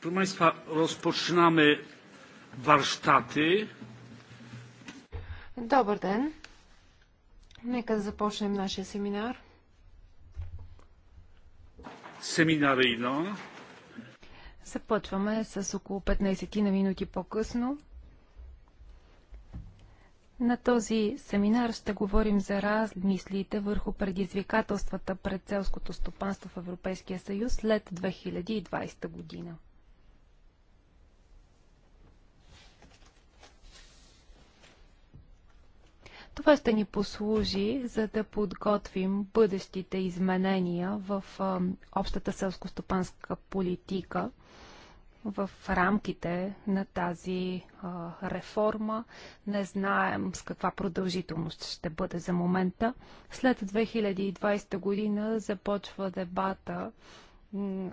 Proszę Państwa, rozpoczynamy warsztaty. Добър ден! Нека да започнем нашия семинар. Семинарийно. Започваме с около 15 на минути по-късно. На този семинар ще говорим за размислите върху предизвикателствата пред селското стопанство в Европейския съюз след 2020 година. Това ще ни послужи, за да подготвим бъдещите изменения в общата селско-стопанска политика – в рамките на тази а, реформа. Не знаем с каква продължителност ще бъде за момента. След 2020 година започва дебата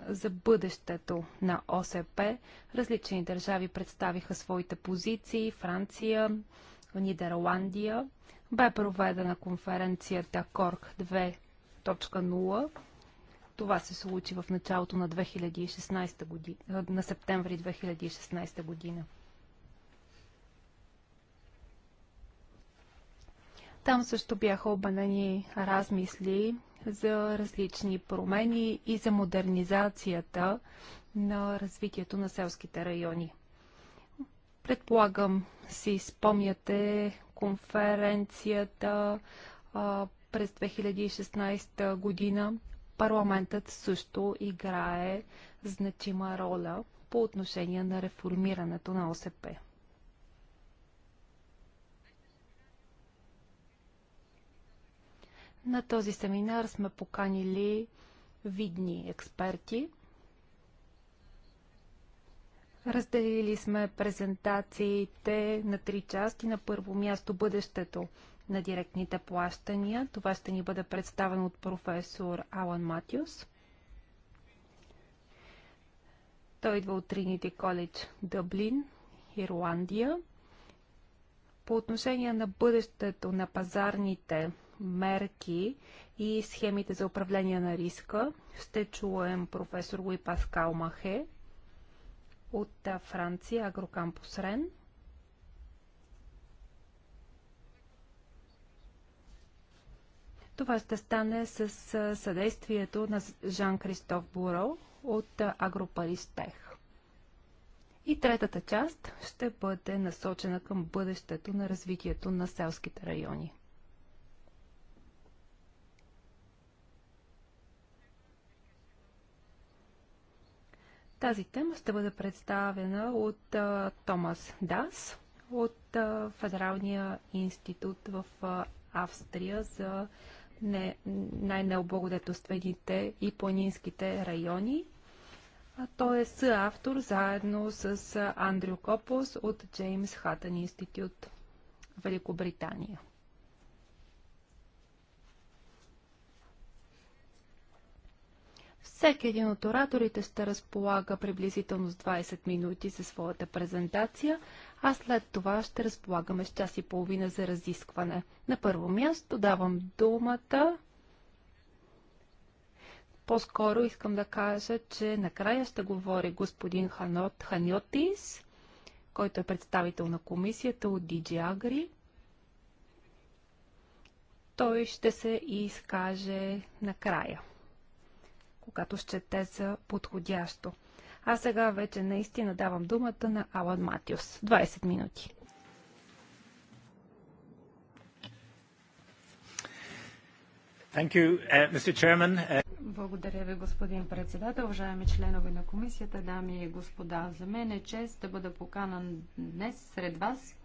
за бъдещето на ОСП. Различни държави представиха своите позиции. Франция, Нидерландия. Бе проведена конференцията КОРК 2.0 това се случи в началото на, 2016 година, на септември 2016 година. Там също бяха обанени размисли за различни промени и за модернизацията на развитието на селските райони. Предполагам си спомняте конференцията а, през 2016 година парламентът също играе значима роля по отношение на реформирането на ОСП. На този семинар сме поканили видни експерти. Разделили сме презентациите на три части. На първо място бъдещето на директните плащания. Това ще ни бъде представено от професор Алан Матиус. Той идва от Тринити College Дъблин, Ирландия. По отношение на бъдещето на пазарните мерки и схемите за управление на риска, ще чуем професор Луи Паскал Махе от Франция, Агрокампус Рен – Това ще стане с съдействието на Жан-Кристоф Буро от Агропаристех. И третата част ще бъде насочена към бъдещето на развитието на селските райони. Тази тема ще бъде представена от а, Томас Дас от а, Федералния институт в а, Австрия за най-необлагодетелствените и планинските райони. А той е съавтор заедно с Андрю Копос от Джеймс Хатън Институт, Великобритания. Всеки един от ораторите ще разполага приблизително с 20 минути за своята презентация а след това ще разполагаме с час и половина за разискване. На първо място давам думата. По-скоро искам да кажа, че накрая ще говори господин Ханот Ханьотис, който е представител на комисията от DJ Agri. Той ще се изкаже накрая, когато ще те за подходящо. А сега вече наистина давам думата на Алан Матиус. 20 минути. You, uh, Chairman. Uh, Благодаря ви, господин председател. Уважаеми членове на комисията, дами и господа, за мен е чест да бъда поканан днес сред вас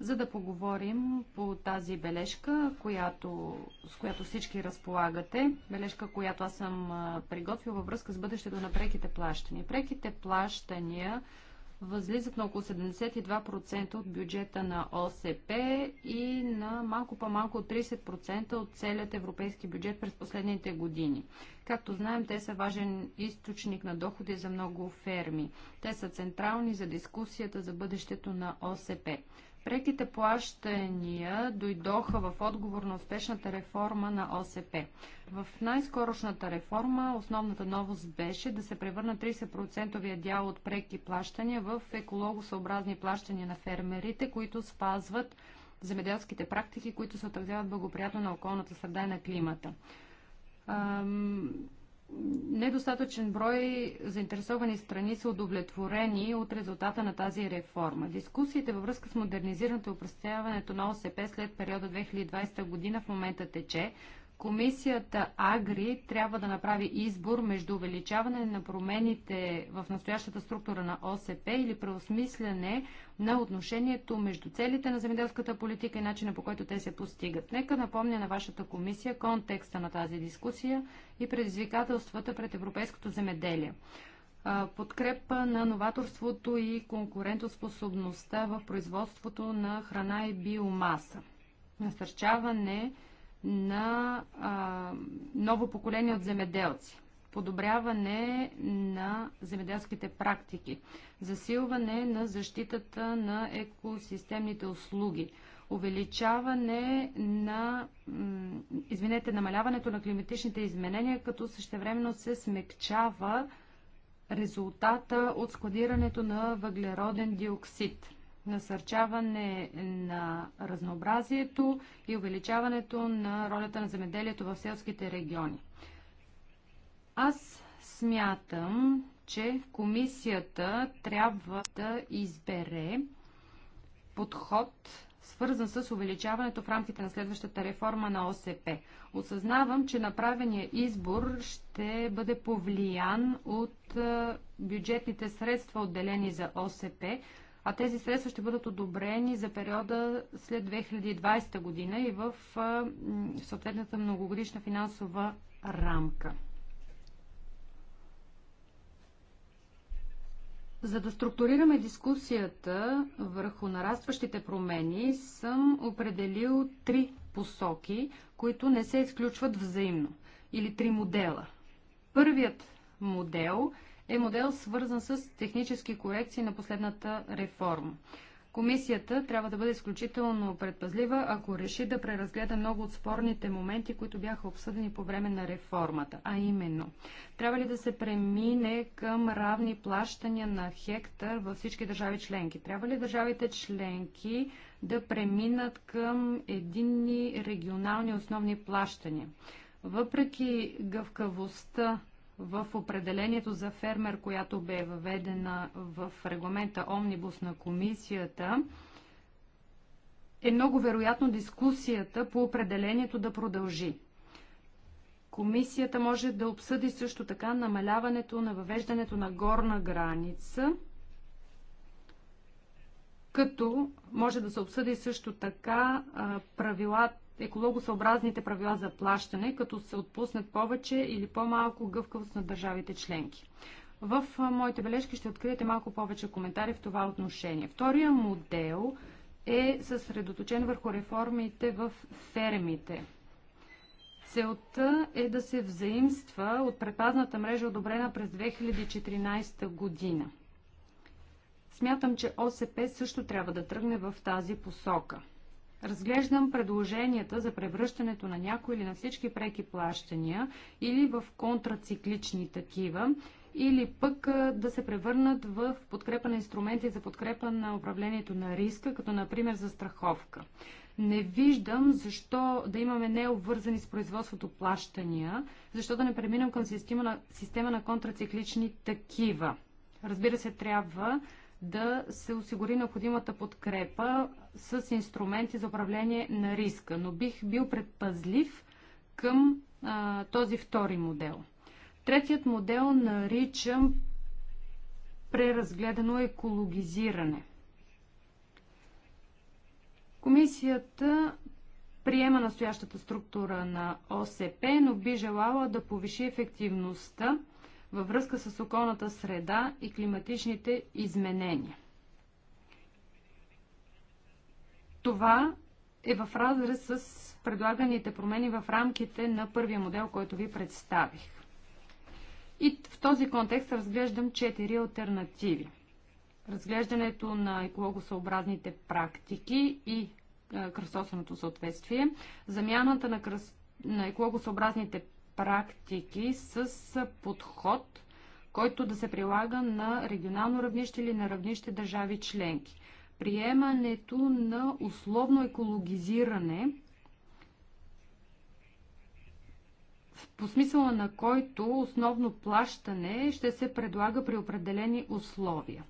за да поговорим по тази бележка, която, с която всички разполагате. Бележка, която аз съм приготвил във връзка с бъдещето на преките плащания. Преките плащания възлизат на около 72% от бюджета на ОСП и на малко по-малко от 30% от целият европейски бюджет през последните години. Както знаем, те са важен източник на доходи за много ферми. Те са централни за дискусията за бъдещето на ОСП. Преките плащания дойдоха в отговор на успешната реформа на ОСП. В най-скорошната реформа основната новост беше да се превърна 30% дял от преки плащания в екологосъобразни плащания на фермерите, които спазват земеделските практики, които се отразяват благоприятно на околната среда и на климата недостатъчен брой заинтересовани страни са удовлетворени от резултата на тази реформа. Дискусиите във връзка с модернизирането и упростяването на ОСП след периода 2020 година в момента тече. Комисията Агри трябва да направи избор между увеличаване на промените в настоящата структура на ОСП или преосмислене на отношението между целите на земеделската политика и начина по който те се постигат. Нека напомня на вашата комисия контекста на тази дискусия и предизвикателствата пред европейското земеделие подкрепа на новаторството и конкурентоспособността в производството на храна и биомаса, насърчаване на а, ново поколение от земеделци, подобряване на земеделските практики, засилване на защитата на екосистемните услуги, увеличаване на, извинете, намаляването на климатичните изменения, като същевременно се смекчава резултата от складирането на въглероден диоксид – насърчаване на разнообразието и увеличаването на ролята на земеделието в селските региони. Аз смятам, че комисията трябва да избере подход, свързан с увеличаването в рамките на следващата реформа на ОСП. Осъзнавам, че направения избор ще бъде повлиян от бюджетните средства, отделени за ОСП, а тези средства ще бъдат одобрени за периода след 2020 година и в съответната многогодишна финансова рамка. За да структурираме дискусията върху нарастващите промени, съм определил три посоки, които не се изключват взаимно, или три модела. Първият модел – е модел свързан с технически корекции на последната реформа. Комисията трябва да бъде изключително предпазлива, ако реши да преразгледа много от спорните моменти, които бяха обсъдени по време на реформата, а именно трябва ли да се премине към равни плащания на хектар във всички държави членки? Трябва ли държавите членки да преминат към единни регионални основни плащания? Въпреки гъвкавостта в определението за фермер, която бе въведена в регламента Омнибус на комисията, е много вероятно дискусията по определението да продължи. Комисията може да обсъди също така намаляването на въвеждането на горна граница, като може да се обсъди също така правилата екологосъобразните правила за плащане, като се отпуснат повече или по-малко гъвкавост на държавите членки. В моите бележки ще откриете малко повече коментари в това отношение. Втория модел е съсредоточен върху реформите в фермите. Целта е да се взаимства от предпазната мрежа, одобрена през 2014 година. Смятам, че ОСП също трябва да тръгне в тази посока. Разглеждам предложенията за превръщането на някои или на всички преки плащания или в контрациклични такива, или пък да се превърнат в подкрепа на инструменти за подкрепа на управлението на риска, като например за страховка. Не виждам защо да имаме необвързани с производството плащания, защо да не преминем към система на, система на контрациклични такива. Разбира се, трябва да се осигури необходимата подкрепа с инструменти за управление на риска. Но бих бил предпазлив към а, този втори модел. Третият модел наричам преразгледано екологизиране. Комисията приема настоящата структура на ОСП, но би желала да повиши ефективността във връзка с околната среда и климатичните изменения. Това е в разрез с предлаганите промени в рамките на първия модел, който ви представих. И в този контекст разглеждам четири альтернативи. Разглеждането на екологосъобразните практики и е, кръстосаното съответствие, замяната на, кръс... на екологосъобразните практики с подход, който да се прилага на регионално равнище или на равнище държави членки. Приемането на условно екологизиране по смисъла на който основно плащане ще се предлага при определени условия.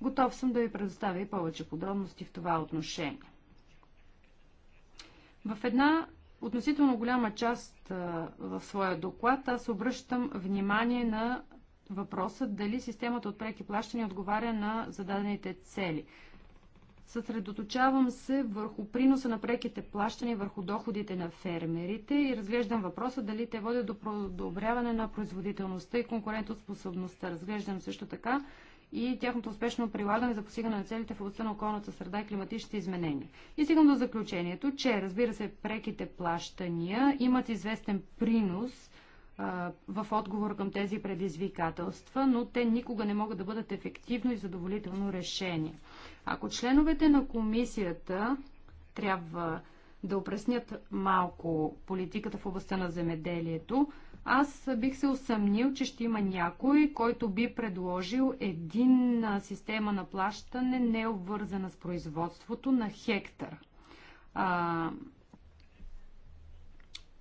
Готов съм да ви предоставя и повече подробности в това отношение. В една относително голяма част в своя доклад аз обръщам внимание на въпроса дали системата от преки плащания отговаря на зададените цели. Съсредоточавам се върху приноса на преките плащания върху доходите на фермерите и разглеждам въпроса дали те водят до подобряване на производителността и конкурентоспособността. Разглеждам също така и тяхното успешно прилагане за постигане на целите в областта на околната среда и климатичните изменения. И стигам до заключението, че разбира се, преките плащания имат известен принос в отговор към тези предизвикателства, но те никога не могат да бъдат ефективно и задоволително решение. Ако членовете на комисията трябва да опреснят малко политиката в областта на земеделието, аз бих се усъмнил, че ще има някой, който би предложил един система на плащане, не обвързана с производството на хектар. А,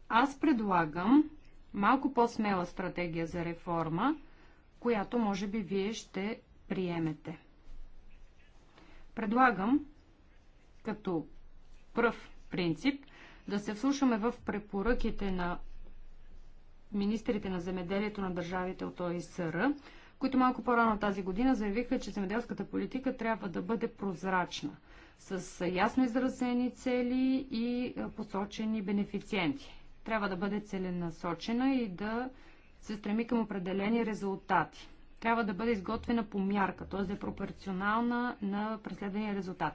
аз предлагам малко по-смела стратегия за реформа, която може би вие ще приемете. Предлагам като пръв принцип да се вслушаме в препоръките на министрите на земеделието на държавите от ОИСР, които малко по-рано тази година заявиха, че земеделската политика трябва да бъде прозрачна, с ясно изразени цели и посочени бенефициенти. Трябва да бъде целенасочена и да се стреми към определени резултати. Трябва да бъде изготвена по мярка, т.е. да е пропорционална на преследвания резултат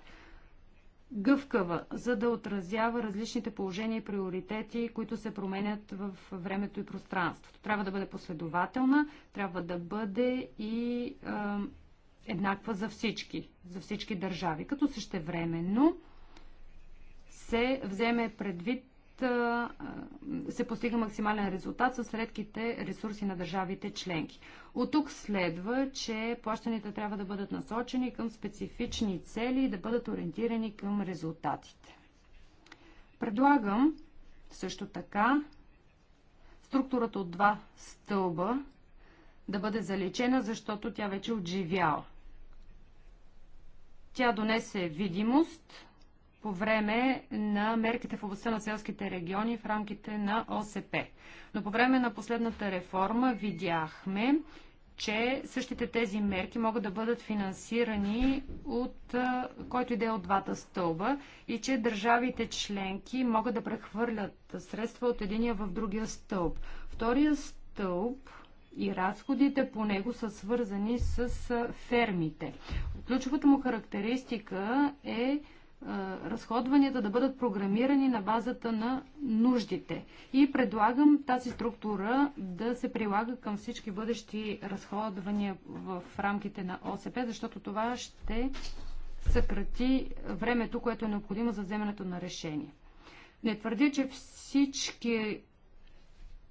гъвкава, за да отразява различните положения и приоритети, които се променят в времето и пространството. Трябва да бъде последователна, трябва да бъде и е, еднаква за всички, за всички държави, като същевременно се вземе предвид се постига максимален резултат с редките ресурси на държавите членки. От тук следва, че плащаните трябва да бъдат насочени към специфични цели и да бъдат ориентирани към резултатите. Предлагам също така структурата от два стълба да бъде залечена, защото тя вече е отживяла. Тя донесе видимост, по време на мерките в областта на селските региони в рамките на ОСП. Но по време на последната реформа видяхме, че същите тези мерки могат да бъдат финансирани от който иде от двата стълба и че държавите членки могат да прехвърлят средства от единия в другия стълб. Втория стълб и разходите по него са свързани с фермите. Ключовата му характеристика е разходванията да бъдат програмирани на базата на нуждите. И предлагам тази структура да се прилага към всички бъдещи разходвания в рамките на ОСП, защото това ще съкрати времето, което е необходимо за вземането на решение. Не твърдя, че всички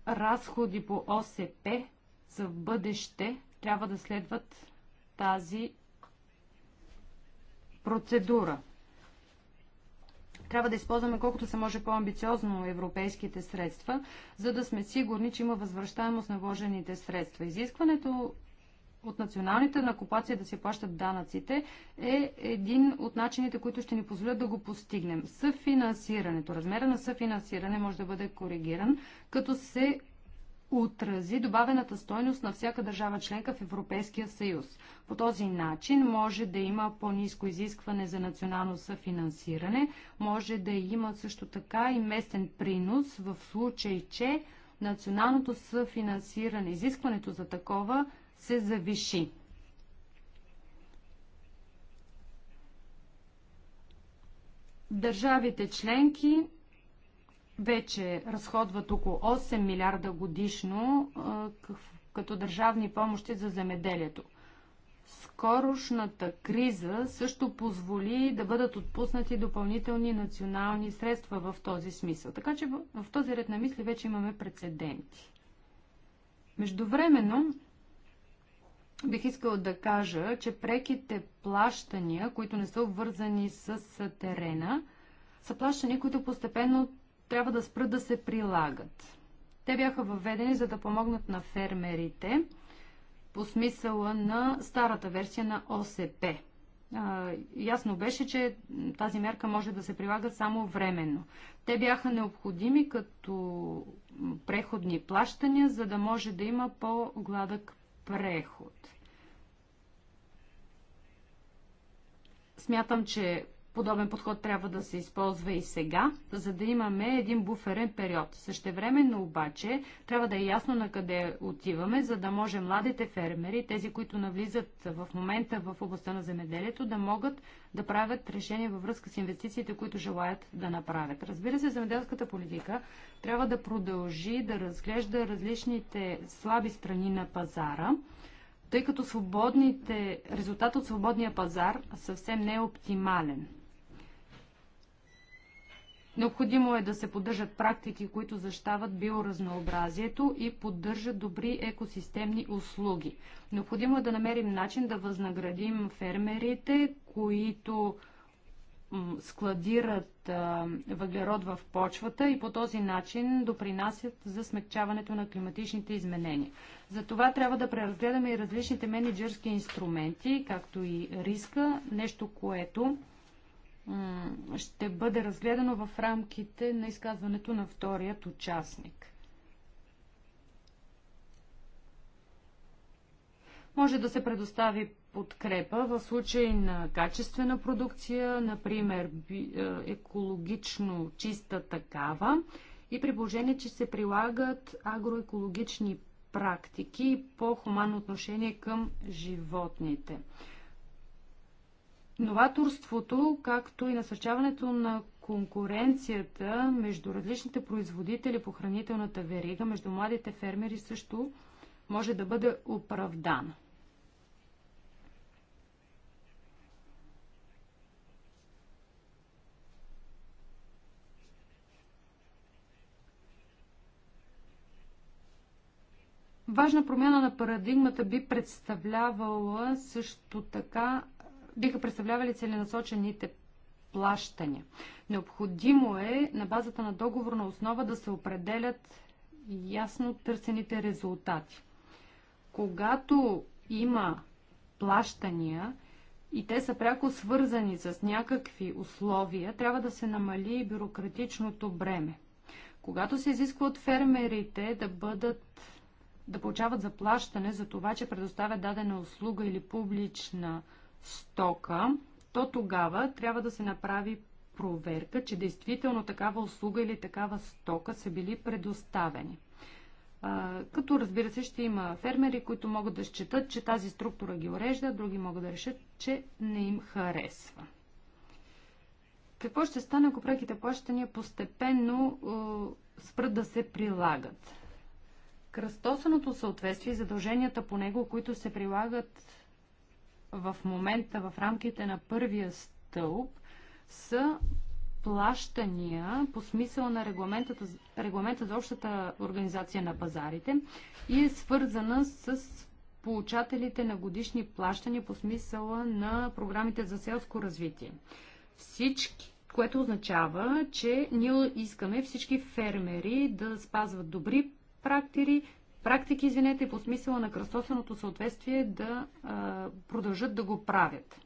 разходи по ОСП за бъдеще трябва да следват тази процедура трябва да използваме колкото се може по-амбициозно европейските средства, за да сме сигурни, че има възвръщаемост на вложените средства. Изискването от националните накопаци да се плащат данъците е един от начините, които ще ни позволят да го постигнем. Съфинансирането, размера на съфинансиране може да бъде коригиран, като се отрази добавената стойност на всяка държава членка в Европейския съюз. По този начин може да има по-низко изискване за национално съфинансиране, може да има също така и местен принос в случай, че националното съфинансиране, изискването за такова се завиши. Държавите членки вече разходват около 8 милиарда годишно като държавни помощи за земеделието. Скорошната криза също позволи да бъдат отпуснати допълнителни национални средства в този смисъл. Така че в този ред на мисли вече имаме прецеденти. Междувременно, бих искала да кажа, че преките плащания, които не са обвързани с терена, са плащания, които постепенно трябва да спрат да се прилагат. Те бяха въведени за да помогнат на фермерите по смисъла на старата версия на ОСП. А, ясно беше, че тази мярка може да се прилага само временно. Те бяха необходими като преходни плащания, за да може да има по-гладък преход. Смятам, че Подобен подход трябва да се използва и сега, за да имаме един буферен период. Същевременно обаче трябва да е ясно на къде отиваме, за да може младите фермери, тези, които навлизат в момента в областта на земеделието, да могат да правят решения във връзка с инвестициите, които желаят да направят. Разбира се, земеделската политика трябва да продължи да разглежда различните слаби страни на пазара, тъй като резултат от свободния пазар съвсем не е оптимален. Необходимо е да се поддържат практики, които защават биоразнообразието и поддържат добри екосистемни услуги. Необходимо е да намерим начин да възнаградим фермерите, които складират въглерод в почвата и по този начин допринасят за смягчаването на климатичните изменения. За това трябва да преразгледаме и различните менеджерски инструменти, както и риска, нещо, което ще бъде разгледано в рамките на изказването на вторият участник. Може да се предостави подкрепа в случай на качествена продукция, например е, екологично чиста такава и при положение, че се прилагат агроекологични практики и по-хуманно отношение към животните. Новаторството, както и насърчаването на конкуренцията между различните производители по хранителната верига, между младите фермери също може да бъде оправдана. Важна промяна на парадигмата би представлявала също така биха представлявали целенасочените плащания. Необходимо е на базата на договорна основа да се определят ясно търсените резултати. Когато има плащания и те са пряко свързани с някакви условия, трябва да се намали бюрократичното бреме. Когато се изисква от фермерите да бъдат да получават заплащане за това, че предоставят дадена услуга или публична стока, то тогава трябва да се направи проверка, че действително такава услуга или такава стока са били предоставени. като разбира се ще има фермери, които могат да считат, че тази структура ги урежда, други могат да решат, че не им харесва. Какво ще стане, ако преките плащания постепенно е, спрат да се прилагат? Кръстосаното съответствие и задълженията по него, които се прилагат в момента в рамките на първия стълб са плащания по смисъл на регламента, за общата организация на пазарите и е свързана с получателите на годишни плащания по смисъла на програмите за селско развитие. Всички, което означава, че ние искаме всички фермери да спазват добри практики, практики, извинете, по смисъла на кръстосаното съответствие да а, продължат да го правят.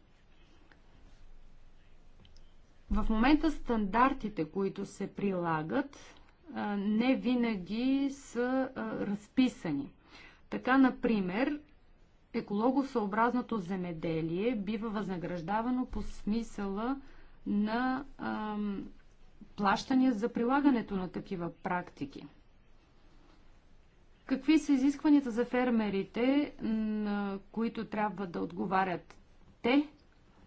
В момента стандартите, които се прилагат, а, не винаги са а, разписани. Така, например, екологосъобразното земеделие бива възнаграждавано по смисъла на а, плащания за прилагането на такива практики. Какви са изискванията за фермерите, на които трябва да отговарят те,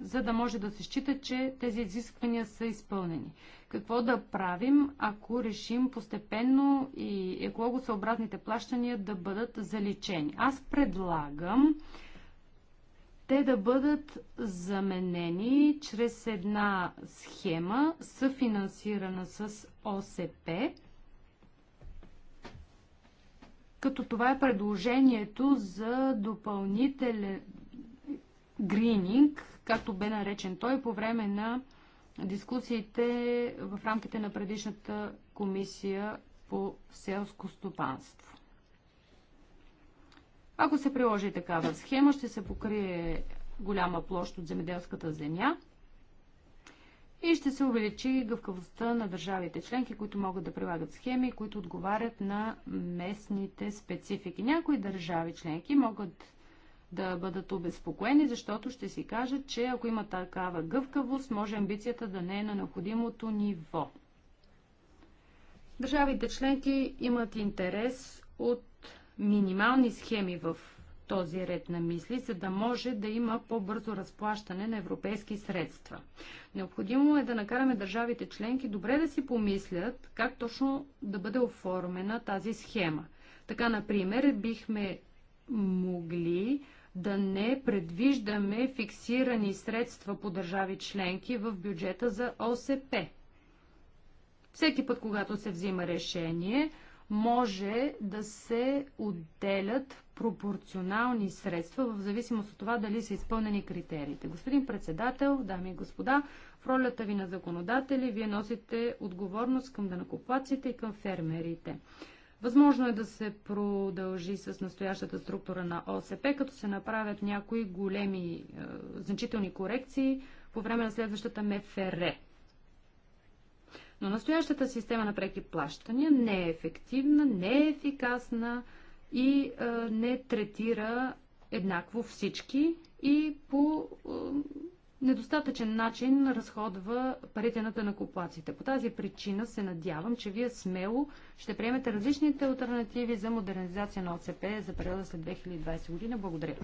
за да може да се счита, че тези изисквания са изпълнени? Какво да правим, ако решим постепенно и екологосъобразните плащания да бъдат заличени? Аз предлагам те да бъдат заменени чрез една схема, съфинансирана с ОСП, като това е предложението за допълнителен грининг, както бе наречен той по време на дискусиите в рамките на предишната комисия по селско стопанство. Ако се приложи такава схема, ще се покрие голяма площ от земеделската земя – и ще се увеличи гъвкавостта на държавите членки, които могат да прилагат схеми, които отговарят на местните специфики. Някои държави членки могат да бъдат обезпокоени, защото ще си кажат, че ако има такава гъвкавост, може амбицията да не е на необходимото ниво. Държавите членки имат интерес от минимални схеми в този ред на мисли, за да може да има по-бързо разплащане на европейски средства. Необходимо е да накараме държавите членки добре да си помислят как точно да бъде оформена тази схема. Така, например, бихме могли да не предвиждаме фиксирани средства по държави членки в бюджета за ОСП. Всеки път, когато се взима решение, може да се отделят пропорционални средства, в зависимост от това дали са изпълнени критериите. Господин председател, дами и господа, в ролята ви на законодатели, вие носите отговорност към данакоплаците и към фермерите. Възможно е да се продължи с настоящата структура на ОСП, като се направят някои големи, е, значителни корекции по време на следващата МФР. Но настоящата система на преки плащания не е ефективна, не е ефикасна, и не третира еднакво всички и по недостатъчен начин разходва парите на тънакоплаците. По тази причина се надявам, че вие смело ще приемете различните альтернативи за модернизация на ОЦП за периода след 2020 година. Благодаря.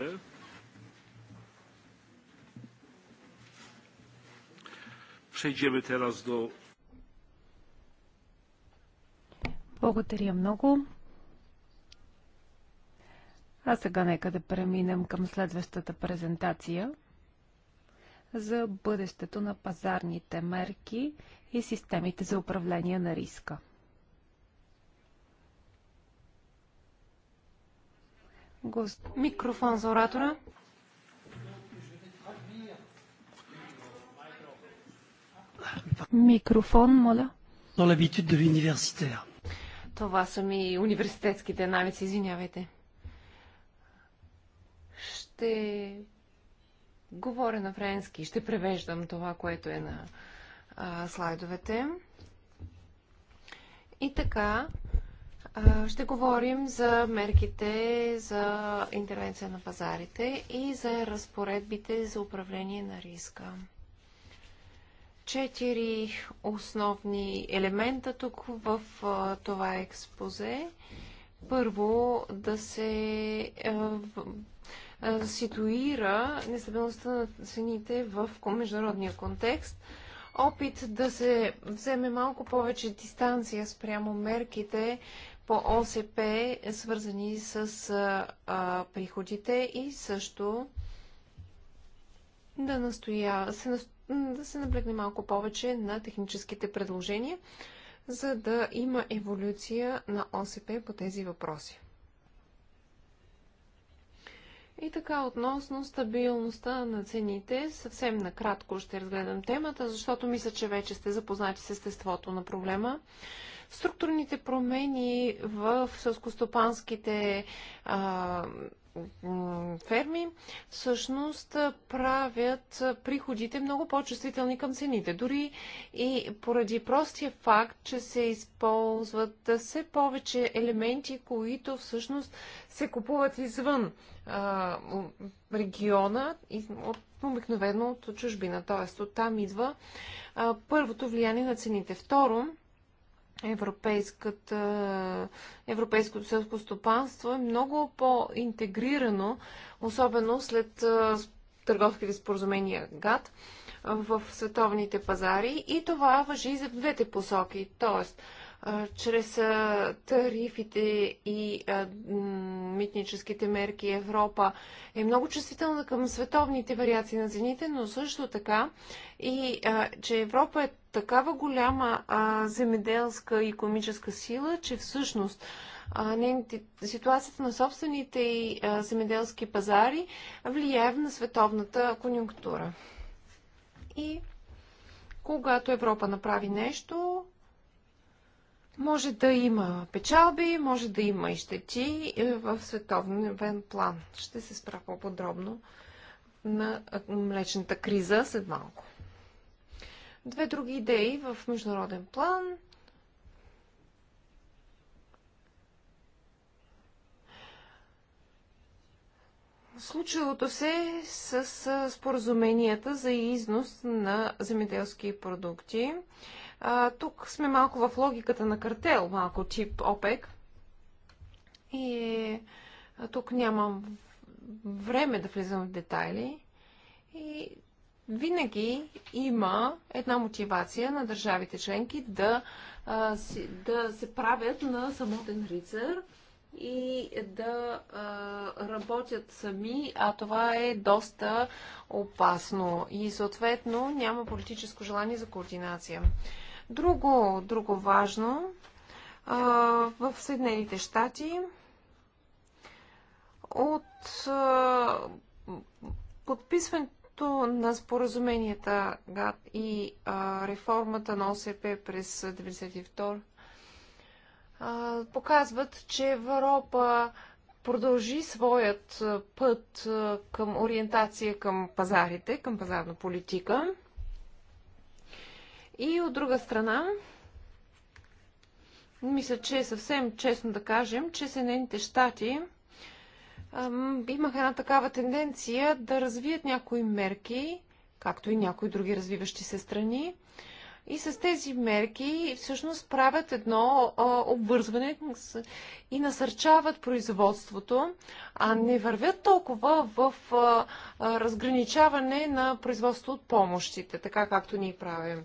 Yeah. Przejdziemy teraz do... Благодаря много. А сега нека да преминем към следващата презентация за бъдещето на пазарните мерки и системите за управление на риска. Микрофон за оратора. Микрофон, моля. Това са ми университетските навици, извинявайте. Ще говоря на френски, ще превеждам това, което е на а, слайдовете. И така, а, ще говорим за мерките за интервенция на пазарите и за разпоредбите за управление на риска четири основни елемента тук в това експозе. Първо, да се ситуира нестабилността на цените в международния контекст. Опит да се вземе малко повече дистанция спрямо мерките по ОСП, свързани с а, приходите и също да настоя, се да се наблегне малко повече на техническите предложения, за да има еволюция на ОСП по тези въпроси. И така, относно стабилността на цените, съвсем накратко ще разгледам темата, защото мисля, че вече сте запознати с естеството на проблема. Структурните промени в сълскостопанските ферми всъщност правят приходите много по-чувствителни към цените. Дори и поради простия факт, че се използват все повече елементи, които всъщност се купуват извън а, региона, от, обикновено от чужбина. Тоест, оттам идва а, първото влияние на цените. Второ, европейското селско стопанство е много по-интегрирано, особено след търговските споразумения ГАТ в световните пазари и това въжи и за двете посоки. Тоест, чрез тарифите и митническите мерки Европа е много чувствителна към световните вариации на цените, но също така и че Европа е такава голяма земеделска и економическа сила, че всъщност ситуацията на собствените и земеделски пазари влияе на световната конюнктура. И когато Европа направи нещо, може да има печалби, може да има и щети е, в световен план. Ще се спра по-подробно на млечната криза след малко. Две други идеи в международен план. Случилото се с споразуменията за износ на земеделски продукти. А, тук сме малко в логиката на картел, малко тип ОПЕК. И а, тук нямам време да влизам в детайли. И винаги има една мотивация на държавите членки да, а, си, да се правят на самотен рицар и да а, работят сами, а това е доста опасно и съответно няма политическо желание за координация. Друго, друго важно, в Съединените щати от подписването на споразуменията ГАД и реформата на ОСП през 1992 показват, че Европа продължи своят път към ориентация към пазарите, към пазарна политика. И от друга страна, мисля, че е съвсем честно да кажем, че Съединените щати имаха една такава тенденция да развият някои мерки, както и някои други развиващи се страни, и с тези мерки всъщност правят едно а, обвързване и насърчават производството, а не вървят толкова в а, а, разграничаване на производство от помощите, така както ние правим.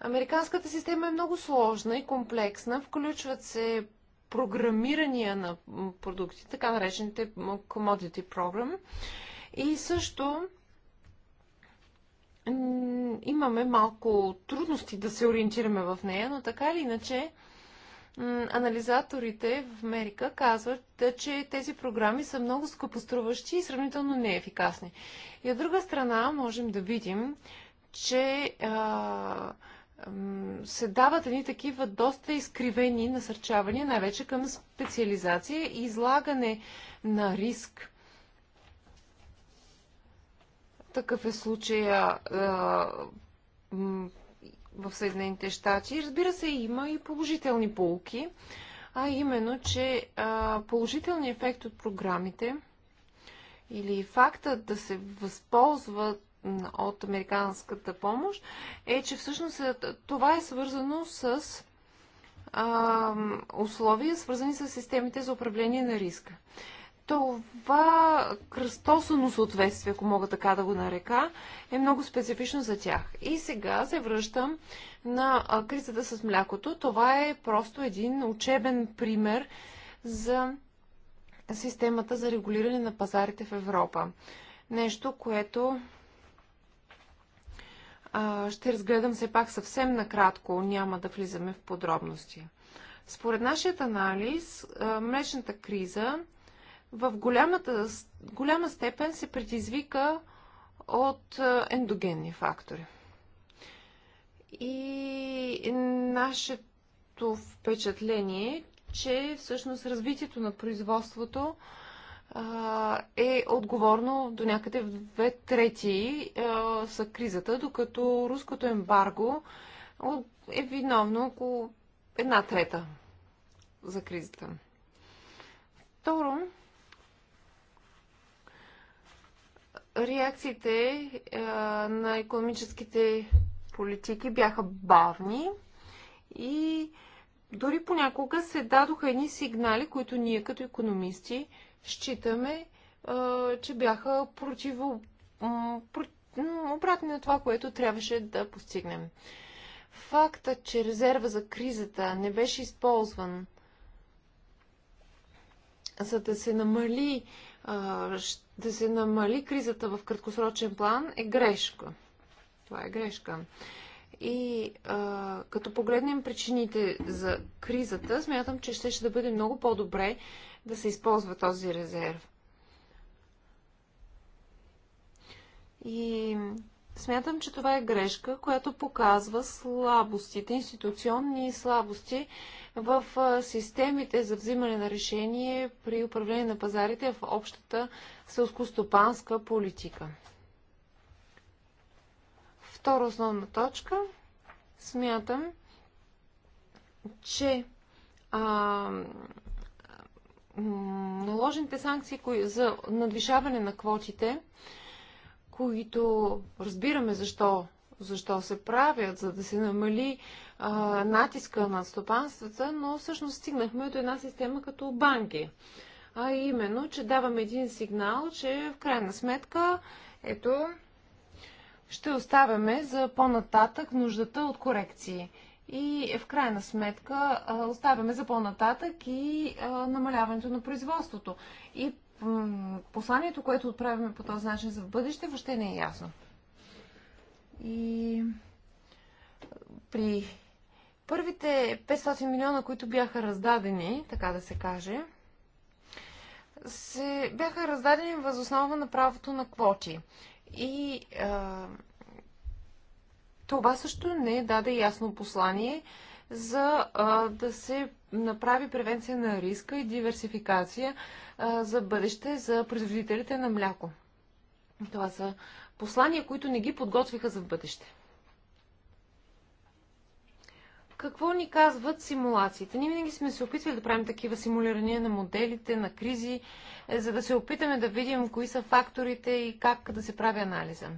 Американската система е много сложна и комплексна. Включват се програмирания на продукти, така наречените commodity program. И също имаме малко трудности да се ориентираме в нея, но така или иначе анализаторите в Америка казват, че тези програми са много скъпоструващи и сравнително неефикасни. И от друга страна можем да видим, че а, се дават едни такива доста изкривени насърчавания, най-вече към специализация и излагане на риск такъв е случая в Съединените щати. Разбира се, има и положителни полки, а именно, че положителният ефект от програмите или фактът да се възползват от американската помощ е, че всъщност това е свързано с а, условия, свързани с системите за управление на риска това кръстосано съответствие, ако мога така да го нарека, е много специфично за тях. И сега се връщам на кризата с млякото. Това е просто един учебен пример за системата за регулиране на пазарите в Европа. Нещо, което а, ще разгледам все пак съвсем накратко, няма да влизаме в подробности. Според нашият анализ, млечната криза в голямата, голяма степен се предизвика от е, ендогенни фактори. И нашето впечатление, е, че всъщност развитието на производството а, е отговорно до някъде в две трети а, са кризата, докато руското ембарго е виновно около една трета за кризата. Второ, реакциите а, на економическите политики бяха бавни и дори понякога се дадоха едни сигнали, които ние като економисти считаме, а, че бяха противо, обратни на това, което трябваше да постигнем. Факта, че резерва за кризата не беше използван за да се намали а, да се намали кризата в краткосрочен план е грешка. Това е грешка. И а, като погледнем причините за кризата, смятам, че ще, ще бъде много по-добре да се използва този резерв. И Смятам, че това е грешка, която показва слабостите, институционни слабости в системите за взимане на решение при управление на пазарите в общата селскостопанска политика. Втора основна точка. Смятам, че а, наложените санкции за надвишаване на квотите които разбираме защо, защо се правят, за да се намали а, натиска на стопанствата, но всъщност стигнахме до една система като банки. А именно, че даваме един сигнал, че в крайна сметка, ето, ще оставяме за по-нататък нуждата от корекции. И в крайна сметка оставяме за по-нататък и намаляването на производството. И посланието, което отправяме по този начин за бъдеще, въобще не е ясно. И при първите 500 милиона, които бяха раздадени, така да се каже, се бяха раздадени въз основа на правото на квоти. И а, това също не даде ясно послание за а, да се направи превенция на риска и диверсификация а, за бъдеще за производителите на мляко. Това са послания, които не ги подготвиха за бъдеще. Какво ни казват симулациите? Ние винаги сме се опитвали да правим такива симулирания на моделите, на кризи, е, за да се опитаме да видим кои са факторите и как да се прави анализа.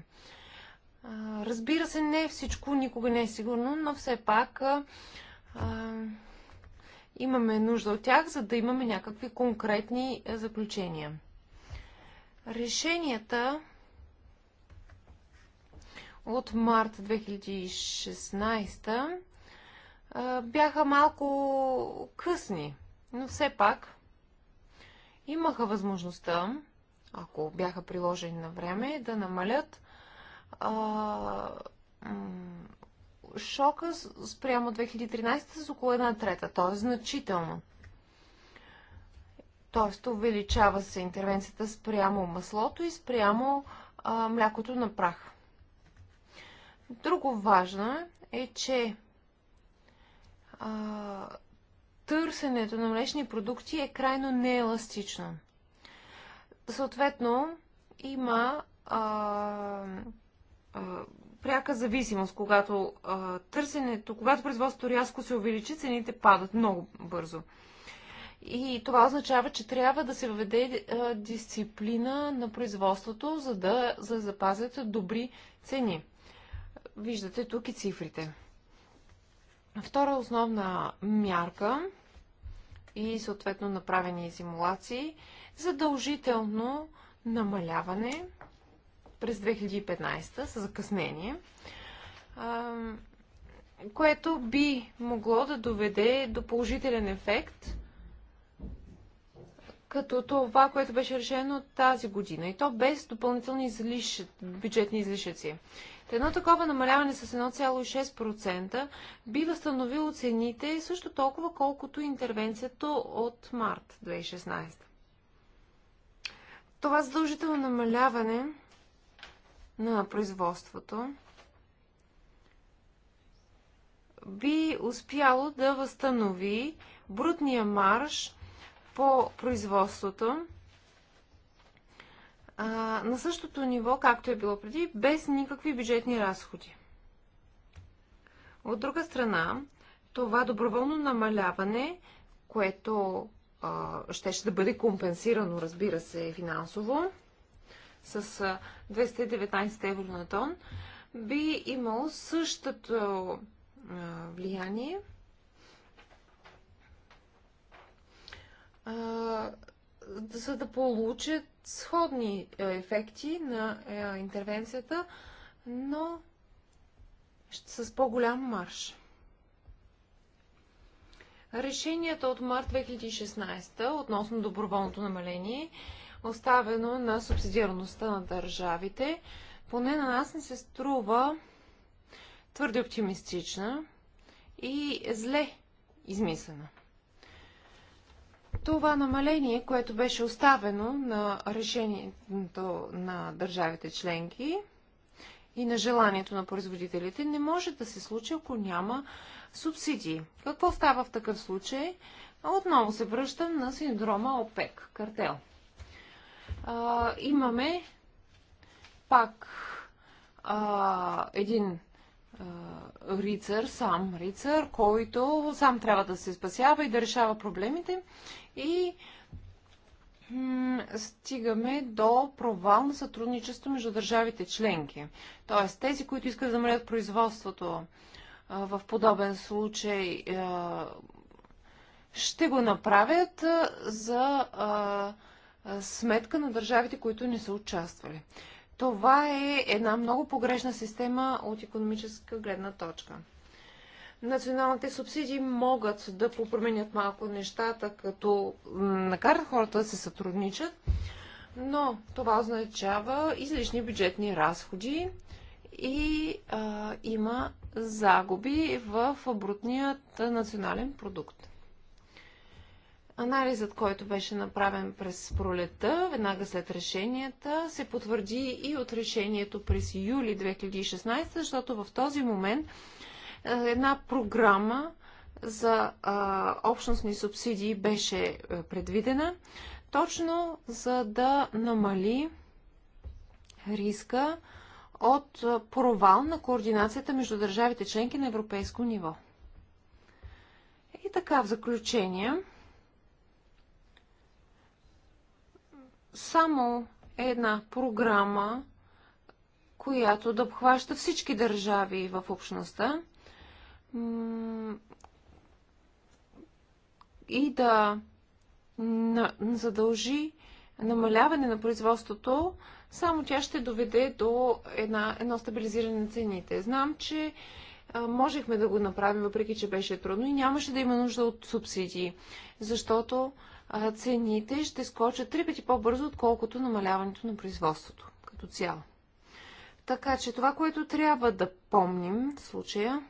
Разбира се, не всичко никога не е сигурно, но все пак а, а, имаме нужда от тях, за да имаме някакви конкретни заключения. Решенията от март 2016 бяха малко късни, но все пак имаха възможността, ако бяха приложени на време, да намалят шока спрямо 2013 с около една трета, т.е. значително. Т.е. увеличава се интервенцията спрямо маслото и спрямо а, млякото на прах. Друго важно е, че а, търсенето на млечни продукти е крайно нееластично. Съответно, има а, пряка зависимост, когато а, търсенето, когато производството рязко се увеличи, цените падат много бързо. И това означава, че трябва да се въведе а, дисциплина на производството, за да, за запазят добри цени. Виждате тук и цифрите. Втора основна мярка и съответно направени симулации задължително намаляване през 2015 с закъснение, което би могло да доведе до положителен ефект като това, което беше решено тази година. И то без допълнителни излишъци, бюджетни излишъци. Едно такова намаляване с 1,6% би възстановило цените също толкова, колкото интервенцията от март 2016. Това задължително намаляване на производството би успяло да възстанови брутния марш по производството на същото ниво, както е било преди, без никакви бюджетни разходи. От друга страна, това доброволно намаляване, което а, ще, ще да бъде компенсирано, разбира се, финансово, с 219 евро на тон, би имало същото влияние за да получат сходни ефекти на интервенцията, но с по-голям марш. Решенията от март 2016 относно доброволното намаление оставено на субсидиарността на държавите. Поне на нас не се струва твърде оптимистична и зле измислена. Това намаление, което беше оставено на решението на държавите членки и на желанието на производителите, не може да се случи, ако няма субсидии. Какво става в такъв случай? Отново се връщам на синдрома ОПЕК, картел – а, имаме пак а, един а, рицар, сам рицар, който сам трябва да се спасява и да решава проблемите. И стигаме до провал на сътрудничество между държавите членки. Тоест, тези, които искат да намалят производството а, в подобен случай, а, ще го направят а, за сметка на държавите, които не са участвали. Това е една много погрешна система от економическа гледна точка. Националните субсидии могат да попроменят малко нещата, като накарат хората да се сътрудничат, но това означава излишни бюджетни разходи и а, има загуби в брутният национален продукт. Анализът, който беше направен през пролета, веднага след решенията, се потвърди и от решението през юли 2016, защото в този момент е, една програма за а, общностни субсидии беше е, предвидена, точно за да намали риска от е, провал на координацията между държавите членки на европейско ниво. И така, в заключение, само една програма, която да обхваща всички държави в общността и да задължи намаляване на производството, само тя ще доведе до една, едно стабилизиране на цените. Знам, че можехме да го направим, въпреки че беше трудно и нямаше да има нужда от субсидии, защото цените ще скочат три пъти по-бързо, отколкото намаляването на производството като цяло. Така че това, което трябва да помним в случая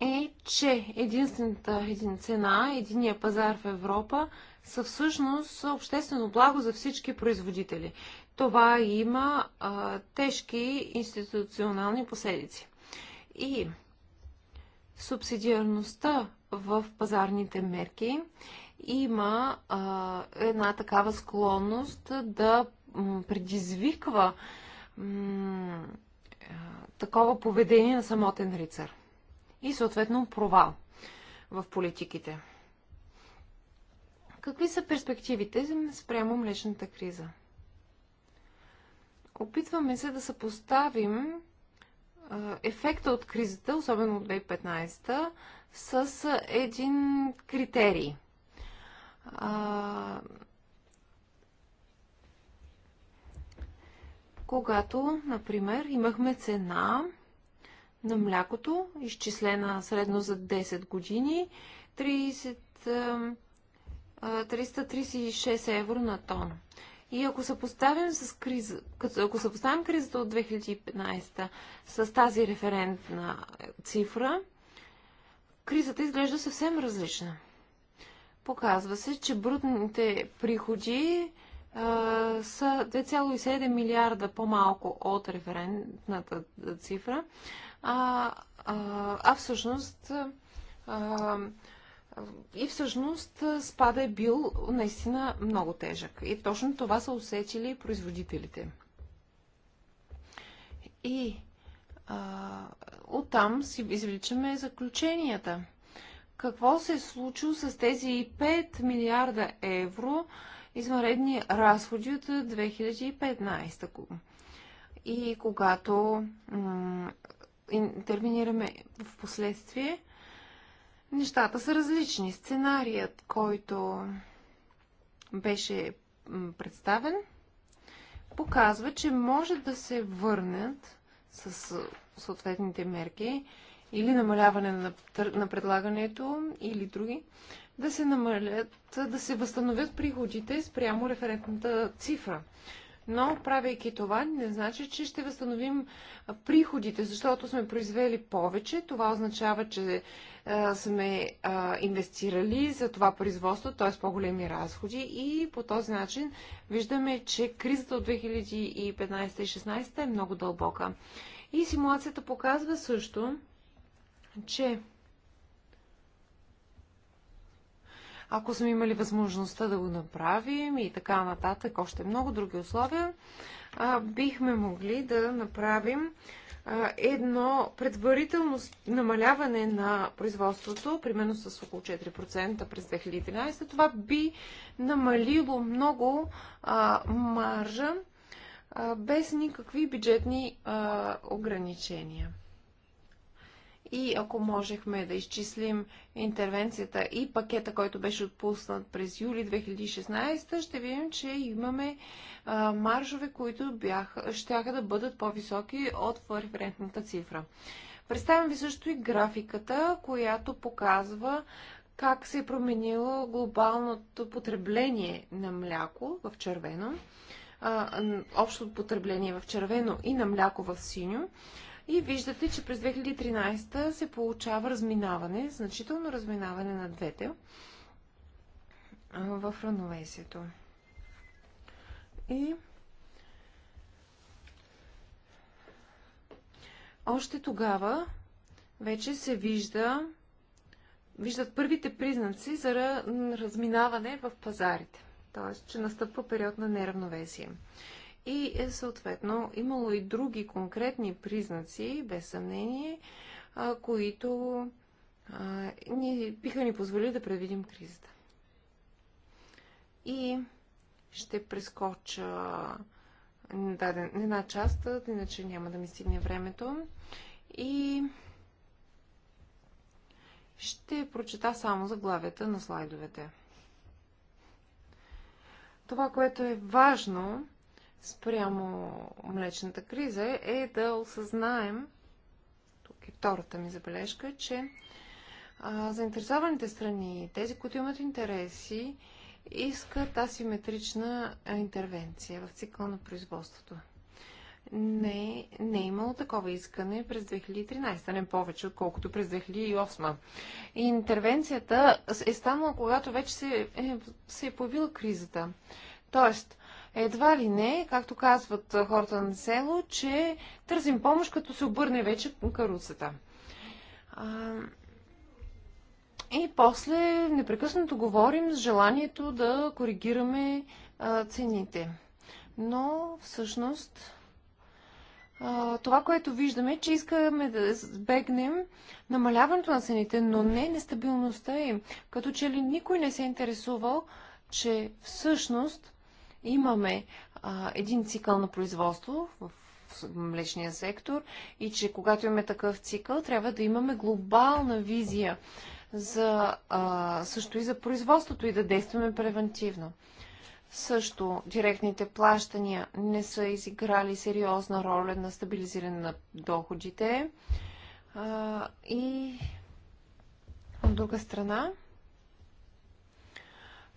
е, че единствената един цена, единия пазар в Европа са всъщност обществено благо за всички производители. Това има а, тежки институционални последици. И субсидиарността в пазарните мерки има а, една такава склонност да предизвиква м, такова поведение на самотен рицар и съответно провал в политиките. Какви са перспективите спрямо млечната криза? Опитваме се да съпоставим ефекта от кризата, особено от 2015, с един критерий. А, когато, например, имахме цена на млякото, изчислена средно за 10 години, 30, 336 евро на тон. И ако съпоставим, с криза, ако съпоставим кризата от 2015 с тази референтна цифра, кризата изглежда съвсем различна. Показва се, че брутните приходи а, са 2,7 милиарда по-малко от референтната цифра, а, а, а всъщност а, и всъщност спада е бил наистина много тежък. И точно това са усетили производителите. И а, оттам си извличаме заключенията. Какво се е случило с тези 5 милиарда евро извънредни разходи от 2015 година? И когато терминираме в последствие, нещата са различни. Сценарият, който беше представен, показва, че може да се върнат с съответните мерки или намаляване на, на предлагането или други, да се намалят, да се възстановят приходите спрямо референтната цифра но правейки това не значи, че ще възстановим приходите, защото сме произвели повече. Това означава, че а, е, сме а, е, инвестирали за това производство, т.е. по-големи разходи и по този начин виждаме, че кризата от 2015-2016 е много дълбока. И симулацията показва също, че ако сме имали възможността да го направим и така нататък, още много други условия, бихме могли да направим едно предварително намаляване на производството, примерно с около 4% през 2013. Това би намалило много маржа без никакви бюджетни ограничения. И ако можехме да изчислим интервенцията и пакета, който беше отпуснат през юли 2016, ще видим, че имаме а, маржове, които бяха, щяха да бъдат по-високи от референтната цифра. Представям ви също и графиката, която показва как се е променило глобалното потребление на мляко в червено, а, общото потребление в червено и на мляко в синьо. И виждате, че през 2013 се получава разминаване, значително разминаване на двете в равновесието. И още тогава вече се вижда, виждат първите признаци за разминаване в пазарите. Т.е. че настъпва период на неравновесие. И е, съответно имало и други конкретни признаци, без съмнение, които ни, биха ни позволили да предвидим кризата. И ще прескоча да, една част, иначе няма да ми стигне времето. И ще прочета само заглавията на слайдовете. Това, което е важно спрямо млечната криза е да осъзнаем, тук е втората ми забележка, че а, заинтересованите страни, тези, които имат интереси, искат асиметрична интервенция в цикъла на производството. Не, не е имало такова искане през 2013, не повече, отколкото през 2008. Интервенцията е станала, когато вече се е, се е появила кризата. Тоест, едва ли не, както казват хората на село, че търсим помощ, като се обърне вече каруцата. И после непрекъснато говорим с желанието да коригираме цените. Но всъщност това, което виждаме, е, че искаме да избегнем намаляването на цените, но не нестабилността им. Като че ли никой не се е интересувал, че всъщност имаме а, един цикъл на производство в млечния сектор и че когато имаме такъв цикъл, трябва да имаме глобална визия за, а, също и за производството и да действаме превентивно. Също директните плащания не са изиграли сериозна роля на стабилизиране на доходите. А, и от друга страна,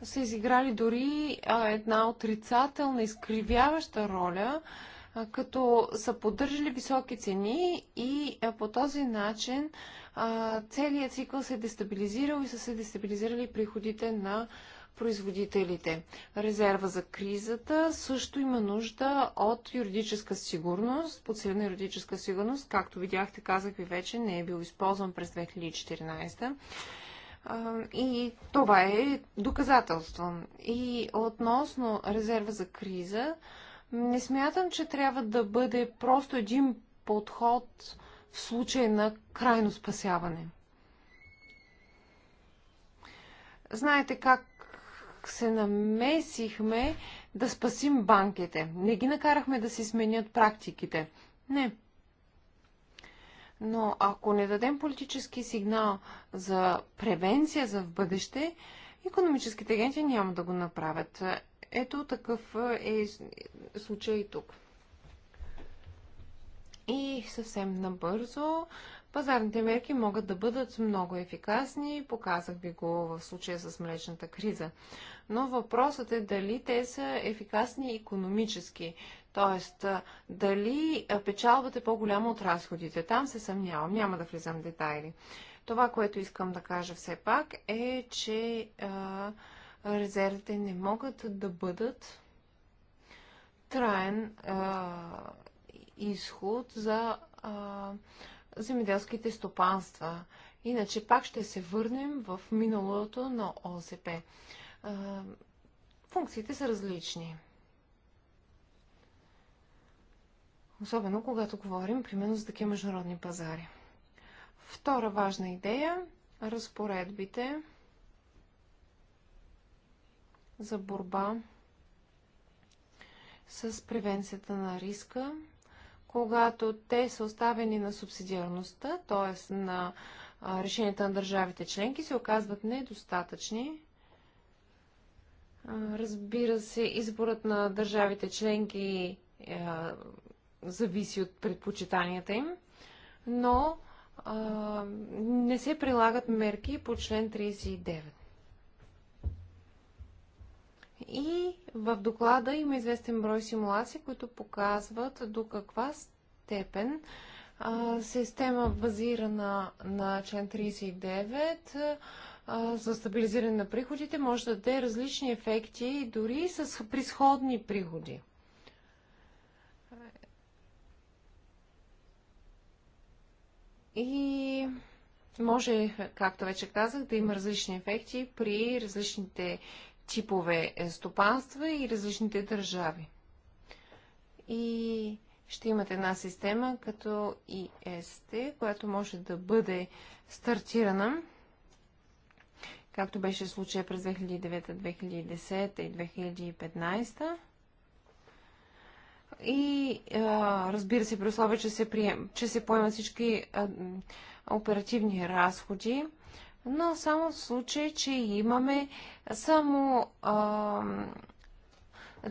са изиграли дори една отрицателна, изкривяваща роля, като са поддържали високи цени и по този начин целият цикъл се е дестабилизирал и са се дестабилизирали приходите на производителите. Резерва за кризата също има нужда от юридическа сигурност, подсилена юридическа сигурност, както видяхте, казах ви вече, не е бил използван през 2014. И това е доказателство. И относно резерва за криза, не смятам, че трябва да бъде просто един подход в случай на крайно спасяване. Знаете как се намесихме да спасим банките. Не ги накарахме да си сменят практиките. Не. Но ако не дадем политически сигнал за превенция за в бъдеще, економическите агенти няма да го направят. Ето такъв е случай и тук. И съвсем набързо, пазарните мерки могат да бъдат много ефикасни, показах ви го в случая с млечната криза. Но въпросът е дали те са ефикасни економически. Тоест, дали печалбата е по-голяма от разходите? Там се съмнявам, няма да влизам в детайли. Това, което искам да кажа все пак е, че а, резервите не могат да бъдат траен а, изход за а, земеделските стопанства. Иначе пак ще се върнем в миналото на ОСП. А, функциите са различни. Особено когато говорим, примерно, за такива международни пазари. Втора важна идея – разпоредбите за борба с превенцията на риска, когато те са оставени на субсидиарността, т.е. на решенията на държавите членки, се оказват недостатъчни. Разбира се, изборът на държавите членки зависи от предпочитанията им, но а, не се прилагат мерки по член 39. И в доклада има известен брой симулации, които показват до каква степен а, система базирана на член 39 за стабилизиране на приходите може да даде различни ефекти дори с присходни приходи. И може, както вече казах, да има различни ефекти при различните типове стопанства и различните държави. И ще имате една система като IST, която може да бъде стартирана, както беше случая през 2009, 2010 и 2015 и а, разбира се, при условие, че се, прием, че се поемат всички а, оперативни разходи, но само в случай, че имаме само а,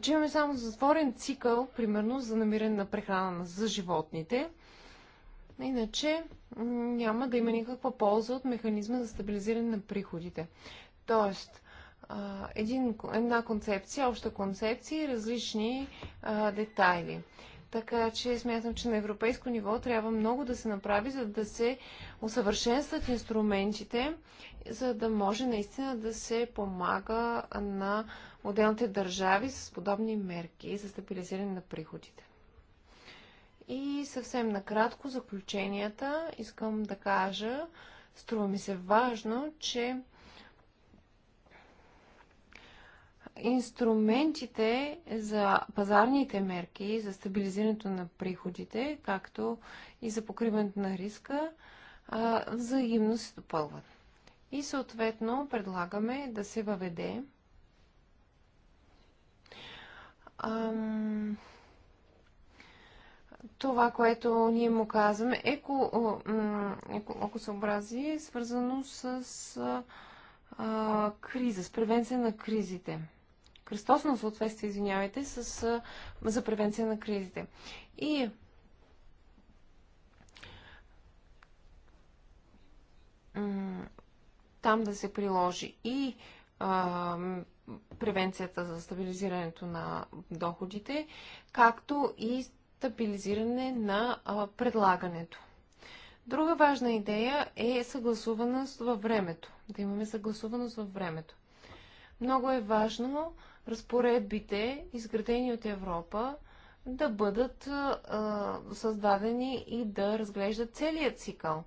че имаме само затворен цикъл, примерно за намиране на прехрана за животните. Иначе няма да има никаква полза от механизма за стабилизиране на приходите. Тоест, а, един, една концепция, обща концепция и различни а, детайли. Така че смятам, че на европейско ниво трябва много да се направи, за да се усъвършенстват инструментите, за да може наистина да се помага на отделните държави с подобни мерки за стабилизиране на приходите. И съвсем накратко заключенията искам да кажа, струва ми се важно, че инструментите за пазарните мерки, за стабилизирането на приходите, както и за покриването на риска, взаимно се допълват. И съответно предлагаме да се въведе ам, това, което ние му казваме, еко, еко, екосъобразие е свързано с а, криза, с превенция на кризите кръстосно съответствие, извинявайте, с, за превенция на кризите. И там да се приложи и а, превенцията за стабилизирането на доходите, както и стабилизиране на а, предлагането. Друга важна идея е съгласуваност във времето. Да имаме съгласуваност във времето. Много е важно разпоредбите, изградени от Европа, да бъдат а, създадени и да разглеждат целият цикъл.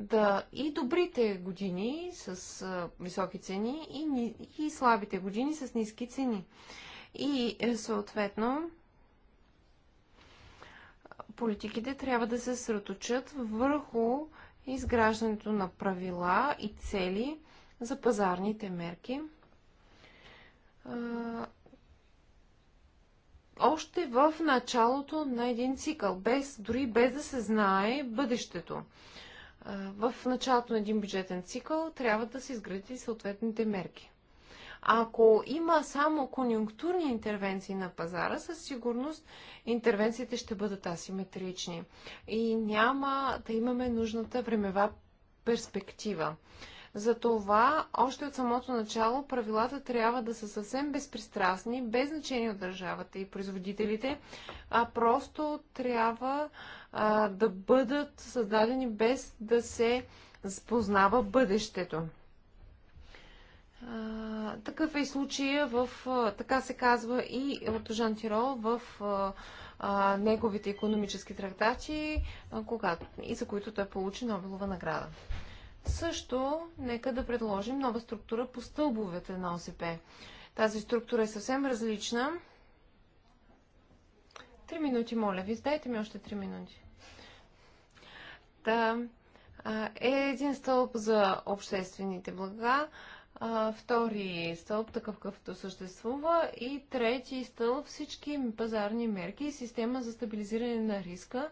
Да и добрите години с а, високи цени и, ни, и слабите години с ниски цени. И е, съответно политиките трябва да се сръточат върху изграждането на правила и цели за пазарните мерки – още в началото на един цикъл, без, дори без да се знае бъдещето. В началото на един бюджетен цикъл трябва да се изградят и съответните мерки. Ако има само конюнктурни интервенции на пазара, със сигурност интервенциите ще бъдат асиметрични и няма да имаме нужната времева перспектива. Затова още от самото начало правилата трябва да са съвсем безпристрастни, без значение от държавата и производителите, а просто трябва а, да бъдат създадени без да се спознава бъдещето. А, такъв е и случая в, така се казва и от Жан Тиро в а, неговите економически трактати, а, когато, и за които той получи Нобелова награда. Също нека да предложим нова структура по стълбовете на ОСП. Тази структура е съвсем различна. Три минути, моля ви, дайте ми още три минути. Та, да, е един стълб за обществените блага, втори стълб, такъв какъвто съществува, и трети стълб всички пазарни мерки и система за стабилизиране на риска,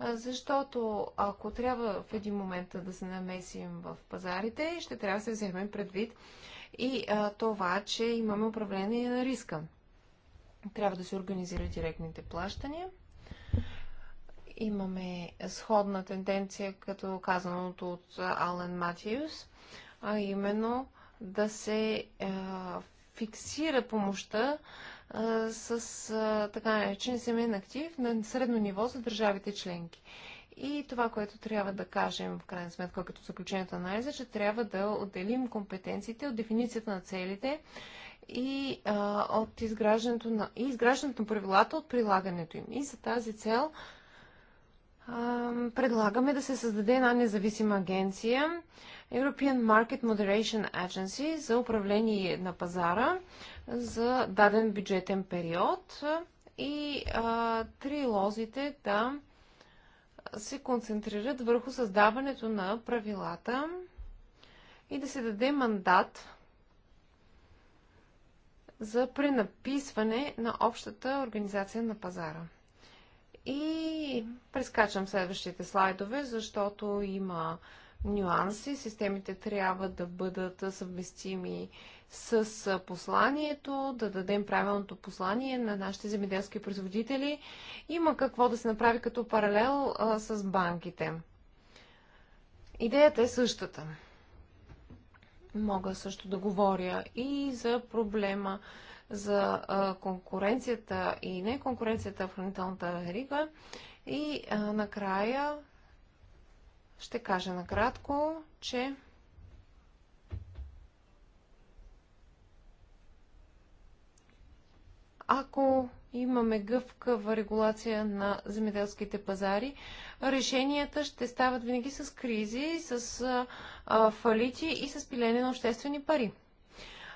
защото ако трябва в един момент да се намесим в пазарите, ще трябва да се вземем предвид и а, това, че имаме управление на риска. Трябва да се организират директните плащания. Имаме сходна тенденция, като казаното от Ален Матиус, а именно да се а, фиксира помощта а, с а, така наречен семейен актив на средно ниво за държавите членки. И това, което трябва да кажем в крайна сметка като заключението на анализа, че трябва да отделим компетенциите от дефиницията на целите и а, от изграждането на, и изграждането на правилата от прилагането им. И за тази цел а, предлагаме да се създаде една независима агенция European Market Moderation Agency за управление на пазара, за даден бюджетен период и а, трилозите да се концентрират върху създаването на правилата и да се даде мандат за пренаписване на общата организация на пазара. И прескачам следващите слайдове, защото има нюанси. Системите трябва да бъдат съвместими с посланието, да дадем правилното послание на нашите земеделски производители. Има какво да се направи като паралел а, с банките. Идеята е същата. Мога също да говоря и за проблема за а, конкуренцията и не конкуренцията в хранителната рига. И а, накрая ще кажа накратко, че ако имаме гъвкава регулация на земеделските пазари, решенията ще стават винаги с кризи, с а, фалити и с пилене на обществени пари.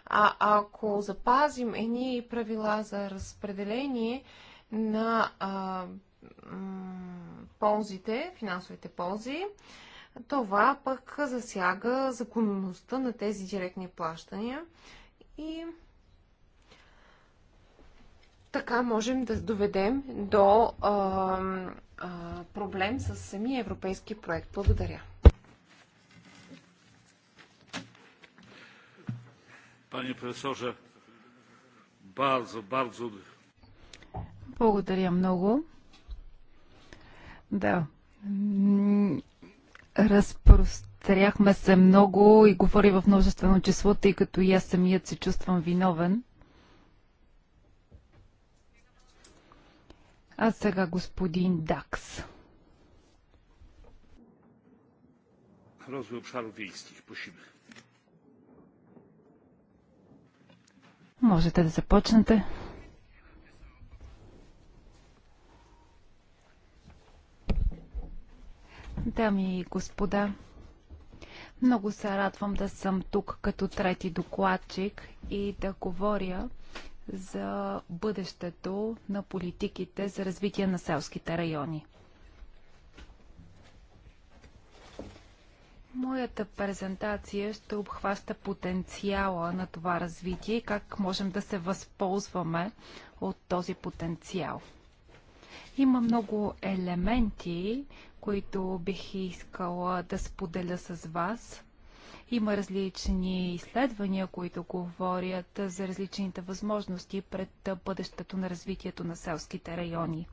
А ако запазим едни правила за разпределение на а, ползите, финансовите ползи, това пък засяга законността на тези директни плащания и така можем да доведем до а, а, проблем с самия европейски проект. Благодаря. Пани profesorze, бързо, бързо. Благодаря много. Да. Разпростряхме се много и говори в множествено число, тъй като и аз самият се чувствам виновен. А сега господин Дакс. Можете да започнете. Дами и господа, много се радвам да съм тук като трети докладчик и да говоря за бъдещето на политиките за развитие на селските райони. Моята презентация ще обхваща потенциала на това развитие и как можем да се възползваме от този потенциал. Има много елементи, които бих искала да споделя с вас. Има различни изследвания, които говорят за различните възможности пред бъдещето на развитието на селските райони.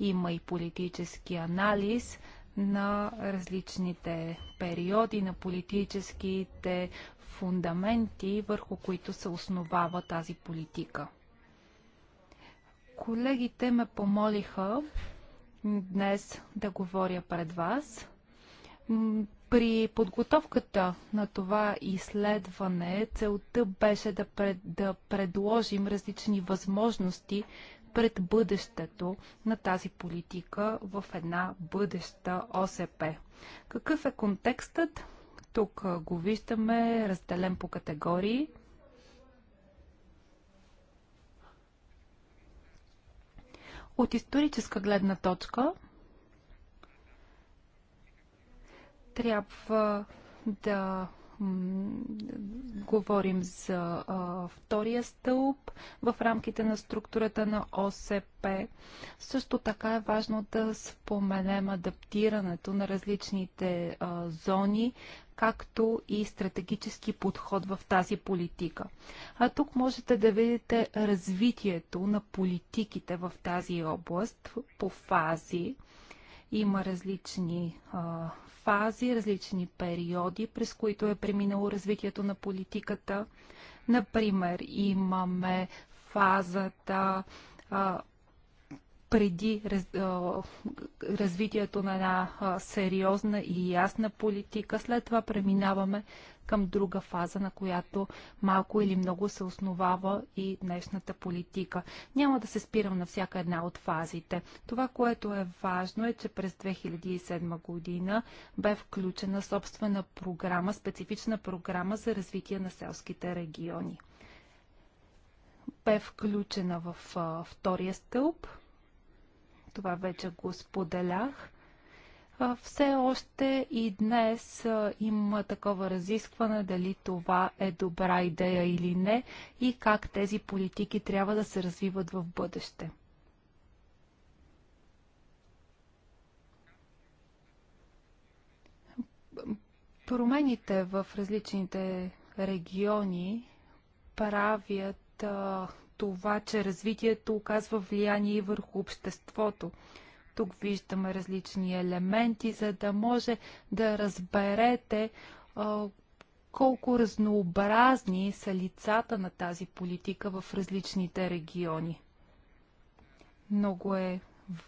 Има и политически анализ на различните периоди, на политическите фундаменти, върху които се основава тази политика. Колегите ме помолиха днес да говоря пред вас. При подготовката на това изследване целта беше да, пред, да предложим различни възможности пред бъдещето на тази политика в една бъдеща ОСП. Какъв е контекстът? Тук го виждаме разделен по категории. От историческа гледна точка – Трябва да говорим за а, втория стълб в рамките на структурата на ОСП. Също така е важно да споменем адаптирането на различните а, зони, както и стратегически подход в тази политика. А тук можете да видите развитието на политиките в тази област по фази. Има различни а, фази, различни периоди, през които е преминало развитието на политиката. Например, имаме фазата а, преди раз, развитието на една сериозна и ясна политика. След това преминаваме към друга фаза, на която малко или много се основава и днешната политика. Няма да се спирам на всяка една от фазите. Това, което е важно е, че през 2007 година бе включена собствена програма, специфична програма за развитие на селските региони. Бе включена в а, втория стълб – това вече го споделях. Все още и днес има такова разискване дали това е добра идея или не и как тези политики трябва да се развиват в бъдеще. Промените в различните региони правят това, че развитието оказва влияние и върху обществото. Тук виждаме различни елементи, за да може да разберете а, колко разнообразни са лицата на тази политика в различните региони. Много е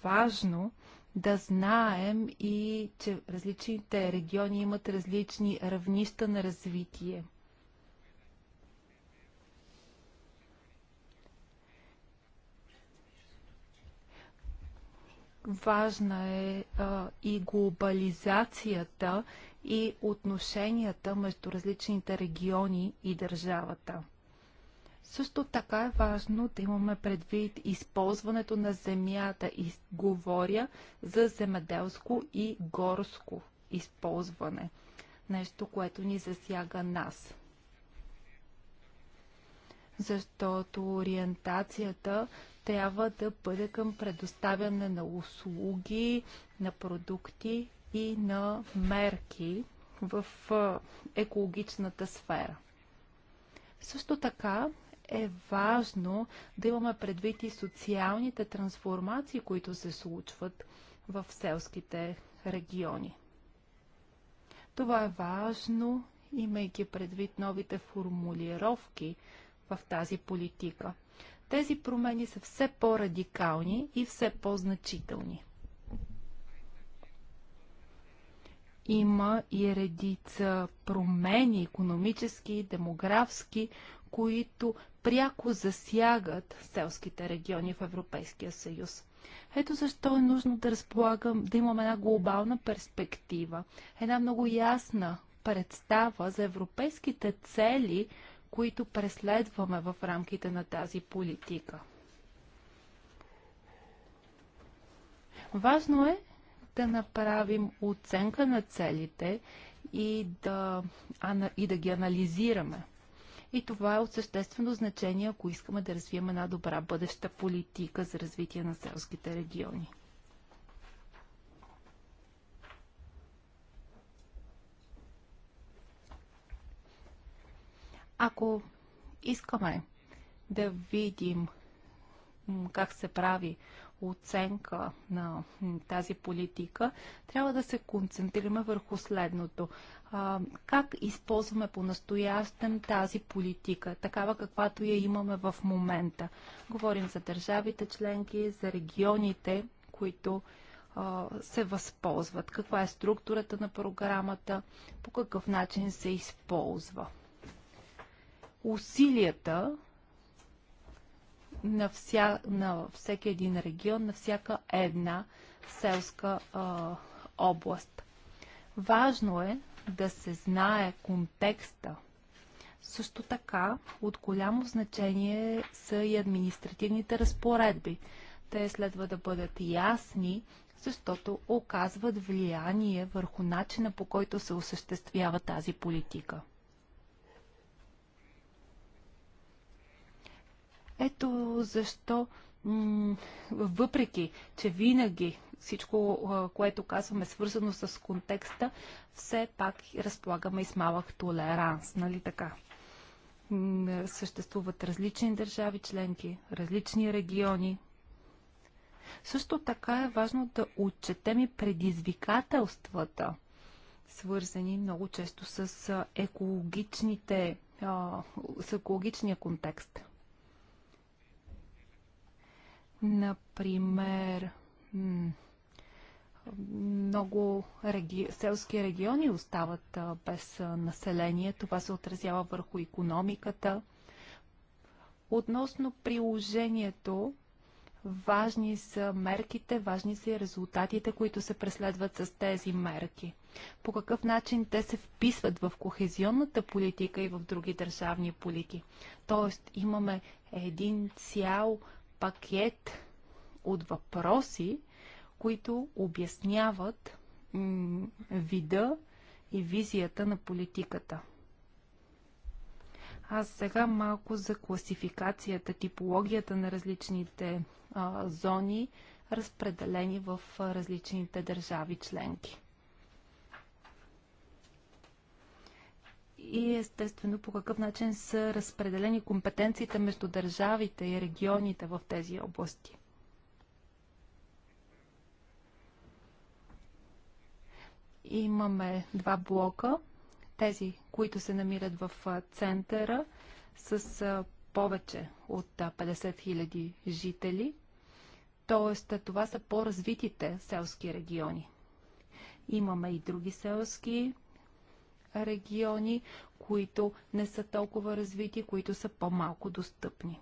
важно да знаем и, че различните региони имат различни равнища на развитие – Важна е а, и глобализацията и отношенията между различните региони и държавата. Също така е важно да имаме предвид използването на земята и говоря за земеделско и горско използване. Нещо, което ни засяга нас. Защото ориентацията трябва да бъде към предоставяне на услуги, на продукти и на мерки в екологичната сфера. Също така е важно да имаме предвид и социалните трансформации, които се случват в селските региони. Това е важно, имайки предвид новите формулировки в тази политика – тези промени са все по-радикални и все по-значителни. Има и редица промени, економически, демографски, които пряко засягат селските региони в Европейския съюз. Ето защо е нужно да разполагам, да имаме една глобална перспектива, една много ясна представа за европейските цели, които преследваме в рамките на тази политика. Важно е да направим оценка на целите и да, и да ги анализираме. И това е от съществено значение, ако искаме да развием една добра бъдеща политика за развитие на селските региони. Ако искаме да видим как се прави оценка на тази политика, трябва да се концентрираме върху следното. как използваме по-настоящем тази политика, такава каквато я имаме в момента? Говорим за държавите членки, за регионите, които се възползват. Каква е структурата на програмата, по какъв начин се използва усилията на, вся, на всеки един регион, на всяка една селска а, област. Важно е да се знае контекста. Също така, от голямо значение са и административните разпоредби. Те следва да бъдат ясни, защото оказват влияние върху начина по който се осъществява тази политика. Ето защо, въпреки, че винаги всичко, което казваме, е свързано с контекста, все пак разполагаме и с малък толеранс, нали така? Съществуват различни държави членки, различни региони. Също така е важно да отчетем и предизвикателствата, свързани много често с екологичните, с екологичния контекст. Например, много реги... селски региони остават без население. Това се отразява върху економиката. Относно приложението, важни са мерките, важни са и резултатите, които се преследват с тези мерки. По какъв начин те се вписват в кохезионната политика и в други държавни политики. Тоест имаме един цял пакет от въпроси, които обясняват вида и визията на политиката. Аз сега малко за класификацията, типологията на различните а, зони, разпределени в различните държави членки. и естествено по какъв начин са разпределени компетенциите между държавите и регионите в тези области. Имаме два блока. Тези, които се намират в центъра с повече от 50 000 жители, т.е. това са по-развитите селски региони. Имаме и други селски региони, които не са толкова развити, които са по-малко достъпни.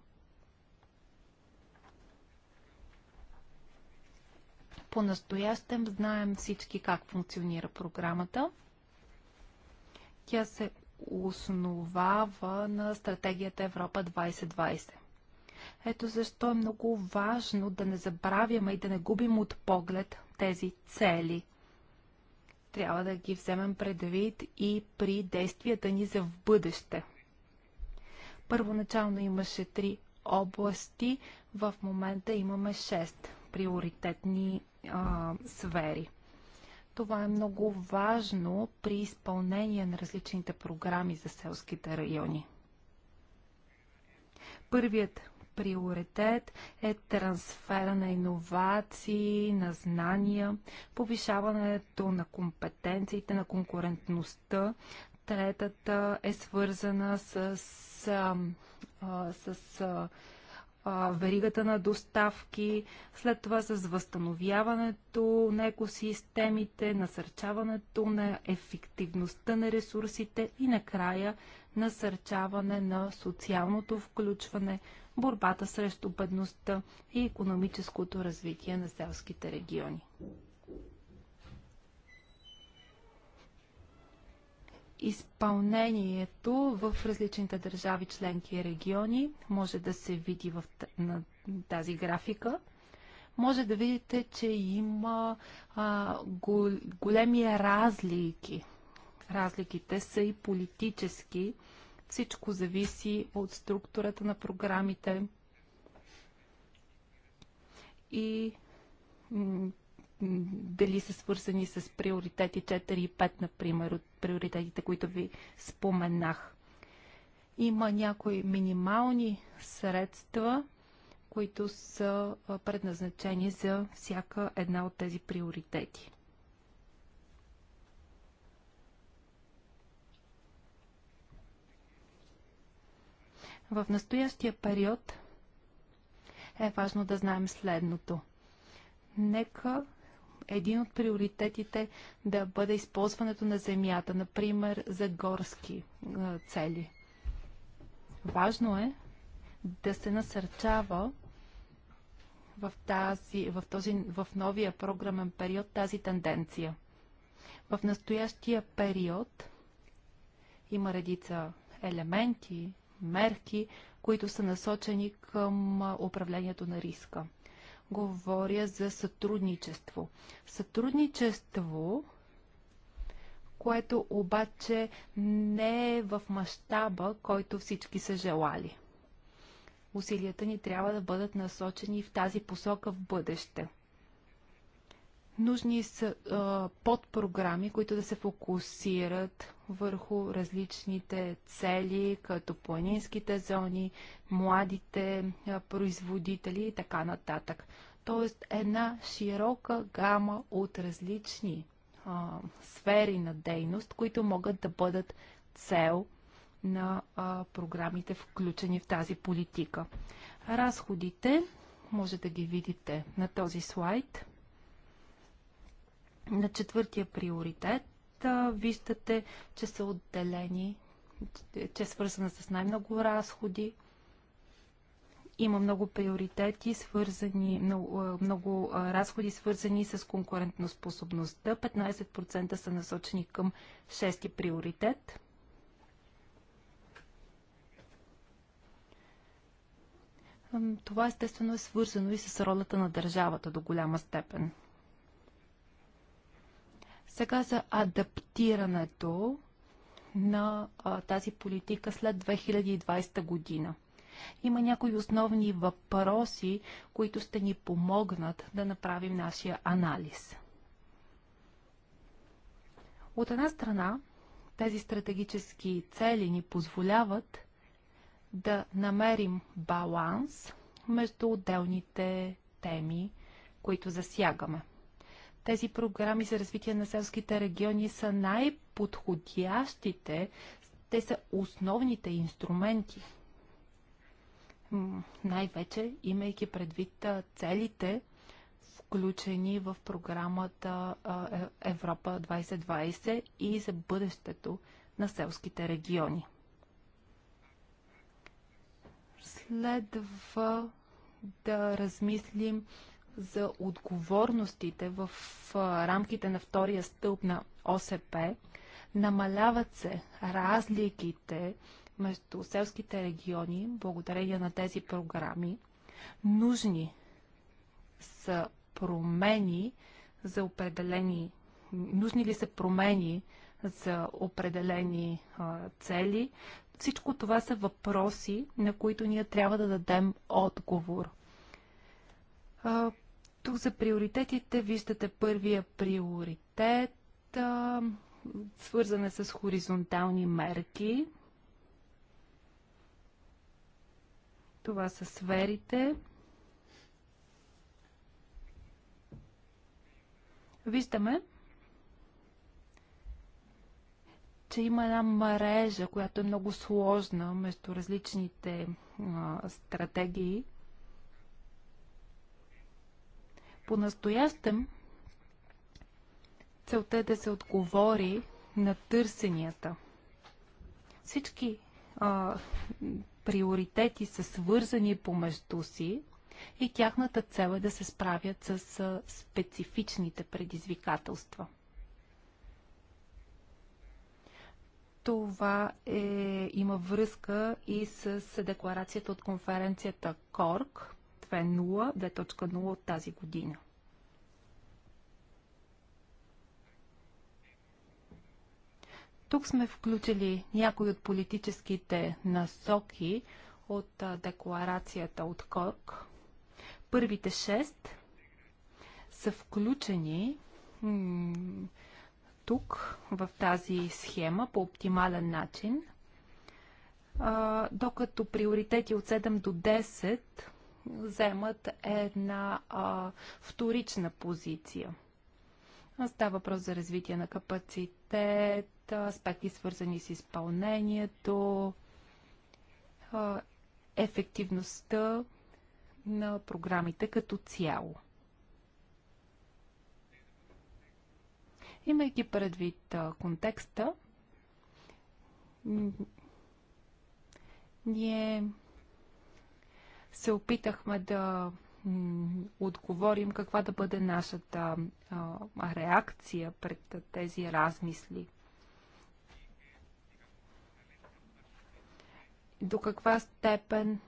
По-настоящем знаем всички как функционира програмата. Тя се основава на стратегията Европа 2020. Ето защо е много важно да не забравяме и да не губим от поглед тези цели – трябва да ги вземем предвид и при действията ни за в бъдеще. Първоначално имаше три области, в момента имаме шест приоритетни а, сфери. Това е много важно при изпълнение на различните програми за селските райони. Първият приоритет е трансфера на иновации, на знания, повишаването на компетенциите, на конкурентността. Третата е свързана с, с, с веригата на доставки, след това с възстановяването на екосистемите, насърчаването на ефективността на ресурсите и накрая насърчаване на социалното включване, борбата срещу бедността и економическото развитие на селските региони. Изпълнението в различните държави, членки и региони може да се види в, на тази графика. Може да видите, че има а, големи разлики. Разликите са и политически, всичко зависи от структурата на програмите и дали са свързани с приоритети 4 и 5, например, от приоритетите, които ви споменах. Има някои минимални средства, които са предназначени за всяка една от тези приоритети. В настоящия период е важно да знаем следното. Нека един от приоритетите да бъде използването на земята, например за горски цели. Важно е да се насърчава в, тази, в, този, в новия програмен период тази тенденция. В настоящия период има редица елементи мерки, които са насочени към управлението на риска. Говоря за сътрудничество. Сътрудничество, което обаче не е в мащаба, който всички са желали. Усилията ни трябва да бъдат насочени в тази посока в бъдеще. Нужни са а, подпрограми, които да се фокусират върху различните цели, като планинските зони, младите а, производители и така нататък. Тоест една широка гама от различни а, сфери на дейност, които могат да бъдат цел на а, програмите, включени в тази политика. Разходите може да ги видите на този слайд. На четвъртия приоритет виждате, че са отделени, че е свързана с най-много разходи. Има много приоритети, свързани, много, много разходи, свързани с конкурентноспособността. 15% са насочени към шести приоритет. Това естествено е свързано и с ролята на държавата до голяма степен. Сега за адаптирането на а, тази политика след 2020 година. Има някои основни въпроси, които ще ни помогнат да направим нашия анализ. От една страна, тези стратегически цели ни позволяват да намерим баланс между отделните теми, които засягаме тези програми за развитие на селските региони са най-подходящите, те са основните инструменти. Най-вече имайки предвид целите, включени в програмата е, Европа 2020 и за бъдещето на селските региони. Следва да размислим за отговорностите в рамките на втория стълб на ОСП, намаляват се разликите между селските региони, благодарение на тези програми. Нужни са промени за определени, нужни ли са промени за определени а, цели. Всичко това са въпроси, на които ние трябва да дадем отговор. А, тук за приоритетите виждате първия приоритет, а, свързан е с хоризонтални мерки. Това са сферите. Виждаме, че има една мрежа, която е много сложна между различните а, стратегии – По-настоящем целта е да се отговори на търсенията. Всички а, приоритети са свързани помежду си и тяхната цел е да се справят с а, специфичните предизвикателства. Това е, има връзка и с декларацията от конференцията КОРК 2.0, 2.0 от тази година. Тук сме включили някои от политическите насоки от декларацията от Корк. Първите шест са включени тук, в тази схема, по оптимален начин, докато приоритети от 7 до 10 вземат една а, вторична позиция. Става въпрос за развитие на капацитет, аспекти свързани с изпълнението, а, ефективността на програмите като цяло. Имайки предвид а, контекста, ние се опитахме да отговорим каква да бъде нашата реакция пред тези размисли. До каква степен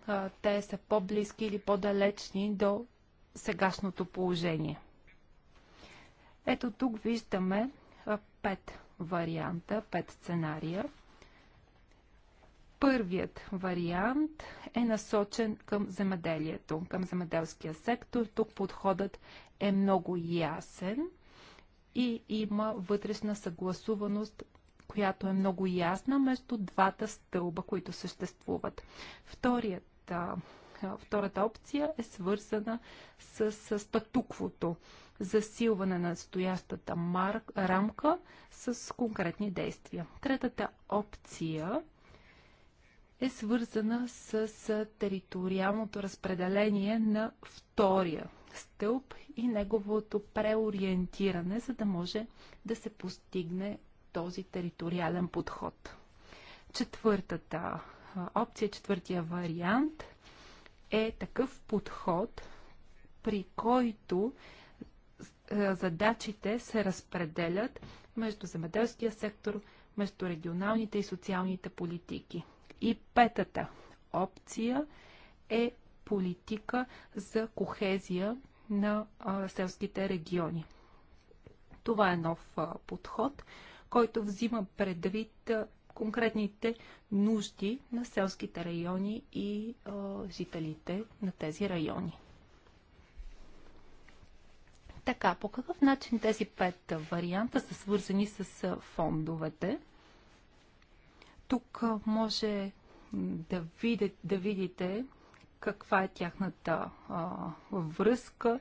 те са по-близки или по-далечни до сегашното положение. Ето тук виждаме пет варианта, пет сценария – Първият вариант е насочен към земеделието, към земеделския сектор. Тук подходът е много ясен и има вътрешна съгласуваност, която е много ясна между двата стълба, които съществуват. Вторият, втората опция е свързана с, с статуквото засилване на стоящата рамка с конкретни действия. Третата опция – е свързана с териториалното разпределение на втория стълб и неговото преориентиране, за да може да се постигне този териториален подход. Четвъртата опция, четвъртия вариант е такъв подход, при който задачите се разпределят между земеделския сектор, между регионалните и социалните политики. И петата опция е политика за кохезия на селските региони. Това е нов подход, който взима предвид конкретните нужди на селските райони и жителите на тези райони. Така, по какъв начин тези пет варианта са свързани с фондовете? Тук може да, видите, да видите каква е тяхната а, връзка.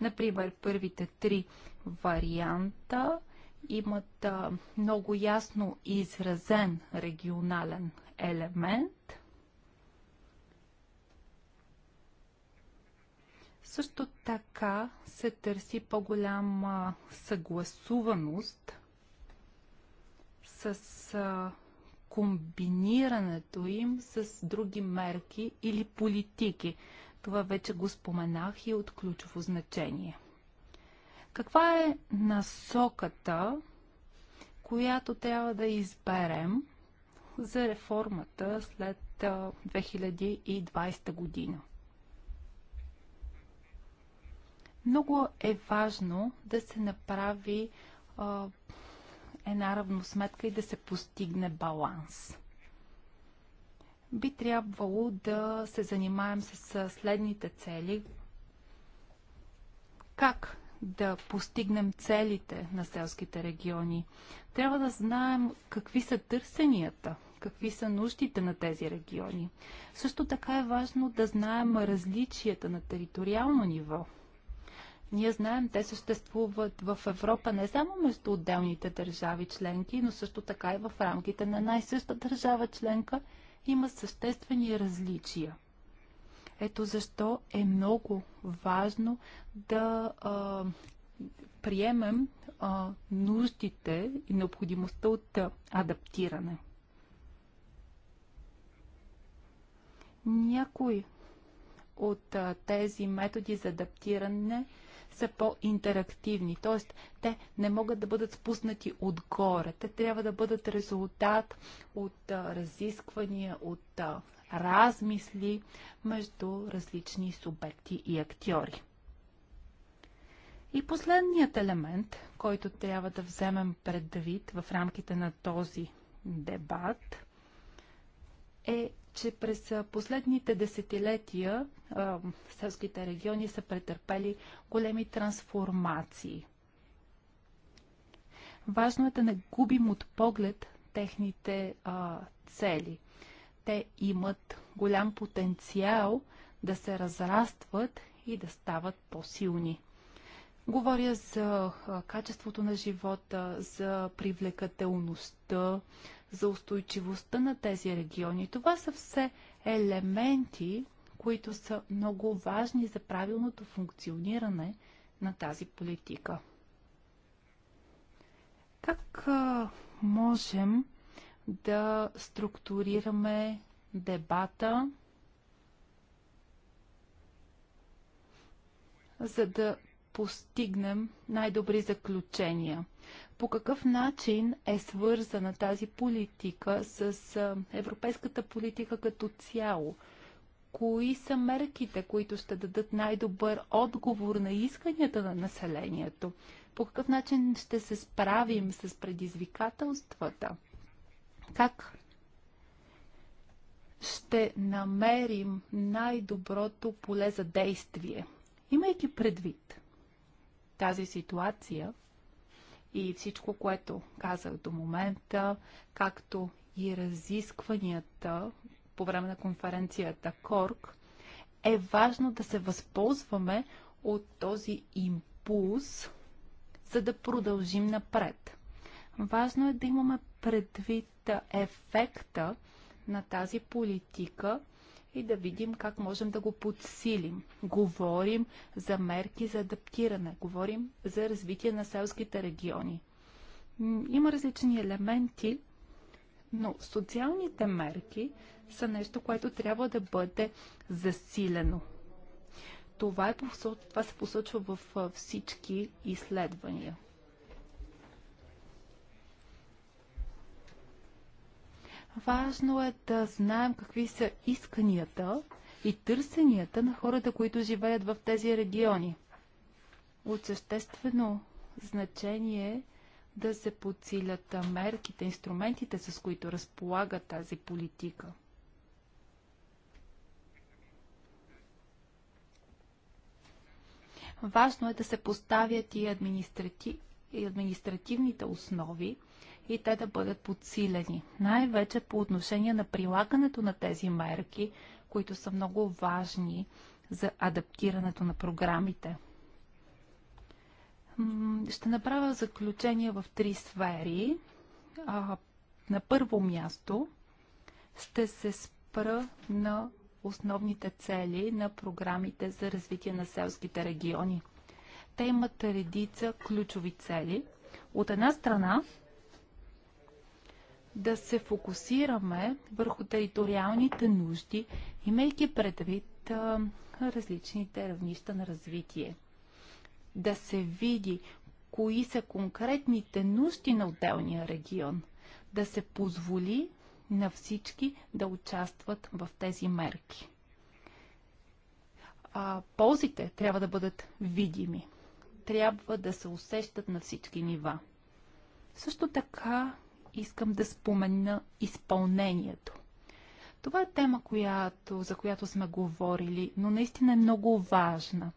Например, първите три варианта имат а, много ясно изразен регионален елемент. Също така се търси по-голяма съгласуваност с а, комбинирането им с други мерки или политики. Това вече го споменах и е от ключово значение. Каква е насоката, която трябва да изберем за реформата след 2020 година? Много е важно да се направи а, една равносметка и да се постигне баланс. Би трябвало да се занимаем с следните цели. Как да постигнем целите на селските региони? Трябва да знаем какви са търсенията, какви са нуждите на тези региони. Също така е важно да знаем различията на териториално ниво – ние знаем, те съществуват в Европа не само между отделните държави членки, но също така и в рамките на най-съща държава членка има съществени различия. Ето защо е много важно да а, приемем а, нуждите и необходимостта от адаптиране. Някои от а, тези методи за адаптиране – са по-интерактивни, т.е. те не могат да бъдат спуснати отгоре. Те трябва да бъдат резултат от а, разисквания, от а, размисли между различни субекти и актьори. И последният елемент, който трябва да вземем предвид в рамките на този дебат, е че през последните десетилетия селските региони са претърпели големи трансформации. Важно е да не губим от поглед техните а, цели. Те имат голям потенциал да се разрастват и да стават по-силни. Говоря за а, качеството на живота, за привлекателността, за устойчивостта на тези региони. Това са все елементи, които са много важни за правилното функциониране на тази политика. Как можем да структурираме дебата, за да постигнем най-добри заключения? По какъв начин е свързана тази политика с европейската политика като цяло? Кои са мерките, които ще дадат най-добър отговор на исканията на населението? По какъв начин ще се справим с предизвикателствата? Как ще намерим най-доброто поле за действие? Имайки предвид тази ситуация, и всичко, което казах до момента, както и разискванията по време на конференцията КОРК, е важно да се възползваме от този импулс, за да продължим напред. Важно е да имаме предвид ефекта на тази политика – и да видим как можем да го подсилим. Говорим за мерки за адаптиране, говорим за развитие на селските региони. Има различни елементи, но социалните мерки са нещо, което трябва да бъде засилено. Това, е посоч... Това се посочва в всички изследвания. Важно е да знаем какви са исканията и търсенията на хората, които живеят в тези региони. От съществено значение е да се подсилят мерките, инструментите, с които разполага тази политика. Важно е да се поставят и, административ... и административните основи, и те да бъдат подсилени. Най-вече по отношение на прилагането на тези мерки, които са много важни за адаптирането на програмите. Ще направя заключение в три сфери. На първо място ще се спра на основните цели на програмите за развитие на селските региони. Те имат редица ключови цели. От една страна да се фокусираме върху териториалните нужди, имайки предвид а, различните равнища на развитие. Да се види кои са конкретните нужди на отделния регион. Да се позволи на всички да участват в тези мерки. А, ползите трябва да бъдат видими. Трябва да се усещат на всички нива. Също така искам да спомена изпълнението. Това е тема, която, за която сме говорили, но наистина е много важна.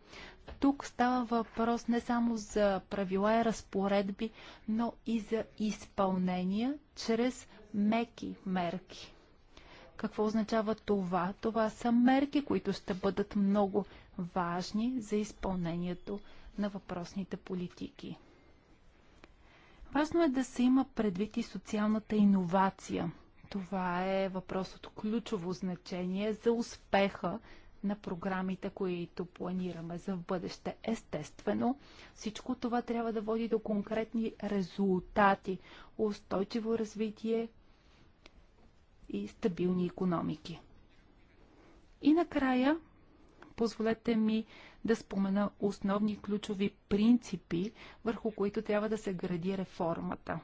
Тук става въпрос не само за правила и разпоредби, но и за изпълнение чрез меки мерки. Какво означава това? Това са мерки, които ще бъдат много важни за изпълнението на въпросните политики. Важно е да се има предвид и социалната иновация. Това е въпрос от ключово значение за успеха на програмите, които планираме за в бъдеще. Естествено, всичко това трябва да води до конкретни резултати, устойчиво развитие и стабилни економики. И накрая, позволете ми да спомена основни ключови принципи, върху които трябва да се гради реформата.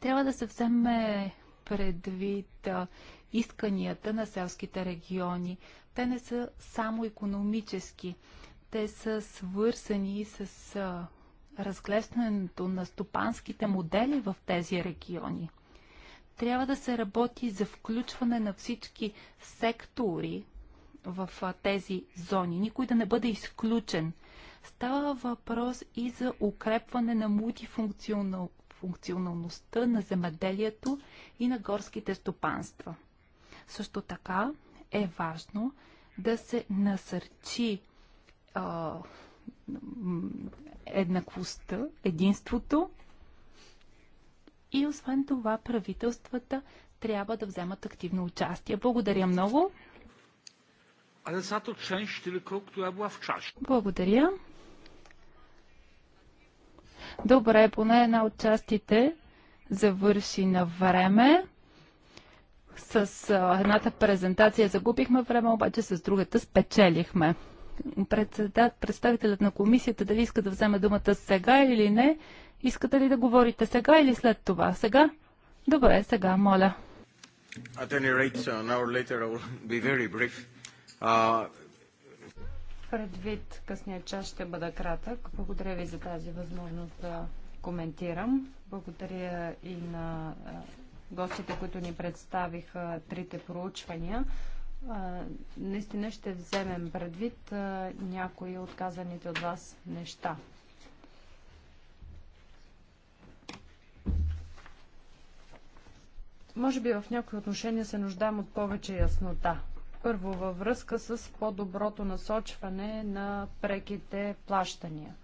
Трябва да се вземе предвид исканията на селските региони. Те не са само економически. Те са свързани с разглеждането на стопанските модели в тези региони. Трябва да се работи за включване на всички сектори в тези зони, никой да не бъде изключен. Става въпрос и за укрепване на мултифункционалността на земеделието и на горските стопанства. Също така е важно да се насърчи а, еднаквостта, единството и освен това правителствата трябва да вземат активно участие. Благодаря много ale za to część tylko, która była w czasie. Благодаря. Добре, поне една от частите завърши на време. С едната презентация загубихме време, обаче с другата спечелихме. Представителят на комисията дали иска да вземе думата сега или не, искате ли да говорите сега или след това? Сега? Добре, сега, моля. At any rate, an hour later I will be very brief. А... Предвид късния час ще бъда кратък. Благодаря ви за тази възможност да коментирам. Благодаря и на гостите, които ни представиха трите проучвания. Наистина ще вземем предвид някои от казаните от вас неща. Може би в някои отношения се нуждаем от повече яснота. Първо, във връзка с по-доброто насочване на преките плащания.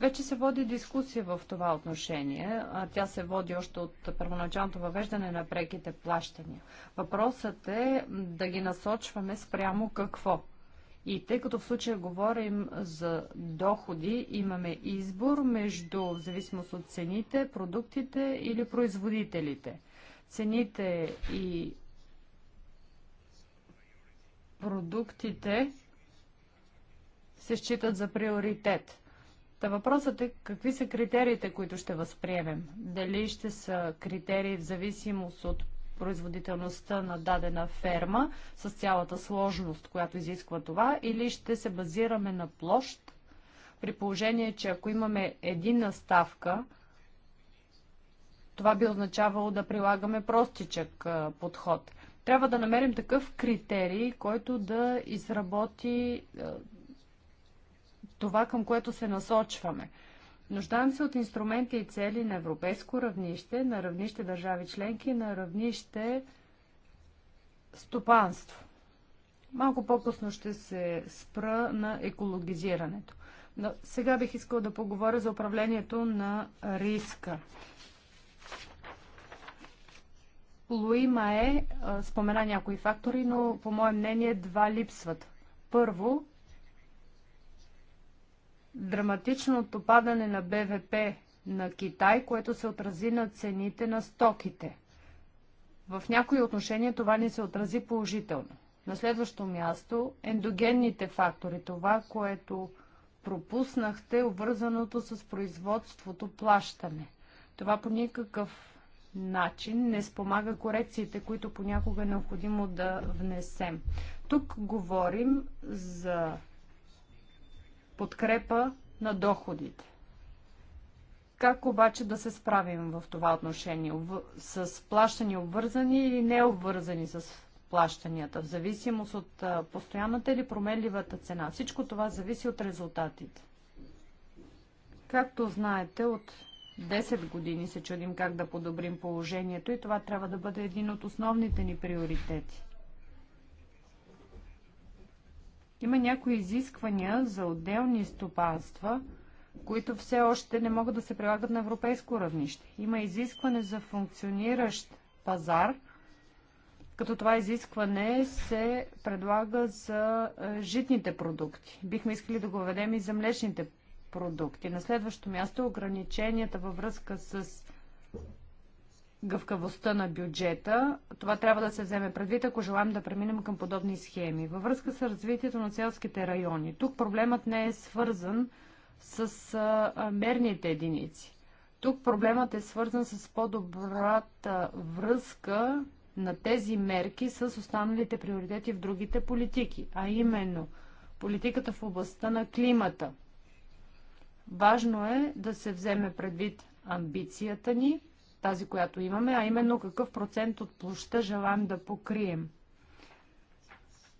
Вече се води дискусия в това отношение. тя се води още от първоначалното въвеждане на преките плащания. Въпросът е да ги насочваме спрямо какво. И тъй като в случая говорим за доходи, имаме избор между, в зависимост от цените, продуктите или производителите. Цените и продуктите се считат за приоритет. Та въпросът е какви са критериите, които ще възприемем. Дали ще са критерии в зависимост от производителността на дадена ферма с цялата сложност, която изисква това, или ще се базираме на площ, при положение, че ако имаме една ставка, това би означавало да прилагаме простичък подход. Трябва да намерим такъв критерий, който да изработи е, това, към което се насочваме. Нуждаем се от инструменти и цели на европейско равнище, на равнище държави членки, на равнище стопанство. Малко по-късно ще се спра на екологизирането. Но сега бих искал да поговоря за управлението на риска. Луи е, спомена някои фактори, но по мое мнение два липсват. Първо, драматичното падане на БВП на Китай, което се отрази на цените на стоките. В някои отношения това ни се отрази положително. На следващо място, ендогенните фактори, това, което пропуснахте, обвързаното с производството плащане. Това по никакъв начин не спомага корекциите, които понякога е необходимо да внесем. Тук говорим за подкрепа на доходите. Как обаче да се справим в това отношение? С плащани обвързани или не обвързани с плащанията, в зависимост от постоянната или променливата цена. Всичко това зависи от резултатите. Както знаете, от 10 години се чудим как да подобрим положението и това трябва да бъде един от основните ни приоритети. Има някои изисквания за отделни стопанства, които все още не могат да се прилагат на европейско равнище. Има изискване за функциониращ пазар, като това изискване се предлага за е, житните продукти. Бихме искали да го ведем и за млечните продукти продукти. На следващо място е ограниченията във връзка с гъвкавостта на бюджета. Това трябва да се вземе предвид, ако желаем да преминем към подобни схеми. Във връзка с развитието на селските райони, тук проблемът не е свързан с а, мерните единици. Тук проблемът е свързан с по-добрата връзка на тези мерки с останалите приоритети в другите политики, а именно политиката в областта на климата – Важно е да се вземе предвид амбицията ни, тази, която имаме, а именно какъв процент от площа желаем да покрием.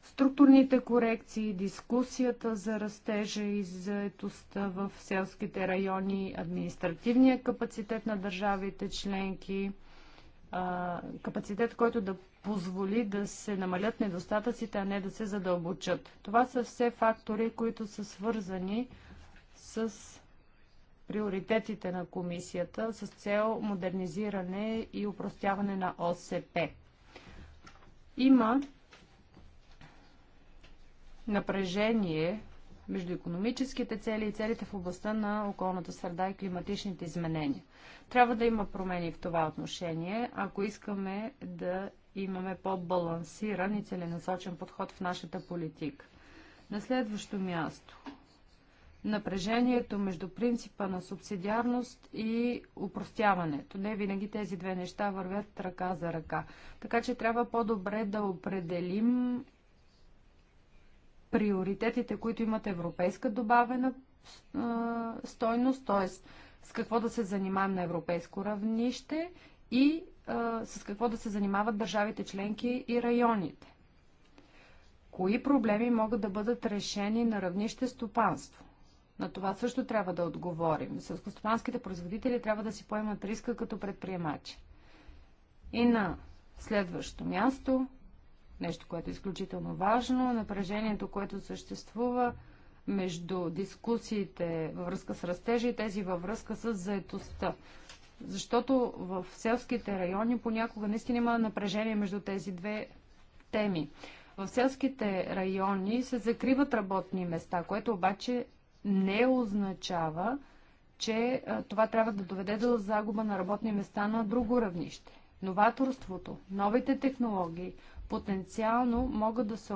Структурните корекции, дискусията за растежа и заетостта в селските райони, административния капацитет на държавите членки, капацитет, който да позволи да се намалят недостатъците, а не да се задълбочат. Това са все фактори, които са свързани с приоритетите на комисията с цел модернизиране и упростяване на ОСП. Има напрежение между економическите цели и целите в областта на околната среда и климатичните изменения. Трябва да има промени в това отношение, ако искаме да имаме по-балансиран и целенасочен подход в нашата политика. На следващо място напрежението между принципа на субсидиарност и упростяването. Не винаги тези две неща вървят ръка за ръка. Така че трябва по-добре да определим приоритетите, които имат европейска добавена а, стойност, т.е. с какво да се занимаем на европейско равнище и а, с какво да се занимават държавите членки и районите. Кои проблеми могат да бъдат решени на равнище стопанство? На това също трябва да отговорим. Селскостопанските производители трябва да си поемат риска като предприемачи. И на следващо място, нещо, което е изключително важно, напрежението, което съществува между дискусиите във връзка с растежа и тези във връзка с заетостта. Защото в селските райони понякога наистина има напрежение между тези две теми. В селските райони се закриват работни места, което обаче не означава, че това трябва да доведе до загуба на работни места на друго равнище. Новаторството, новите технологии потенциално могат да, се,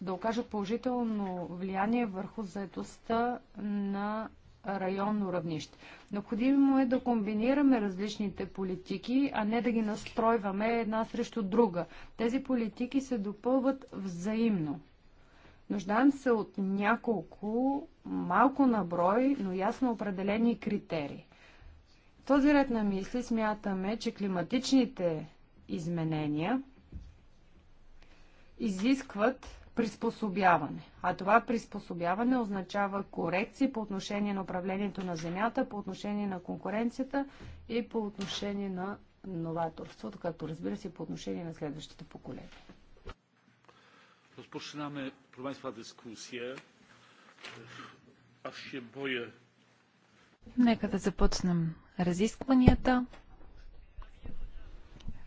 да окажат положително влияние върху заедостта на районно равнище. Необходимо е да комбинираме различните политики, а не да ги настройваме една срещу друга. Тези политики се допълват взаимно. Нуждаем се от няколко, малко наброй, но ясно определени критерии. В този ред на мисли смятаме, че климатичните изменения изискват приспособяване. А това приспособяване означава корекции по отношение на управлението на земята, по отношение на конкуренцията и по отношение на новаторството, както разбира се по отношение на следващите поколения. Rozpoczynamy, proszę Państwa, dyskusję. Аз ще боя. Нека да започнем разискванията.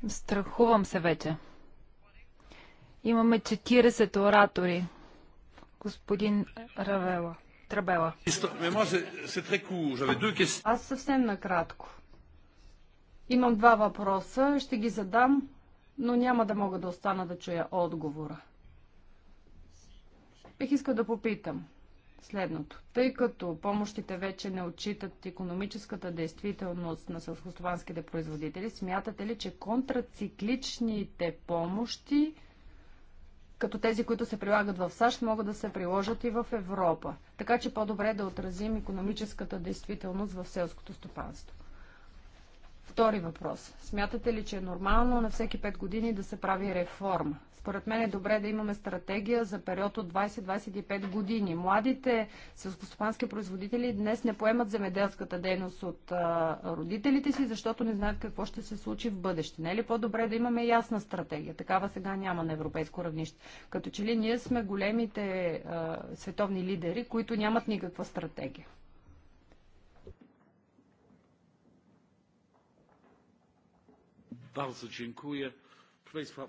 Страхувам се вече. Имаме 40 оратори. Господин Равела. Трабела. Аз съвсем накратко. Имам два въпроса, ще ги задам, но няма да мога да остана да чуя отговора. Бих искал да попитам следното. Тъй като помощите вече не отчитат економическата действителност на селскостопанските производители, смятате ли, че контрацикличните помощи, като тези, които се прилагат в САЩ, могат да се приложат и в Европа? Така че по-добре да отразим економическата действителност в селското стопанство. Втори въпрос. Смятате ли, че е нормално на всеки 5 години да се прави реформа? Според мен е добре да имаме стратегия за период от 20-25 години. Младите селскостопански производители днес не поемат земеделската дейност от а, родителите си, защото не знаят какво ще се случи в бъдеще. Не е ли по-добре да имаме ясна стратегия? Такава сега няма на европейско равнище. Като че ли ние сме големите а, световни лидери, които нямат никаква стратегия. Bardzo dziękuję. Proszę Państwa,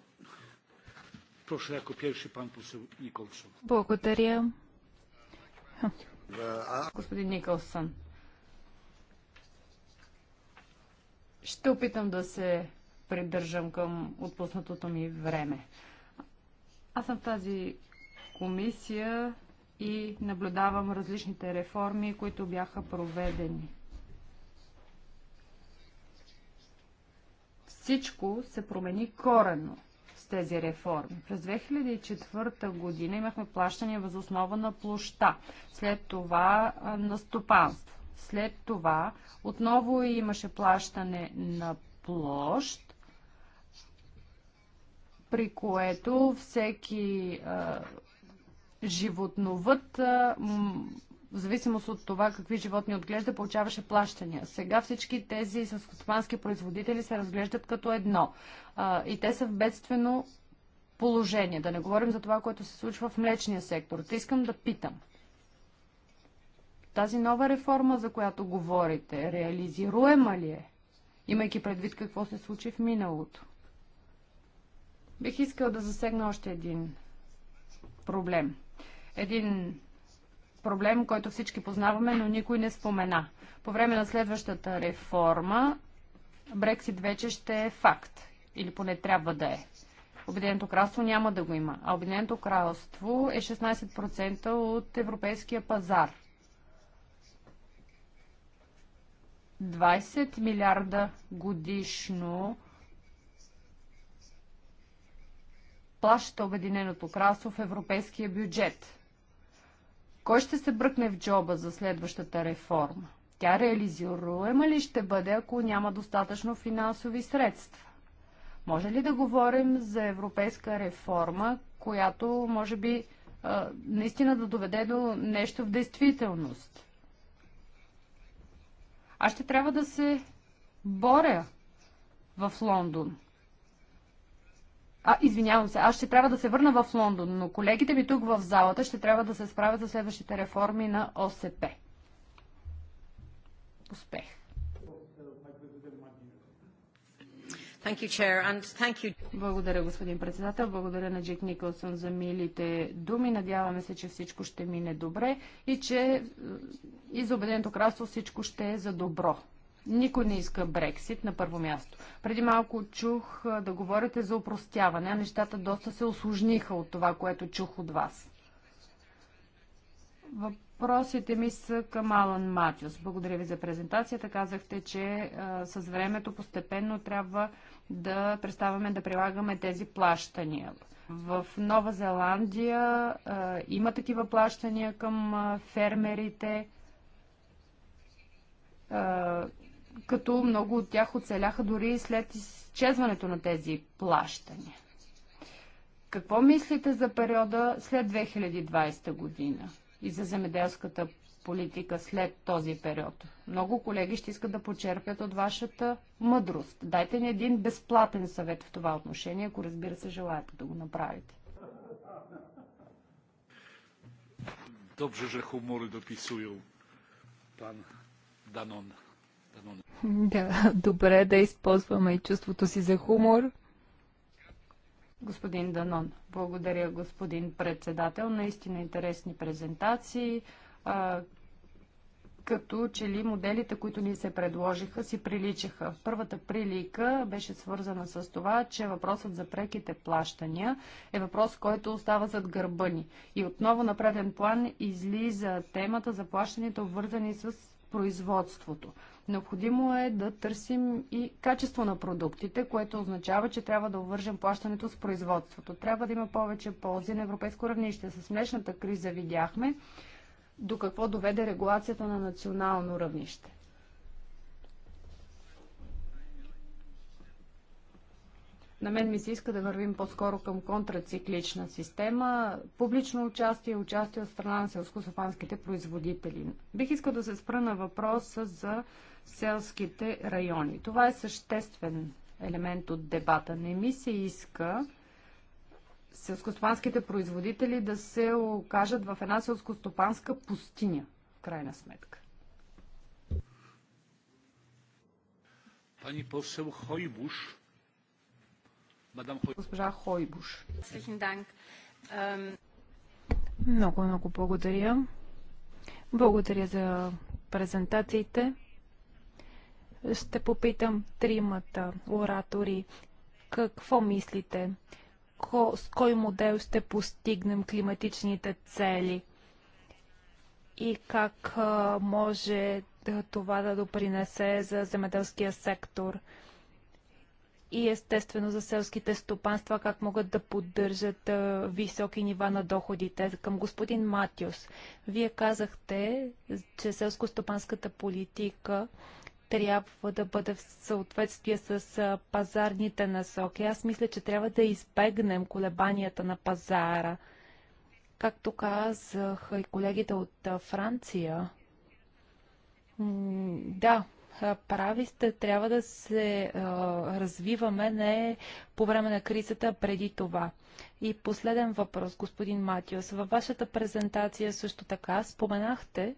proszę jako pierwszy pan poseł Благодаря. Господин Николсън, ще опитам да се придържам към отпуснатото ми време. Аз съм в тази комисия и наблюдавам различните реформи, които бяха проведени. Всичко се промени коренно с тези реформи. През 2004 година имахме плащания основа на площа, след това на стопанство. След това отново имаше плащане на площ, при което всеки а, животновът а, в зависимост от това какви животни отглежда, получаваше плащания. Сега всички тези селскостопански производители се разглеждат като едно. А, и те са в бедствено положение. Да не говорим за това, което се случва в млечния сектор. Те искам да питам. Тази нова реформа, за която говорите, реализируема ли е? Имайки предвид какво се случи в миналото. Бих искал да засегна още един проблем. Един проблем, който всички познаваме, но никой не спомена. По време на следващата реформа Брексит вече ще е факт. Или поне трябва да е. Обединеното кралство няма да го има. А Обединеното кралство е 16% от европейския пазар. 20 милиарда годишно плаща Обединеното кралство в европейския бюджет. Кой ще се бръкне в джоба за следващата реформа? Тя реализируема ли ще бъде, ако няма достатъчно финансови средства? Може ли да говорим за европейска реформа, която може би наистина да доведе до нещо в действителност? Аз ще трябва да се боря в Лондон а, извинявам се, аз ще трябва да се върна в Лондон, но колегите ми тук в залата ще трябва да се справят за следващите реформи на ОСП. Успех! You, благодаря, господин председател. Благодаря на Джек Николсън за милите думи. Надяваме се, че всичко ще мине добре и че и за Обединеното кралство всичко ще е за добро. Никой не иска Брексит на първо място. Преди малко чух да говорите за упростяване, а нещата доста се осложниха от това, което чух от вас. Въпросите ми са към Алан Матиус. Благодаря ви за презентацията. Казахте, че а, с времето постепенно трябва да представяме да прилагаме тези плащания. В Нова Зеландия а, има такива плащания към а, фермерите. А, като много от тях оцеляха дори и след изчезването на тези плащания. Какво мислите за периода след 2020 година и за земеделската политика след този период? Много колеги ще искат да почерпят от вашата мъдрост. Дайте ни един безплатен съвет в това отношение, ако разбира се желаете да го направите. Dobrze, że humory dopisują пан Данон. Да, добре да използваме и чувството си за хумор. Господин Данон, благодаря господин председател. Наистина интересни презентации. А, като че ли моделите, които ни се предложиха, си приличаха. Първата прилика беше свързана с това, че въпросът за преките плащания е въпрос, който остава зад гърба ни. И отново на преден план излиза темата за плащанията, обвързани с производството. Необходимо е да търсим и качество на продуктите, което означава, че трябва да увържем плащането с производството. Трябва да има повече ползи на европейско равнище. С млечната криза видяхме до какво доведе регулацията на национално равнище. На мен ми се иска да вървим по-скоро към контрациклична система, публично участие и участие от страна на селско производители. Бих искал да се спра на въпроса за селските райони. Това е съществен елемент от дебата. Не ми се иска селскостопанските производители да се окажат в една селскостопанска пустиня, в крайна сметка. Пани посел Хойбуш. Мадам Хой... Госпожа Хойбуш. Много, много благодаря. Благодаря за презентациите ще попитам тримата оратори какво мислите, ко, с кой модел ще постигнем климатичните цели и как а, може да, това да допринесе за земеделския сектор и естествено за селските стопанства, как могат да поддържат а, високи нива на доходите. Към господин Матиус, вие казахте, че селско-стопанската политика трябва да бъде в съответствие с пазарните насоки. Аз мисля, че трябва да избегнем колебанията на пазара. Както казах и колегите от Франция, да, прави сте, трябва да се развиваме не по време на кризата, а преди това. И последен въпрос, господин Матиос. Във вашата презентация също така споменахте,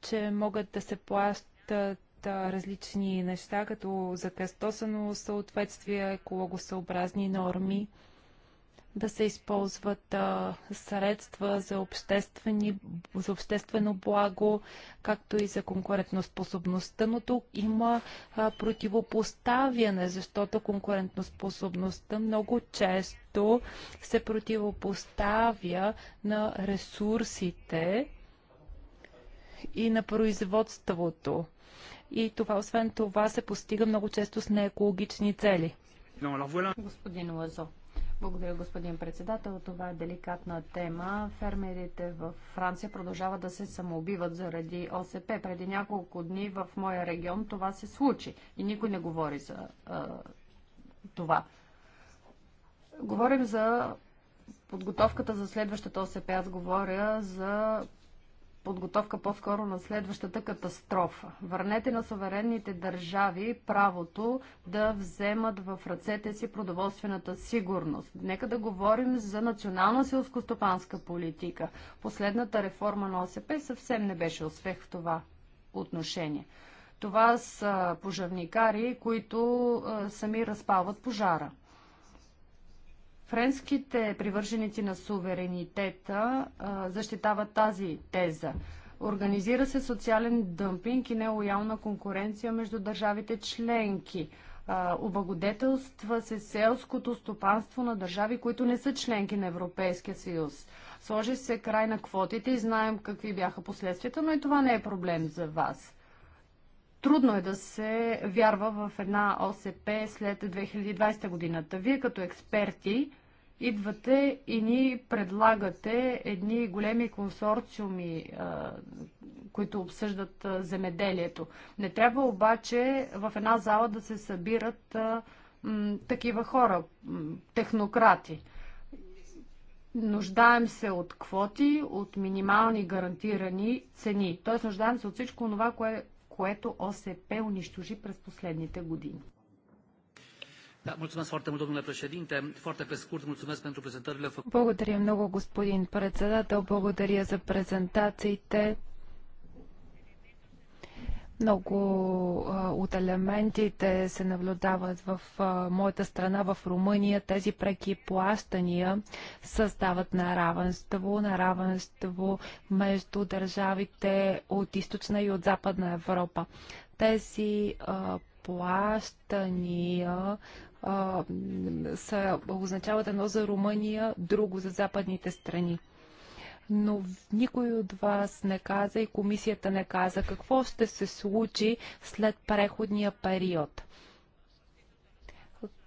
че могат да се плащат отчитат различни неща, като закъстосано съответствие, екологосъобразни норми, да се използват а, средства за, обществени, за обществено благо, както и за конкурентноспособността, но тук има а, противопоставяне, защото конкурентноспособността много често се противопоставя на ресурсите, и на производството. И това, освен това, се постига много често с неекологични цели. Господин Лазо. Благодаря, господин председател. Това е деликатна тема. Фермерите в Франция продължават да се самоубиват заради ОСП. Преди няколко дни в моя регион това се случи и никой не говори за а, това. Говорим за подготовката за следващата ОСП. Аз говоря за подготовка по-скоро на следващата катастрофа. Върнете на суверенните държави правото да вземат в ръцете си продоволствената сигурност. Нека да говорим за национална селскостопанска политика. Последната реформа на ОСП съвсем не беше успех в това отношение. Това са пожарникари, които сами разпалват пожара. Френските привърженици на суверенитета защитават тази теза. Организира се социален дъмпинг и нелоялна конкуренция между държавите членки. Обагодетелства се селското стопанство на държави, които не са членки на Европейския съюз. Сложи се край на квотите и знаем какви бяха последствията, но и това не е проблем за вас. Трудно е да се вярва в една ОСП след 2020 годината. Вие като експерти, идвате и ни предлагате едни големи консорциуми, които обсъждат земеделието. Не трябва обаче в една зала да се събират такива хора, технократи. Нуждаем се от квоти, от минимални гарантирани цени. Тоест нуждаем се от всичко това, кое, което ОСП унищожи през последните години. Благодаря много, господин председател. Благодаря за презентациите. Много от елементите се наблюдават в моята страна, в Румъния. Тези преки плащания създават наравенство, наравенство между държавите от източна и от западна Европа. Тези плащания а, са, означават едно за Румъния, друго за западните страни. Но никой от вас не каза и комисията не каза какво ще се случи след преходния период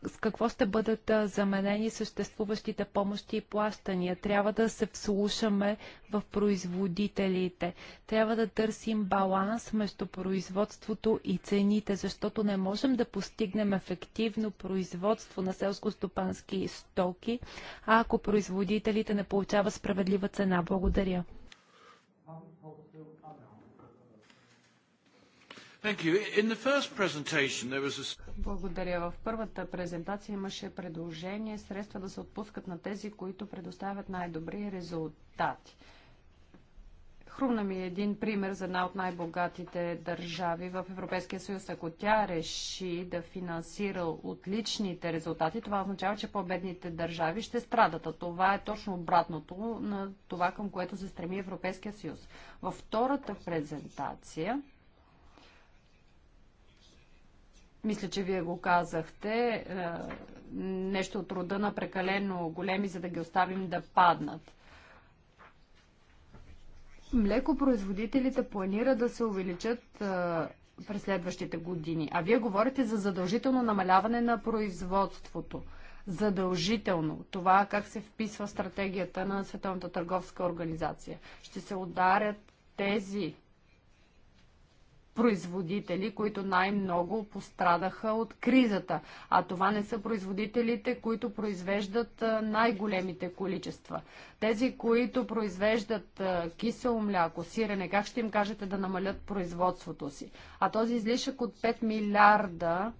с какво ще бъдат заменени съществуващите помощи и плащания. Трябва да се вслушаме в производителите. Трябва да търсим баланс между производството и цените, защото не можем да постигнем ефективно производство на селско-стопански стоки, ако производителите не получават справедлива цена. Благодаря. Благодаря. В първата презентация имаше предложение средства да се отпускат на тези, които предоставят най-добри резултати. Хрумна ми е един пример за една от най-богатите държави в Европейския съюз. Ако тя реши да финансира отличните резултати, това означава, че по-бедните държави ще страдат. А това е точно обратното на това, към което се стреми Европейския съюз. Във втората презентация мисля, че вие го казахте, е, нещо от рода на прекалено големи, за да ги оставим да паднат. Млекопроизводителите планира да се увеличат е, през следващите години. А вие говорите за задължително намаляване на производството. Задължително. Това как се вписва в стратегията на Световната търговска организация. Ще се ударят тези производители, които най-много пострадаха от кризата. А това не са производителите, които произвеждат най-големите количества. Тези, които произвеждат кисело мляко, сирене, как ще им кажете да намалят производството си? А този излишък от 5 милиарда,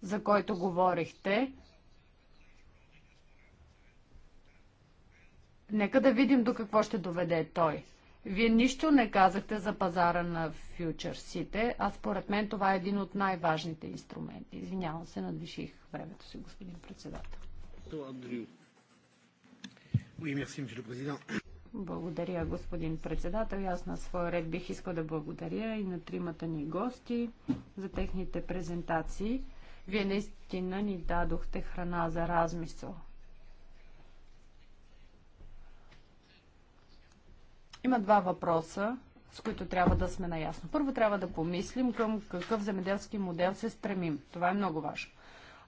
за който говорихте, нека да видим до какво ще доведе той. Вие нищо не казахте за пазара на фьючерсите, а според мен това е един от най-важните инструменти. Извинявам се, надвиших времето си, господин председател. Благодаря, господин председател. Аз на своя ред бих искал да благодаря и на тримата ни гости за техните презентации. Вие наистина ни дадохте храна за размисъл. Има два въпроса, с които трябва да сме наясно. Първо трябва да помислим към какъв земеделски модел се стремим. Това е много важно.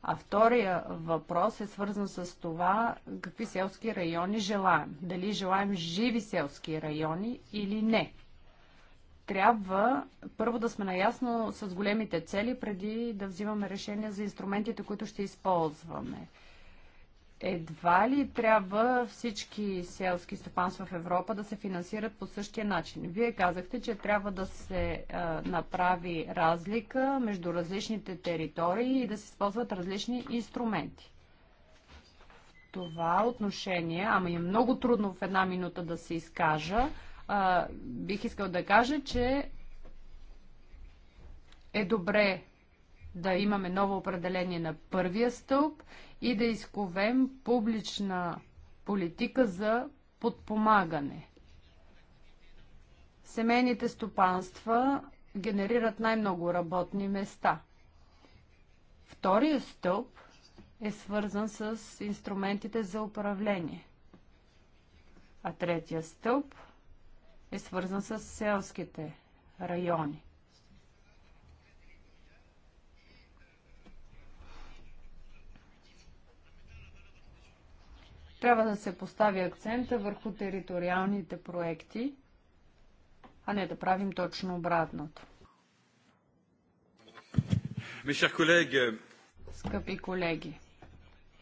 А втория въпрос е свързан с това какви селски райони желаем. Дали желаем живи селски райони или не. Трябва първо да сме наясно с големите цели, преди да взимаме решения за инструментите, които ще използваме. Едва ли трябва всички селски стопанства в Европа да се финансират по същия начин? Вие казахте, че трябва да се а, направи разлика между различните територии и да се използват различни инструменти. В това отношение, ама е много трудно в една минута да се изкажа, а, бих искал да кажа, че е добре да имаме ново определение на първия стълб и да изковем публична политика за подпомагане. Семейните стопанства генерират най-много работни места. Вторият стълб е свързан с инструментите за управление. А третия стълб е свързан с селските райони. Трябва да се постави акцента върху териториалните проекти, а не да правим точно обратното. Скъпи колеги,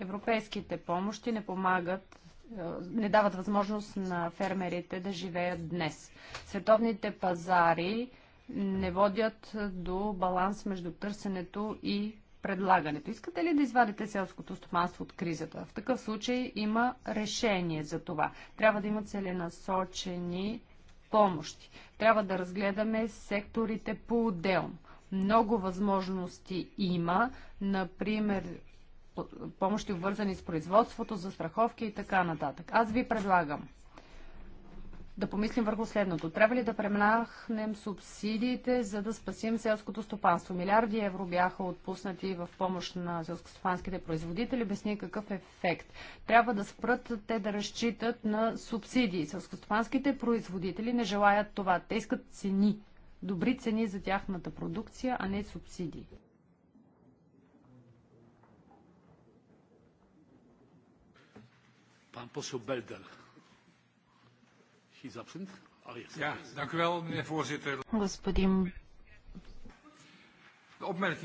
европейските помощи не помагат е, не дават възможност на фермерите да живеят днес. Световните пазари не водят до баланс между търсенето и предлагането. Искате ли да извадите селското стопанство от кризата? В такъв случай има решение за това. Трябва да има целенасочени помощи. Трябва да разгледаме секторите по-отделно. Много възможности има, например помощи вързани с производството, застраховки и така нататък. Аз ви предлагам да помислим върху следното. Трябва ли да премахнем субсидиите, за да спасим селското стопанство? Милиарди евро бяха отпуснати в помощ на селскостопанските производители без никакъв ефект. Трябва да спрат те да разчитат на субсидии. Селскостопанските производители не желаят това. Те искат цени. Добри цени за тяхната продукция, а не субсидии. Пан poseł Belder. Oh, господин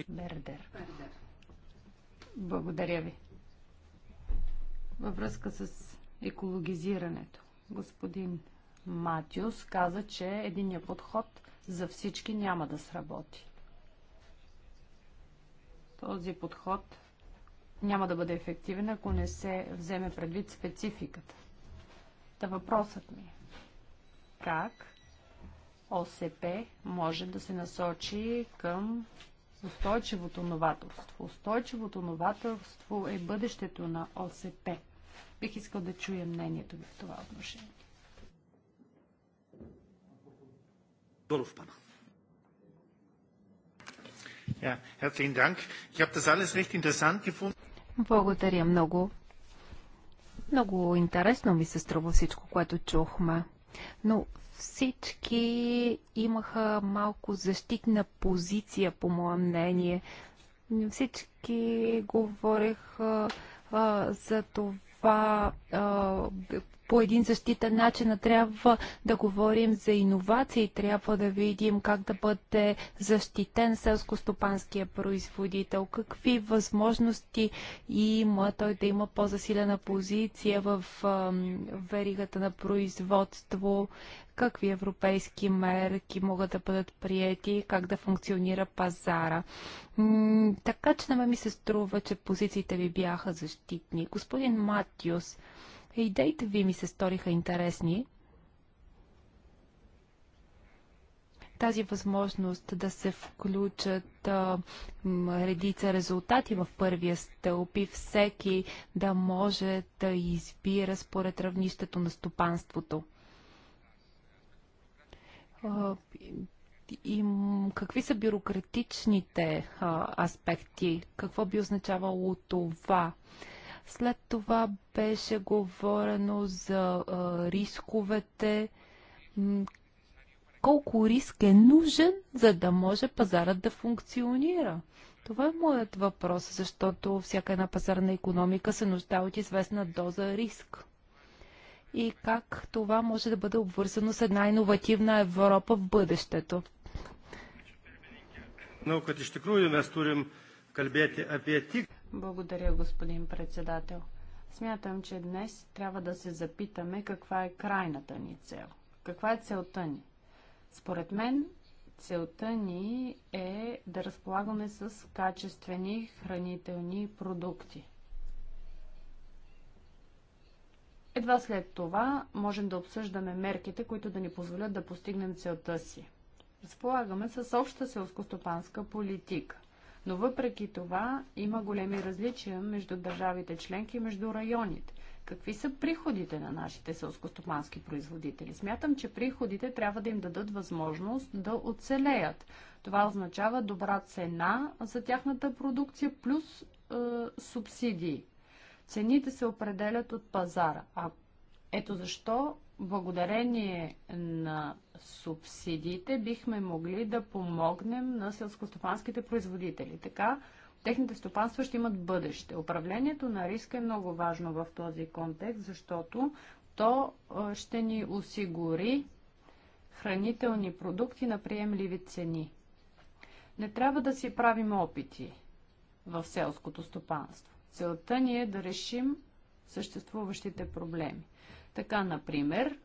Бердер. Благодаря ви. Във връзка с екологизирането, господин Матиус каза, че единия подход за всички няма да сработи. Този подход няма да бъде ефективен, ако не се вземе предвид спецификата. Та въпросът ми е, как ОСП може да се насочи към устойчивото новаторство. Устойчивото новаторство е бъдещето на ОСП. Бих искал да чуя мнението ви в това отношение. Долов пана. Благодаря много. Много интересно ми се струва всичко, което чухме. Но всички имаха малко защитна позиция, по мое мнение. Всички говореха а, за това а, по един защитен начин, а трябва да говорим за иновации, трябва да видим как да бъде защитен селскостопанския производител, какви възможности има той да има по-засилена позиция в веригата на производство, какви европейски мерки могат да бъдат приети, как да функционира пазара. така че на мен ми се струва, че позициите ви бяха защитни. Господин Матиус, Идеите ви ми се сториха интересни. Тази възможност да се включат а, редица резултати в първия стълб и всеки да може да избира според равнището на стопанството. и какви са бюрократичните а, аспекти? Какво би означавало това? След това беше говорено за а, рисковете. Колко риск е нужен, за да може пазарът да функционира? Това е моят въпрос, защото всяка една пазарна економика се нуждае от известна доза риск. И как това може да бъде обвързано с една иновативна Европа в бъдещето? Много като ще кругим, аз турим кълбете апетик. Благодаря, господин председател. Смятам, че днес трябва да се запитаме каква е крайната ни цел. Каква е целта ни? Според мен, целта ни е да разполагаме с качествени хранителни продукти. Едва след това можем да обсъждаме мерките, които да ни позволят да постигнем целта си. Разполагаме с обща селскостопанска политика. Но въпреки това има големи различия между държавите членки и между районите. Какви са приходите на нашите селскостопански производители? Смятам, че приходите трябва да им дадат възможност да оцелеят. Това означава добра цена за тяхната продукция плюс е, субсидии. Цените се определят от пазара. А ето защо благодарение на субсидиите бихме могли да помогнем на селскостопанските производители. Така, техните стопанства ще имат бъдеще. Управлението на риска е много важно в този контекст, защото то ще ни осигури хранителни продукти на приемливи цени. Не трябва да си правим опити в селското стопанство. Целта ни е да решим съществуващите проблеми. Така, например,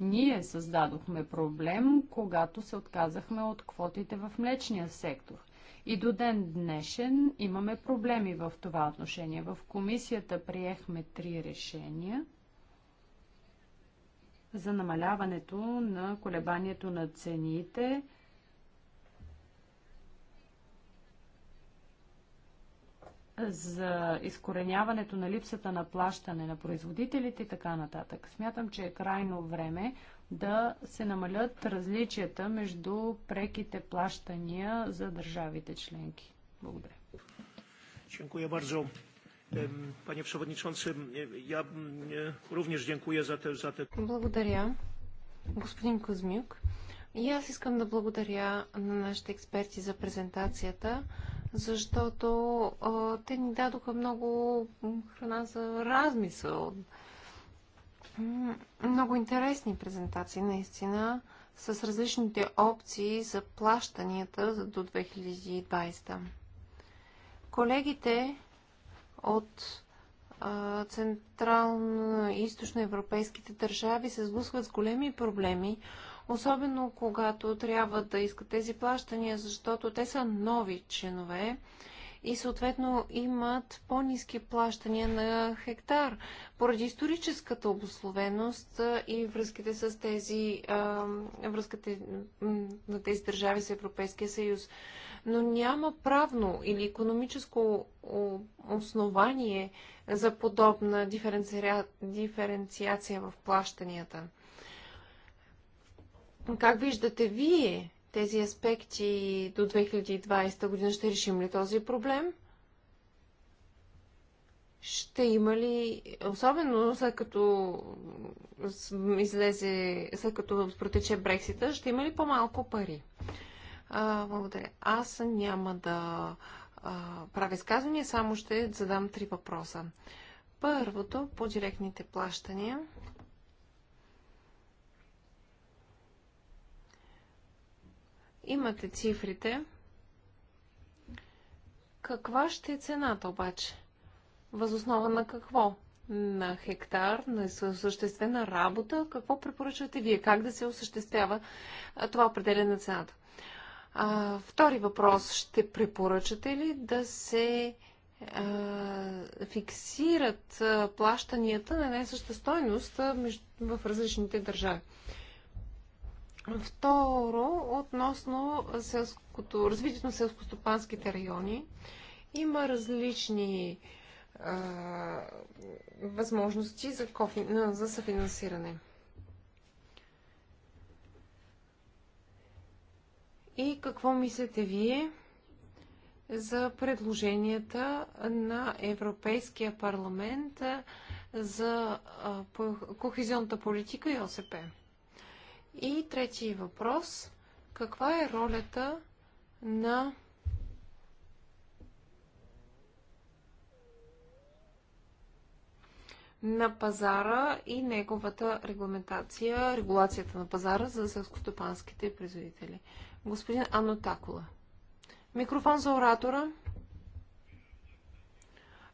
ние създадохме проблем, когато се отказахме от квотите в млечния сектор. И до ден днешен имаме проблеми в това отношение. В комисията приехме три решения за намаляването на колебанието на цените – за изкореняването на липсата на плащане на производителите и така нататък. Смятам, че е крайно време да се намалят различията между преките плащания за държавите членки. Благодаря. Dziękuję bardzo. Panie Przewodniczący, ja również dziękuję za te... Za te... Благодаря, господин Козмюк. И аз искам да благодаря на нашите експерти за презентацията защото а, те ни дадоха много храна за размисъл. Много интересни презентации, наистина, с различните опции за плащанията до 2020. Колегите от централно-источноевропейските държави се сблъскват с големи проблеми, особено когато трябва да искат тези плащания, защото те са нови членове и съответно имат по-низки плащания на хектар, поради историческата обословеност и връзките с тези, връзките на тези държави с Европейския съюз. Но няма правно или економическо основание за подобна диференци... диференциация в плащанията. Как виждате вие тези аспекти до 2020 година? Ще решим ли този проблем? ще има ли, особено след като излезе, след като протече Брексита, ще има ли по-малко пари? А, благодаря. Аз няма да а, правя изказвания, само ще задам три въпроса. Първото по директните плащания. Имате цифрите. Каква ще е цената обаче? Възоснова на какво? На хектар, на осъществена работа? Какво препоръчвате вие? Как да се осъществява това определене на цената? А, втори въпрос. Ще препоръчате ли да се а, фиксират а, плащанията на най-съща стойност в различните държави? Второ, относно селското, развитието на стопанските райони, има различни а, възможности за, кофи, за съфинансиране. И какво мислите вие за предложенията на Европейския парламент за кохезионната политика и ОСП? И трети въпрос. Каква е ролята на на пазара и неговата регламентация, регулацията на пазара за селскостопанските производители. Господин Анно Такола. Микрофон за оратора.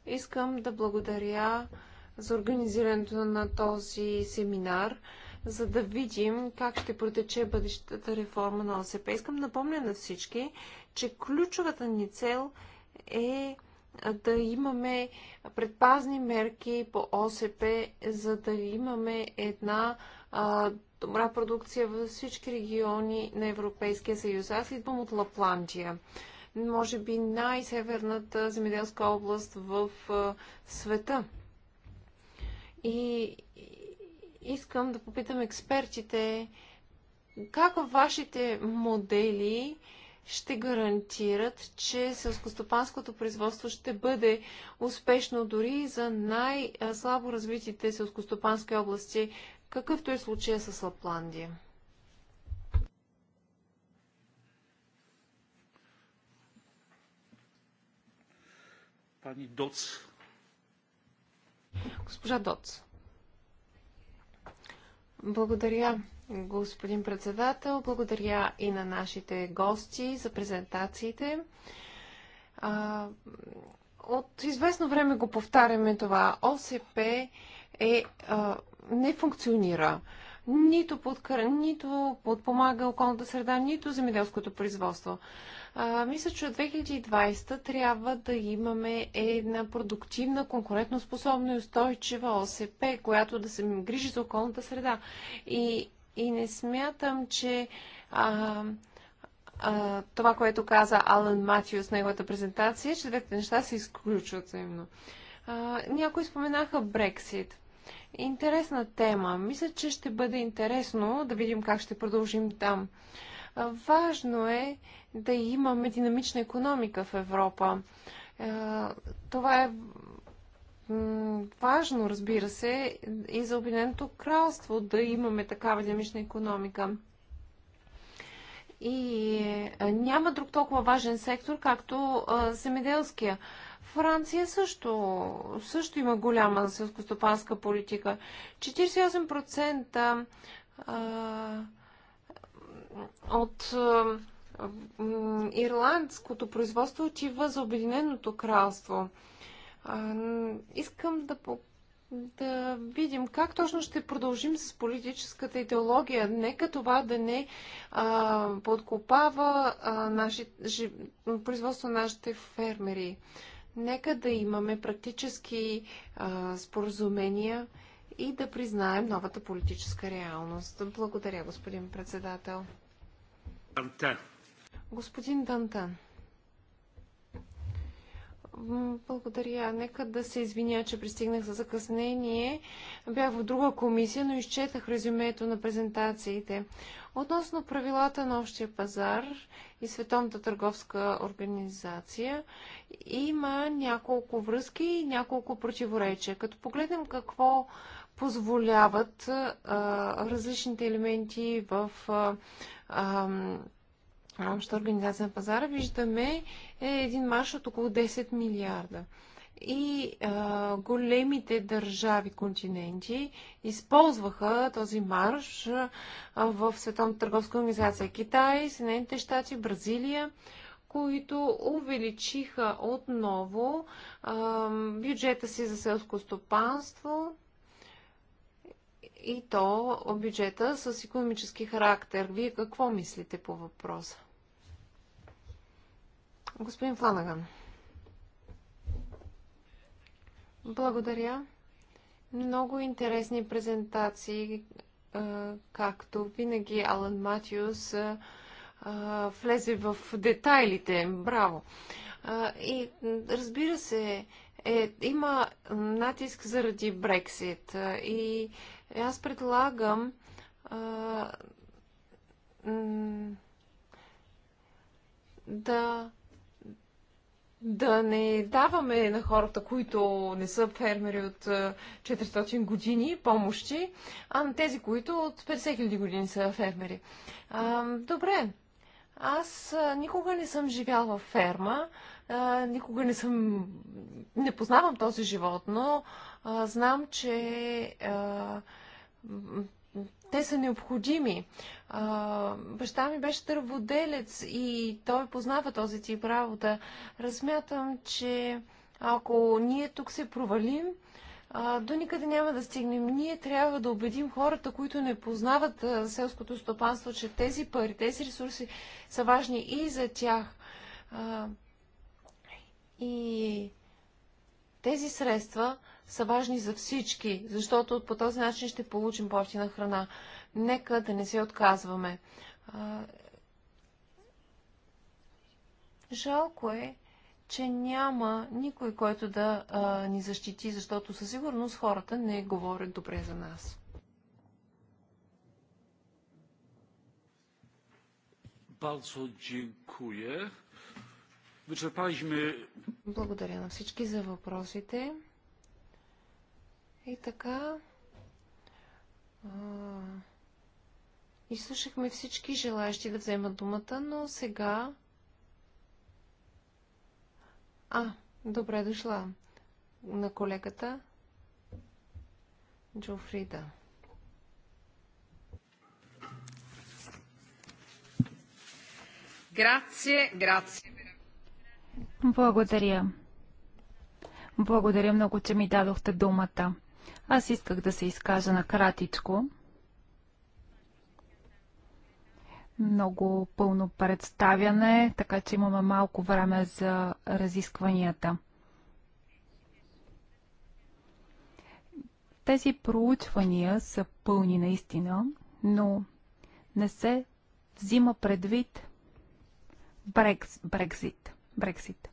Искам да благодаря за организирането на този семинар за да видим как ще протече бъдещата реформа на ОСП. Искам да напомня на всички, че ключовата ни цел е да имаме предпазни мерки по ОСП, за да имаме една а, добра продукция във всички региони на Европейския съюз. Аз идвам от Лапландия. Може би най-северната земеделска област в а, света. И искам да попитам експертите как вашите модели ще гарантират, че селскостопанското производство ще бъде успешно дори за най-слабо развитите селскостопански области, какъвто е случая с Лапландия. Пани Доц. Госпожа Доц. Благодаря, господин председател. Благодаря и на нашите гости за презентациите. А, от известно време го повтаряме това. ОСП е, а, не функционира. Нито, под, нито подпомага околната среда, нито земеделското производство. А, мисля, че от 2020 трябва да имаме една продуктивна, конкурентоспособна и устойчива ОСП, която да се грижи за околната среда. И, и не смятам, че а, а, това, което каза Алан Матиус в неговата презентация, че двете неща се изключват взаимно. Някои споменаха Брексит. Интересна тема. Мисля, че ще бъде интересно да видим как ще продължим там. Важно е да имаме динамична економика в Европа. Е, това е важно, разбира се, и за Обединеното кралство да имаме такава динамична економика. И е, няма друг толкова важен сектор, както е, земеделския. Франция също, също има голяма селскостопанска политика. 48% от ирландското производство отива за Обединеното кралство. Искам да да видим как точно ще продължим с политическата идеология. Нека това да не подкопава наши, производство на нашите фермери. Нека да имаме практически споразумения и да признаем новата политическа реалност. Благодаря, господин председател. Господин Дантан. Благодаря. Нека да се извиня, че пристигнах за закъснение. Бях в друга комисия, но изчетах резюмето на презентациите. Относно правилата на общия пазар и Световната търговска организация, има няколко връзки и няколко противоречия. Като погледнем какво позволяват а, различните елементи в а, Общата организация на пазара, виждаме е един марш от около 10 милиарда. И а, големите държави, континенти използваха този марш в Световната търговска организация. Китай, Съединените щати, Бразилия, които увеличиха отново а, бюджета си за селско стопанство и то бюджета с економически характер. Вие какво мислите по въпроса? Господин Фланаган. Благодаря. Много интересни презентации, е, както винаги Алан Матиус е, е, влезе в детайлите. Браво! И разбира се, е, има натиск заради Брексит и аз предлагам а, да да не даваме на хората, които не са фермери от 400 години, помощи, а на тези, които от 50 000 години са фермери. А, добре, аз никога не съм живяла в ферма, а, никога не съм... не познавам този живот, но а, знам, че а, те са необходими. А, баща ми беше търводелец, и той познава този тип работа. Размятам, че ако ние тук се провалим, а, до никъде няма да стигнем. Ние трябва да убедим хората, които не познават а, селското стопанство, че тези пари, тези ресурси са важни и за тях. А, и тези средства са важни за всички, защото по този начин ще получим по-ефтина храна. Нека да не се отказваме. Жалко е, че няма никой, който да а, ни защити, защото със сигурност хората не говорят добре за нас. Балцо Джинкуе. Благодаря на всички за въпросите. И така, а, изслушахме всички желаящи да вземат думата, но сега... А, добре дошла на колегата Джофрида. Грация, грация. Благодаря. Благодаря много, че ми дадохте думата. Аз исках да се изкажа накратичко. Много пълно представяне, така че имаме малко време за разискванията. Тези проучвания са пълни наистина, но не се взима предвид Брекс, Брекзит. Брексит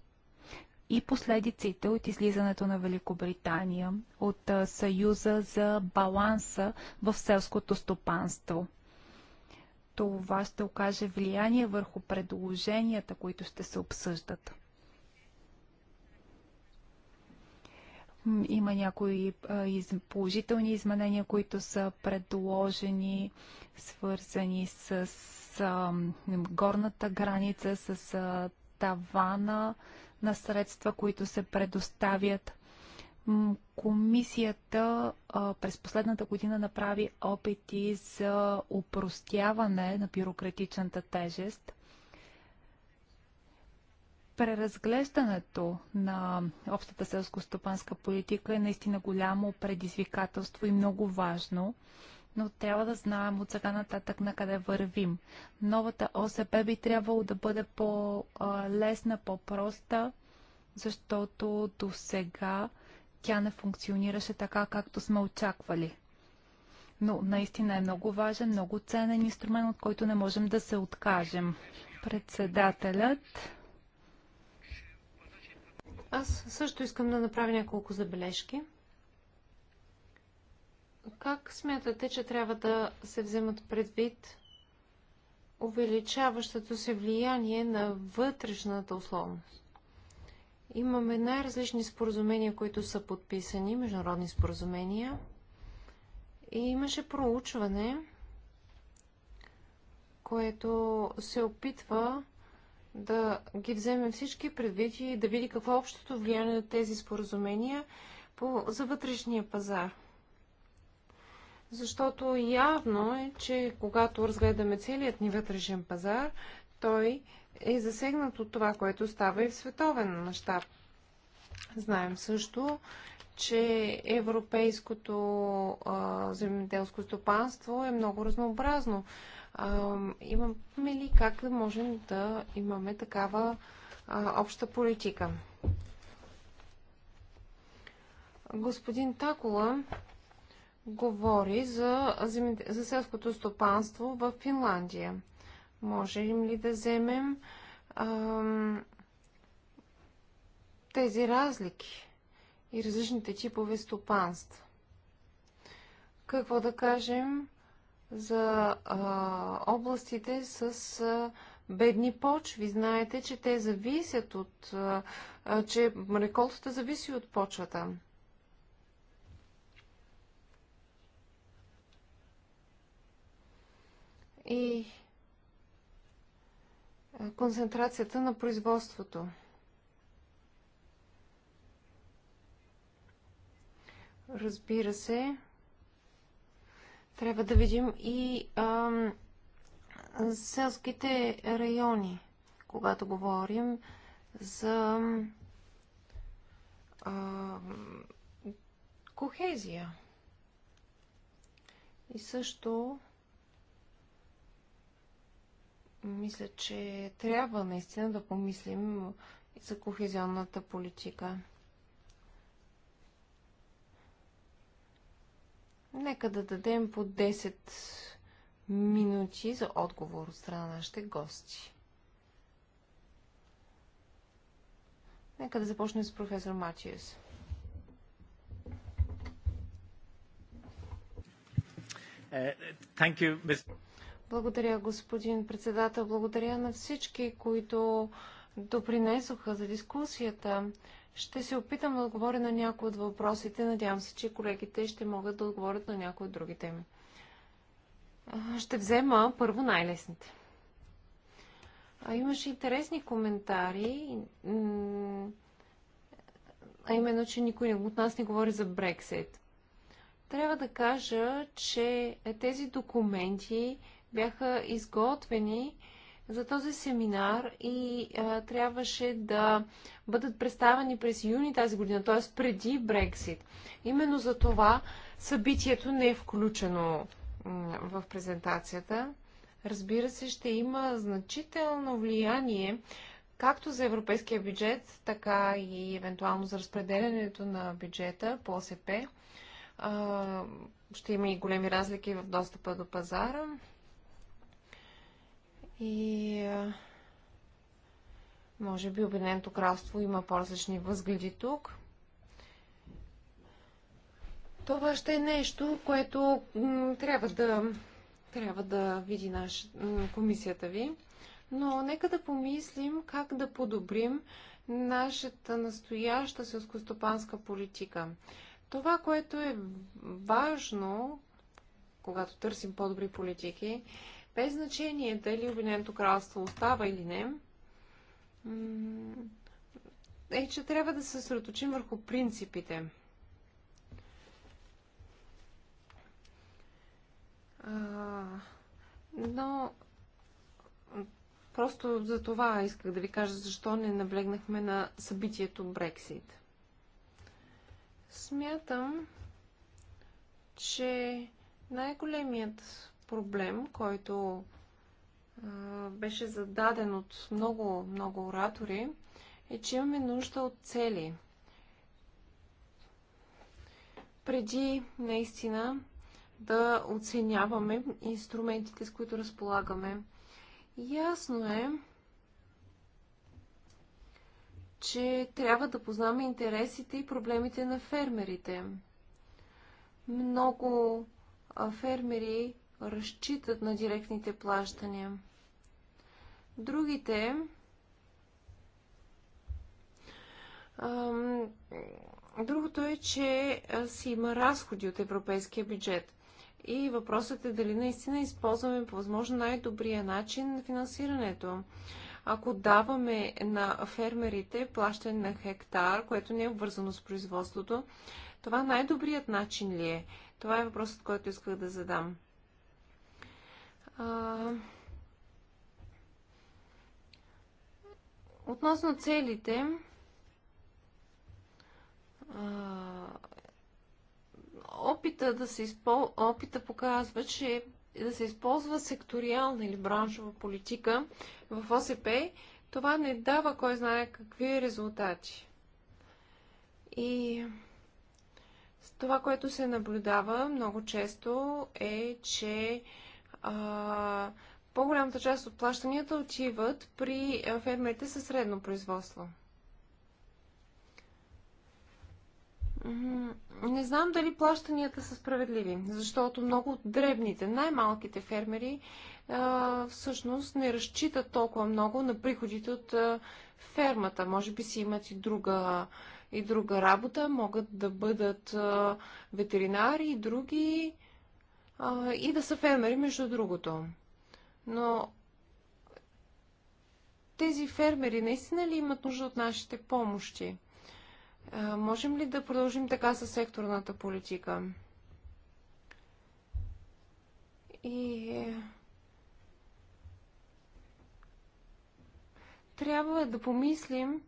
и последиците от излизането на Великобритания от Съюза за баланса в селското стопанство. Това ще окаже влияние върху предложенията, които ще се обсъждат. Има някои положителни изменения, които са предложени, свързани с горната граница, с тавана, на средства, които се предоставят. Комисията през последната година направи опити за упростяване на бюрократичната тежест. Преразглеждането на общата селско-стопанска политика е наистина голямо предизвикателство и много важно но трябва да знаем от сега нататък на къде вървим. Новата ОСП би трябвало да бъде по-лесна, по-проста, защото до сега тя не функционираше така, както сме очаквали. Но наистина е много важен, много ценен инструмент, от който не можем да се откажем. Председателят. Аз също искам да направя няколко забележки. Как смятате, че трябва да се вземат предвид увеличаващото се влияние на вътрешната условност? Имаме най-различни споразумения, които са подписани, международни споразумения. И имаше проучване, което се опитва да ги вземе всички предвид и да види какво е общото влияние на тези споразумения по, за вътрешния пазар защото явно е, че когато разгледаме целият ни вътрешен пазар, той е засегнат от това, което става и в световен мащаб. Знаем също, че европейското а, земеделско стопанство е много разнообразно. А, имаме ли как да можем да имаме такава а, обща политика? Господин Такола говори за, за селското стопанство в Финландия. Можем ли да вземем ам, тези разлики и различните типове стопанства? Какво да кажем за а, областите с а, бедни почви? Знаете, че те зависят от, а, че реколтата зависи от почвата. и концентрацията на производството. Разбира се, трябва да видим и ам, селските райони, когато говорим за ам, кохезия. И също мисля, че трябва наистина да помислим за кохезионната политика. Нека да дадем по 10 минути за отговор от страна на нашите гости. Нека да започнем с професор Матиус. Uh, е, thank you, Mr. Благодаря, господин председател. Благодаря на всички, които допринесоха за дискусията. Ще се опитам да отговоря на някои от въпросите. Надявам се, че колегите ще могат да отговорят на някои от други теми. Ще взема първо най-лесните. имаше интересни коментари, а именно, че никой от нас не говори за Брексит. Трябва да кажа, че тези документи бяха изготвени за този семинар и а, трябваше да бъдат представени през юни тази година, т.е. преди Брексит. Именно за това събитието не е включено в презентацията. Разбира се, ще има значително влияние както за европейския бюджет, така и евентуално за разпределянето на бюджета по ОСП. А, ще има и големи разлики в достъпа до пазара. И може би Обединеното кралство има по-различни възгледи тук. Това ще е нещо, което трябва да, трябва да види наш, комисията ви. Но нека да помислим как да подобрим нашата настояща селскостопанска политика. Това, което е важно, когато търсим по-добри политики, без значение дали Обединеното кралство остава или не, е, че трябва да се съсредоточим върху принципите. А, но просто за това исках да ви кажа, защо не наблегнахме на събитието Брексит. Смятам, че най-големият проблем, който а, беше зададен от много, много оратори, е, че имаме нужда от цели. Преди наистина да оценяваме инструментите, с които разполагаме. Ясно е, че трябва да познаваме интересите и проблемите на фермерите. Много фермери разчитат на директните плащания. Другите Другото е, че си има разходи от европейския бюджет. И въпросът е дали наистина използваме по възможно най-добрия начин на финансирането. Ако даваме на фермерите плащане на хектар, което не е обвързано с производството, това най-добрият начин ли е? Това е въпросът, който исках да задам. Относно целите, опита, да се изпол... опита показва, че да се използва секториална или браншова политика в ОСП, това не дава кой знае какви резултати. И това, което се наблюдава много често е, че по-голямата част от плащанията отиват при фермерите със средно производство. Не знам дали плащанията са справедливи, защото много от дребните, най-малките фермери всъщност не разчитат толкова много на приходите от фермата. Може би си имат и друга, и друга работа, могат да бъдат ветеринари и други а, и да са фермери, между другото. Но тези фермери наистина ли имат нужда от нашите помощи? А, можем ли да продължим така със секторната политика? И трябва да помислим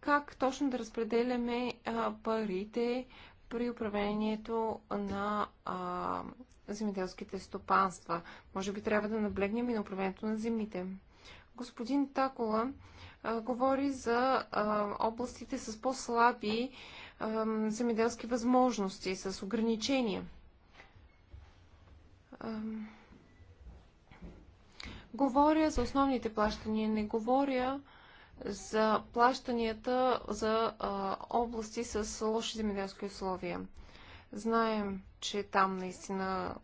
как точно да разпределяме а, парите при управлението на а, земеделските стопанства. Може би трябва да наблегнем и на управлението на земите. Господин Такола а, говори за а, областите с по-слаби земеделски възможности, с ограничения. А, говоря за основните плащания, не говоря за плащанията за а, области с лоши земеделски условия. Знаем, че там наистина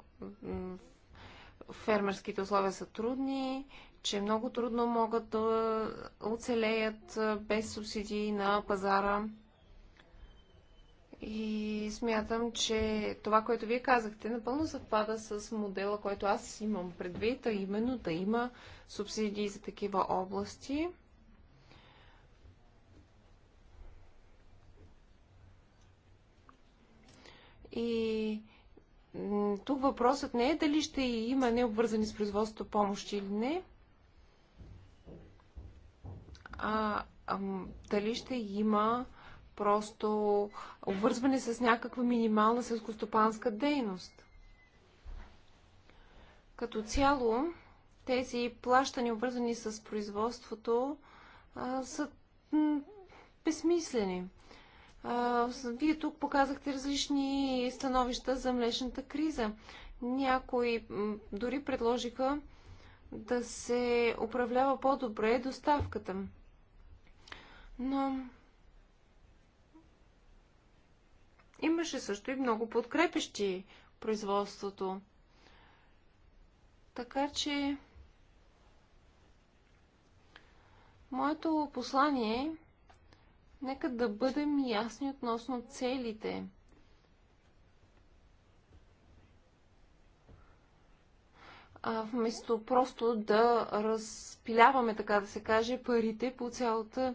фермерските условия са трудни, че много трудно могат да оцелеят без субсидии на пазара. И смятам, че това, което вие казахте, напълно съвпада с модела, който аз имам предвид, а именно да има субсидии за такива области. И тук въпросът не е дали ще има необвързани с производството помощи или не, а, а дали ще има просто обвързване с някаква минимална селскостопанска дейност. Като цяло, тези плащания, обвързани с производството, а, са безсмислени. Вие тук показахте различни становища за млечната криза. Някои дори предложиха да се управлява по-добре доставката. Но имаше също и много подкрепещи производството. Така че моето послание е. Нека да бъдем ясни относно целите. А вместо просто да разпиляваме, така да се каже, парите по цялата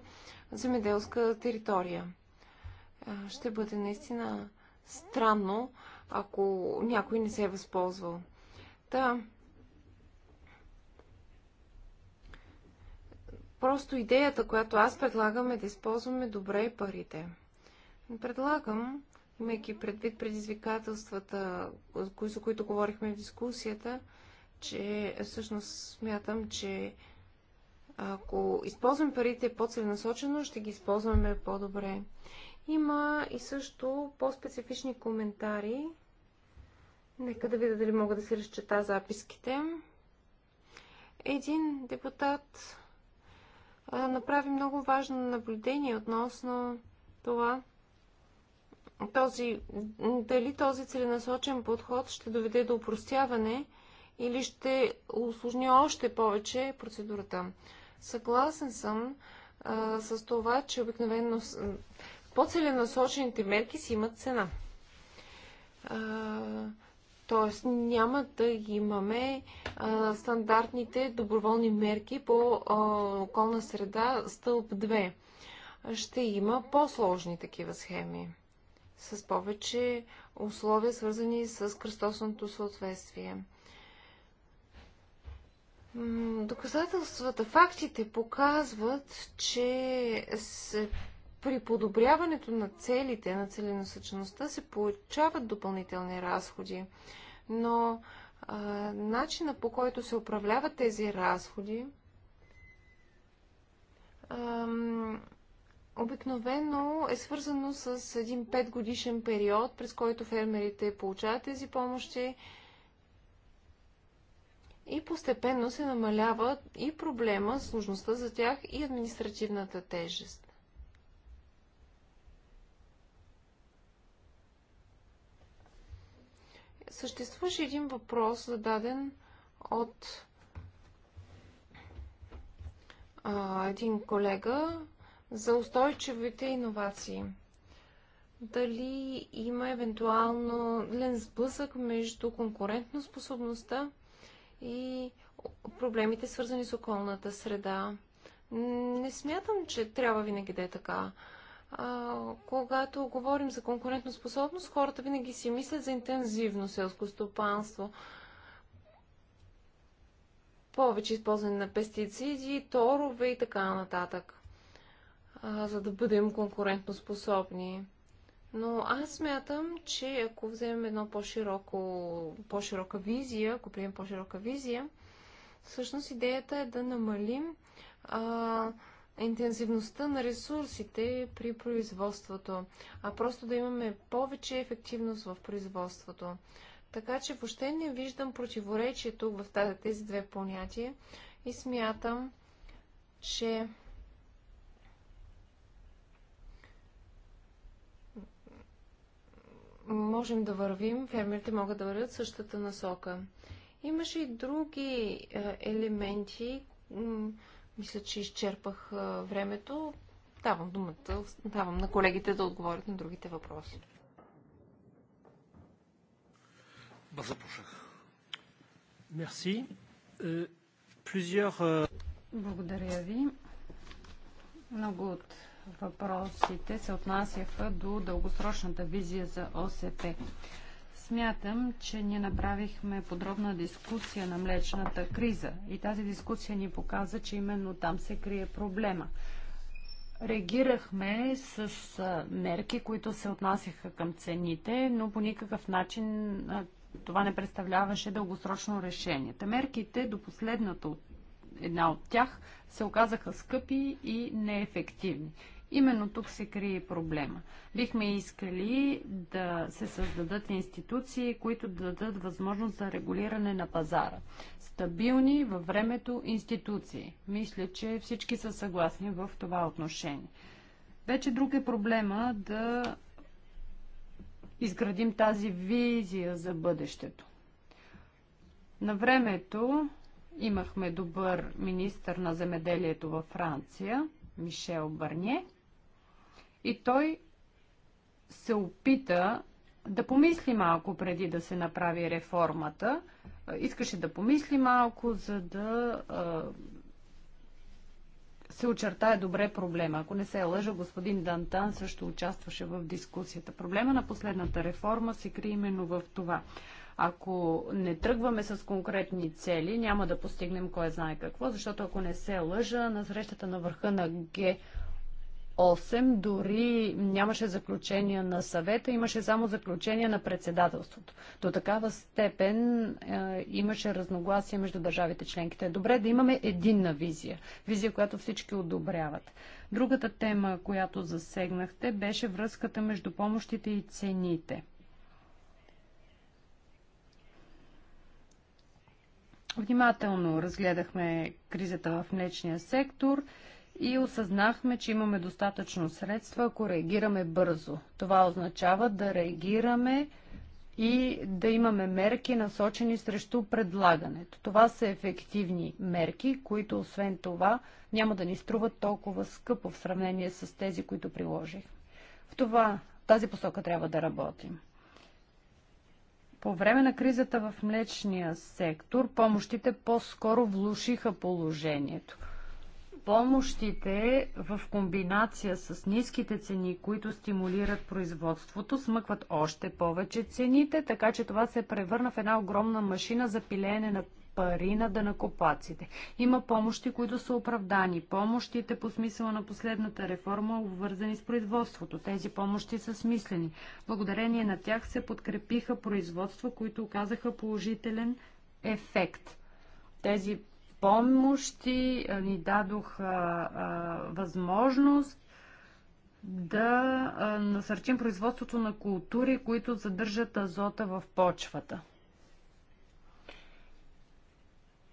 земеделска територия. Ще бъде наистина странно, ако някой не се е възползвал. Та, да. Просто идеята, която аз предлагам е да използваме добре парите. Предлагам, имайки предвид предизвикателствата, за които говорихме в дискусията, че всъщност смятам, че ако използваме парите по-целенасочено, ще ги използваме по-добре. Има и също по-специфични коментари. Нека да видя дали мога да се разчета записките. Един депутат направи много важно наблюдение относно това, този, дали този целенасочен подход ще доведе до упростяване или ще усложни още повече процедурата. Съгласен съм а, с това, че обикновено по-целенасочените мерки си имат цена. А, Тоест няма да имаме а, стандартните доброволни мерки по а, околна среда стълб 2. Ще има по-сложни такива схеми с повече условия, свързани с кръстосното съответствие. Доказателствата, фактите показват, че се при подобряването на целите, на целенасъчеността се получават допълнителни разходи, но а, начина по който се управляват тези разходи обикновено е свързано с един 5 годишен период, през който фермерите получават тези помощи и постепенно се намалява и проблема, сложността за тях и административната тежест. съществуваше един въпрос, зададен от а, един колега за устойчивите иновации. Дали има евентуално лен сблъсък между конкурентно способността и проблемите, свързани с околната среда? Не смятам, че трябва винаги да е така а, когато говорим за конкурентоспособност, хората винаги си мислят за интензивно селско стопанство. Повече използване на пестициди, торове и така нататък, а, за да бъдем способни. Но аз смятам, че ако вземем едно по-широко, по-широка визия, ако приемем по-широка визия, всъщност идеята е да намалим а, интензивността на ресурсите при производството, а просто да имаме повече ефективност в производството. Така че въобще не виждам противоречието в тези две понятия и смятам, че можем да вървим, фермерите могат да вървят същата насока. Имаше и други е, елементи, мисля, че изчерпах времето. Давам думата, давам на колегите да отговорят на другите въпроси. започнах. Мерси. Euh, euh, Благодаря ви. Много от въпросите се отнасяха до дългосрочната визия за ОСП. Смятам, че ние направихме подробна дискусия на млечната криза и тази дискусия ни показа, че именно там се крие проблема. Реагирахме с мерки, които се отнасяха към цените, но по никакъв начин това не представляваше дългосрочно решение. Та мерките до последната една от тях се оказаха скъпи и неефективни. Именно тук се крие проблема. Бихме искали да се създадат институции, които да дадат възможност за регулиране на пазара. Стабилни във времето институции. Мисля, че всички са съгласни в това отношение. Вече друг е проблема да изградим тази визия за бъдещето. На времето имахме добър министр на земеделието във Франция, Мишел Бърне. И той се опита да помисли малко преди да се направи реформата. Искаше да помисли малко, за да се очертае добре проблема. Ако не се е лъжа, господин Дантан също участваше в дискусията. Проблема на последната реформа се крие именно в това. Ако не тръгваме с конкретни цели, няма да постигнем кой знае какво, защото ако не се е лъжа, на срещата на върха на Г 8 дори нямаше заключение на съвета, имаше само заключение на председателството. До такава степен а, е, имаше разногласие между държавите членките. Добре да имаме единна визия, визия, която всички одобряват. Другата тема, която засегнахте, беше връзката между помощите и цените. Внимателно разгледахме кризата в млечния сектор – и осъзнахме, че имаме достатъчно средства, ако реагираме бързо. Това означава да реагираме и да имаме мерки насочени срещу предлагането. Това са ефективни мерки, които освен това няма да ни струват толкова скъпо в сравнение с тези, които приложих. В това, в тази посока трябва да работим. По време на кризата в млечния сектор помощите по-скоро влушиха положението – помощите в комбинация с ниските цени, които стимулират производството, смъкват още повече цените, така че това се превърна в една огромна машина за пилеене на пари на дънакопаците. Има помощи, които са оправдани. Помощите по смисъла на последната реформа, обвързани с производството. Тези помощи са смислени. Благодарение на тях се подкрепиха производства, които оказаха положителен ефект. Тези помощи ни дадоха възможност да насърчим производството на култури, които задържат азота в почвата.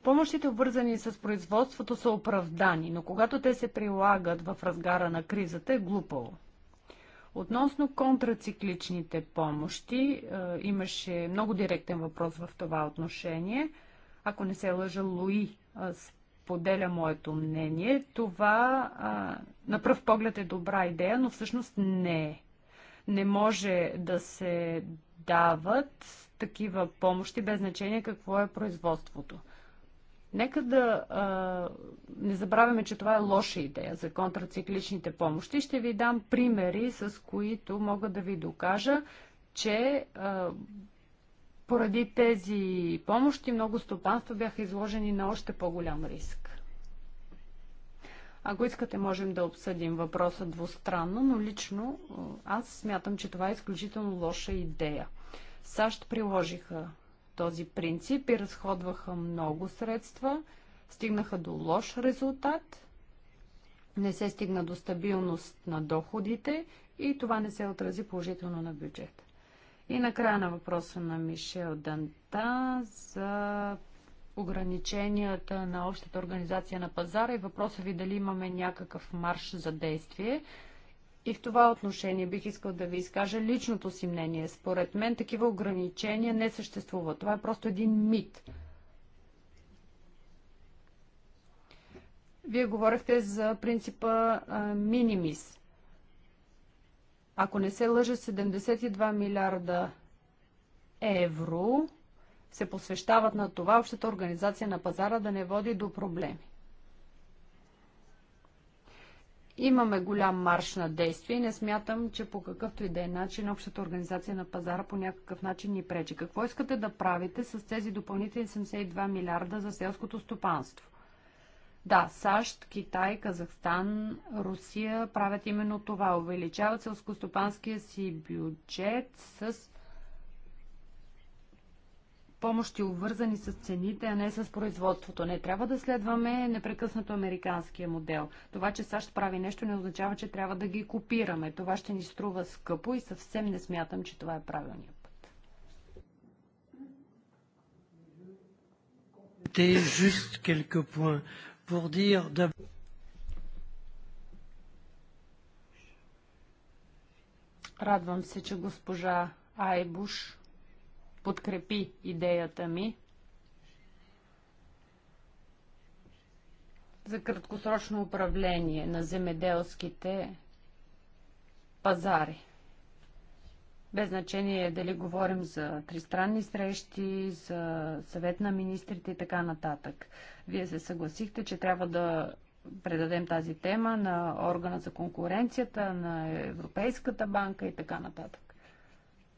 Помощите, обвързани с производството, са оправдани, но когато те се прилагат в разгара на кризата, е глупаво. Относно контрацикличните помощи, имаше много директен въпрос в това отношение. Ако не се лъжа, Луи споделя моето мнение. Това а, на пръв поглед е добра идея, но всъщност не е. Не може да се дават такива помощи без значение какво е производството. Нека да а, не забравяме, че това е лоша идея за контрацикличните помощи. Ще ви дам примери, с които мога да ви докажа, че а, поради тези помощи много стопанства бяха изложени на още по-голям риск. Ако искате, можем да обсъдим въпроса двустранно, но лично аз смятам, че това е изключително лоша идея. САЩ приложиха този принцип и разходваха много средства, стигнаха до лош резултат, не се стигна до стабилност на доходите и това не се отрази положително на бюджета. И накрая на въпроса на Мишел Данта за ограниченията на общата организация на пазара и въпроса ви дали имаме някакъв марш за действие. И в това отношение бих искал да ви изкажа личното си мнение. Според мен такива ограничения не съществуват. Това е просто един мит. Вие говорихте за принципа минимис. Ако не се лъжа, 72 милиарда евро се посвещават на това общата организация на пазара да не води до проблеми. Имаме голям марш на действие и не смятам, че по какъвто и да е начин общата организация на пазара по някакъв начин ни пречи. Какво искате да правите с тези допълнителни 72 милиарда за селското стопанство? Да, САЩ, Китай, Казахстан, Русия правят именно това. Увеличават селскостопанския си бюджет с помощи, обвързани с цените, а не с производството. Не трябва да следваме непрекъснато американския модел. Това, че САЩ прави нещо, не означава, че трябва да ги копираме. Това ще ни струва скъпо и съвсем не смятам, че това е правилният път. Juste quelques points pour dire d'abord. Радвам се, че госпожа Айбуш подкрепи идеята ми за краткосрочно управление на земеделските пазари. Без значение дали говорим за тристранни срещи, за съвет на министрите и така нататък. Вие се съгласихте, че трябва да предадем тази тема на органа за конкуренцията, на Европейската банка и така нататък.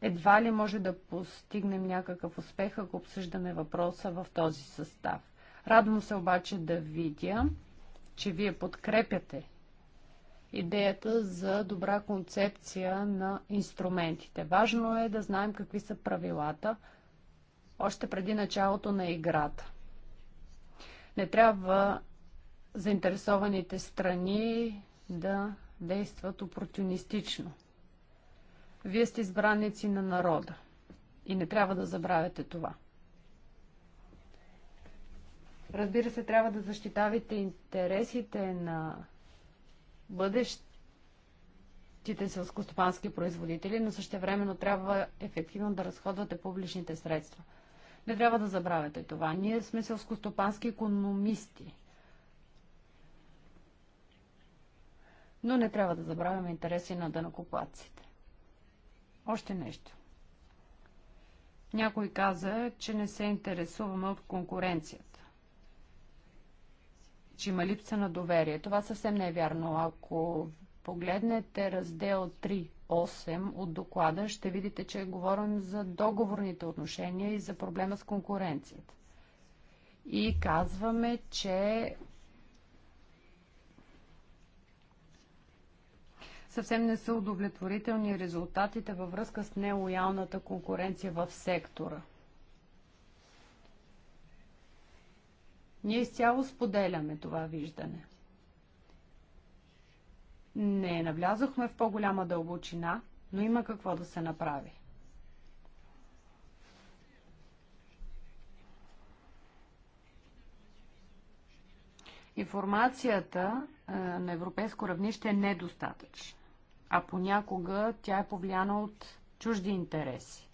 Едва ли може да постигнем някакъв успех, ако обсъждаме въпроса в този състав. Радвам се обаче да видя, че вие подкрепяте идеята за добра концепция на инструментите. Важно е да знаем какви са правилата още преди началото на играта. Не трябва заинтересованите страни да действат опортунистично. Вие сте избраници на народа и не трябва да забравяте това. Разбира се, трябва да защитавате интересите на бъдещите селскостопански производители, но също времено трябва ефективно да разходвате публичните средства. Не трябва да забравяте това. Ние сме селскостопански економисти. Но не трябва да забравяме интереси на дънакоплаците. Още нещо. Някой каза, че не се интересуваме от конкуренцията че има липса на доверие. Това съвсем не е вярно. Ако погледнете раздел 3.8 от доклада, ще видите, че говорим за договорните отношения и за проблема с конкуренцията. И казваме, че съвсем не са удовлетворителни резултатите във връзка с нелоялната конкуренция в сектора. Ние изцяло споделяме това виждане. Не навлязохме в по-голяма дълбочина, но има какво да се направи. Информацията е, на европейско равнище е недостатъчна, а понякога тя е повлияна от чужди интереси.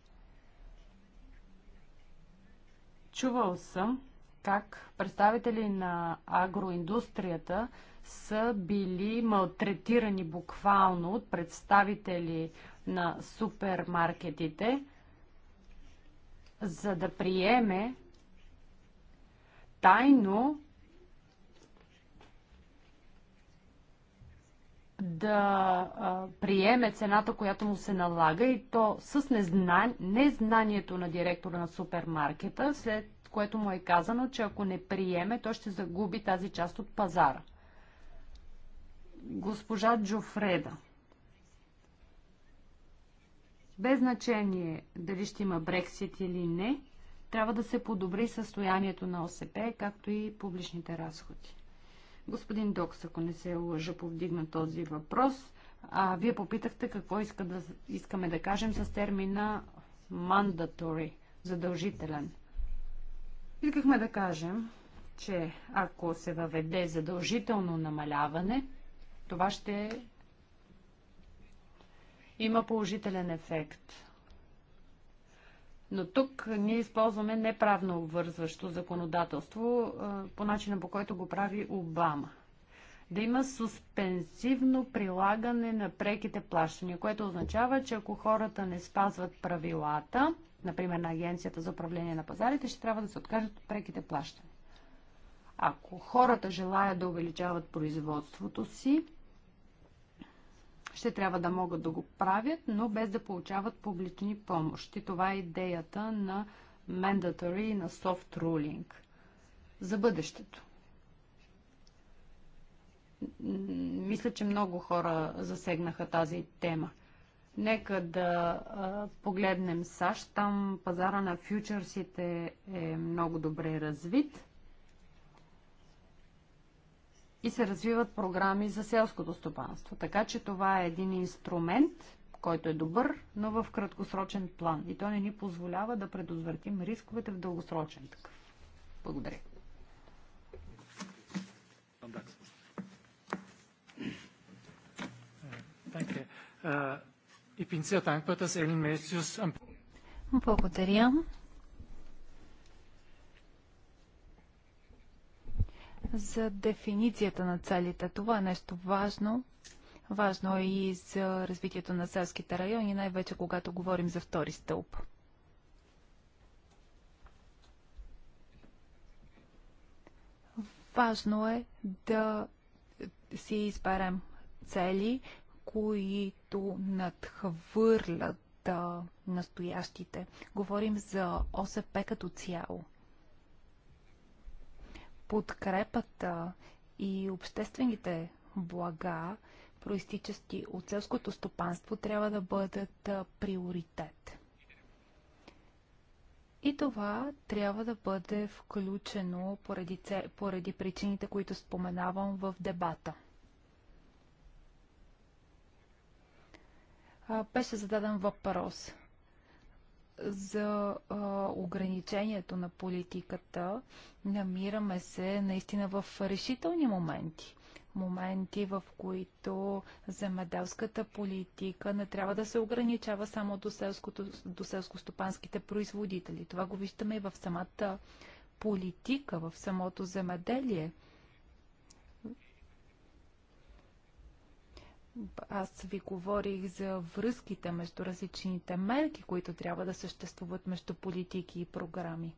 Чувал съм, как представители на агроиндустрията са били малтретирани буквално от представители на супермаркетите, за да приеме тайно да приеме цената, която му се налага и то с незнанието на директора на супермаркета, след което му е казано, че ако не приеме, то ще загуби тази част от пазара. Госпожа Джофреда. Без значение дали ще има Брексит или не, трябва да се подобри състоянието на ОСП, както и публичните разходи. Господин Докс, ако не се лъжа, повдигна този въпрос. А, вие попитахте какво иска да, искаме да кажем с термина mandatory, задължителен. Искахме да кажем, че ако се въведе задължително намаляване, това ще има положителен ефект. Но тук ние използваме неправно обвързващо законодателство по начина по който го прави Обама. Да има суспенсивно прилагане на преките плащания, което означава, че ако хората не спазват правилата, например на Агенцията за управление на пазарите, ще трябва да се откажат от преките плащания. Ако хората желаят да увеличават производството си, ще трябва да могат да го правят, но без да получават публични помощи. Това е идеята на mandatory и на soft ruling за бъдещето. Мисля, че много хора засегнаха тази тема. Нека да а, погледнем САЩ. Там пазара на фьючерсите е много добре развит и се развиват програми за селското стопанство. Така че това е един инструмент, който е добър, но в краткосрочен план. И то не ни позволява да предотвратим рисковете в дългосрочен такъв. Благодаря. Thank you. Uh... Благодаря. За дефиницията на целите. Това е нещо важно. Важно е и за развитието на селските райони, най-вече когато говорим за втори стълб. Важно е да си изберем цели, които надхвърлят настоящите. Говорим за ОСП като цяло. Подкрепата и обществените блага, проистичащи от селското стопанство, трябва да бъдат приоритет. И това трябва да бъде включено поради, поради причините, които споменавам в дебата. беше зададен въпрос за а, ограничението на политиката. Намираме се наистина в решителни моменти. Моменти, в които земеделската политика не трябва да се ограничава само до, селското, до селско-стопанските производители. Това го виждаме и в самата политика, в самото земеделие. Аз ви говорих за връзките между различните мерки, които трябва да съществуват между политики и програми.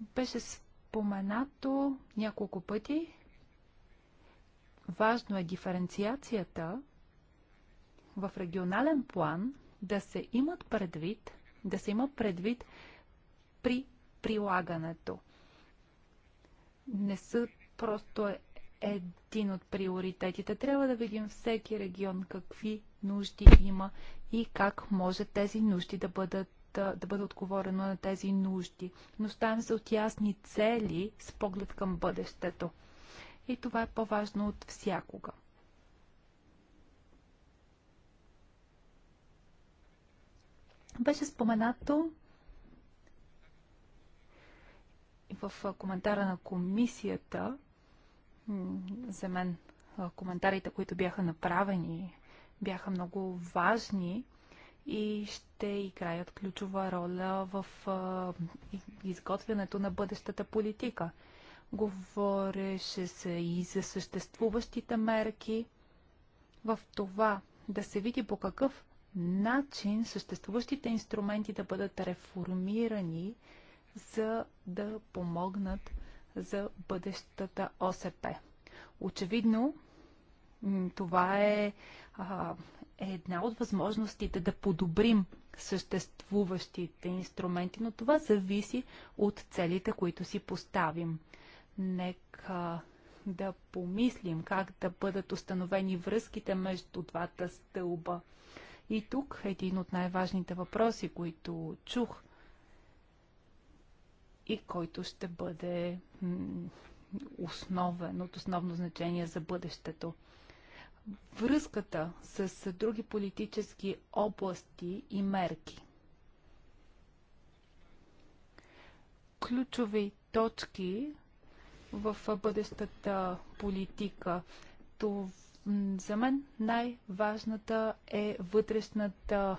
Беше споменато няколко пъти. Важно е диференциацията в регионален план да се имат предвид, да се има предвид при прилагането. Не са просто е един от приоритетите. Трябва да видим всеки регион какви нужди има и как може тези нужди да бъдат да, да бъде отговорено на тези нужди. Нуждаем се от ясни цели с поглед към бъдещето. И това е по-важно от всякога. Беше споменато в коментара на комисията, за мен коментарите, които бяха направени, бяха много важни и ще играят ключова роля в изготвянето на бъдещата политика. Говореше се и за съществуващите мерки в това да се види по какъв начин съществуващите инструменти да бъдат реформирани, за да помогнат за бъдещата ОСП. Очевидно, това е а, една от възможностите да подобрим съществуващите инструменти, но това зависи от целите, които си поставим. Нека да помислим как да бъдат установени връзките между двата стълба. И тук един от най-важните въпроси, които чух – и който ще бъде основен, от основно значение за бъдещето. Връзката с други политически области и мерки. Ключови точки в бъдещата политика. Това за мен най-важната е вътрешната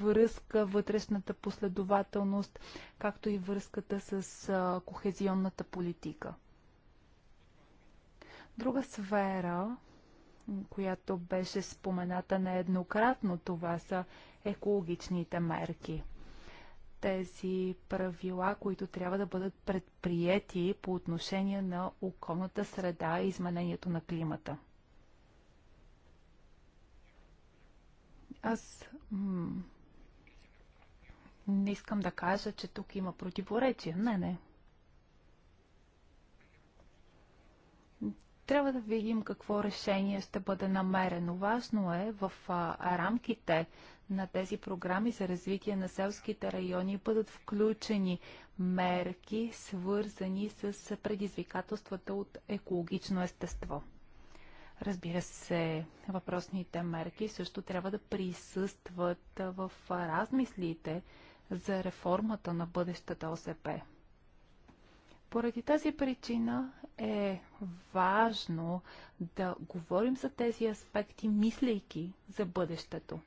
връзка, вътрешната последователност, както и връзката с кохезионната политика. Друга сфера, която беше спомената нееднократно, това са екологичните мерки. Тези правила, които трябва да бъдат предприяти по отношение на околната среда и изменението на климата – Аз не искам да кажа, че тук има противоречия. Не, не. Трябва да видим какво решение ще бъде намерено. Важно е в а, рамките на тези програми за развитие на селските райони бъдат включени мерки, свързани с предизвикателствата от екологично естество. Разбира се, въпросните мерки също трябва да присъстват в размислите за реформата на бъдещата ОСП. Поради тази причина е важно да говорим за тези аспекти, мислейки за бъдещето.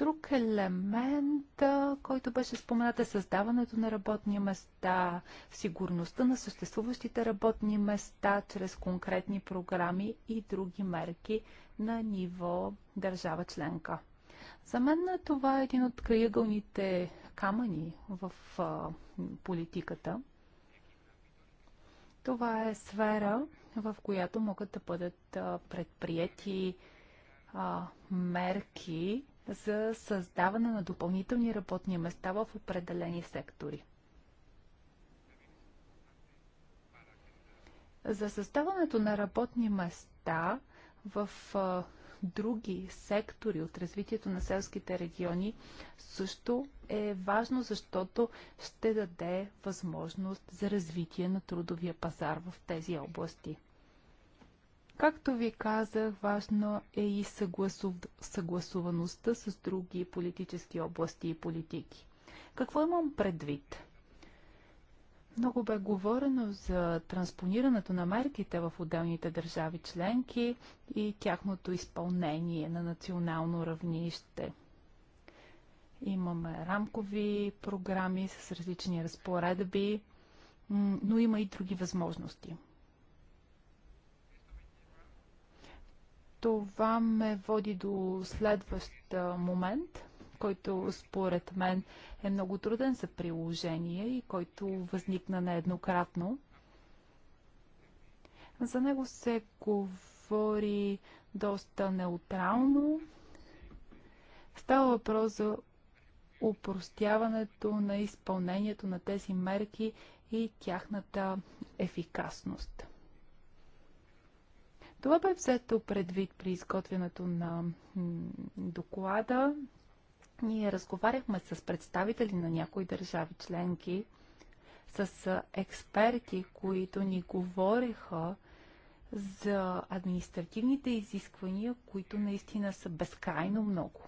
Друг елемент, който беше споменат е създаването на работни места, сигурността на съществуващите работни места чрез конкретни програми и други мерки на ниво държава членка. За мен това е един от краъгълните камъни в политиката. Това е сфера, в която могат да бъдат предприяти мерки за създаване на допълнителни работни места в определени сектори. За създаването на работни места в а, други сектори от развитието на селските региони също е важно, защото ще даде възможност за развитие на трудовия пазар в тези области. Както ви казах, важно е и съгласув... съгласуваността с други политически области и политики. Какво имам предвид? Много бе говорено за транспонирането на мерките в отделните държави членки и тяхното изпълнение на национално равнище. Имаме рамкови програми с различни разпоредби, но има и други възможности. Това ме води до следващ момент, който според мен е много труден за приложение и който възникна нееднократно. За него се говори доста неутрално. Става въпрос за упростяването на изпълнението на тези мерки и тяхната ефикасност. Това бе взето предвид при изготвянето на доклада. Ние разговаряхме с представители на някои държави членки, с експерти, които ни говореха за административните изисквания, които наистина са безкрайно много.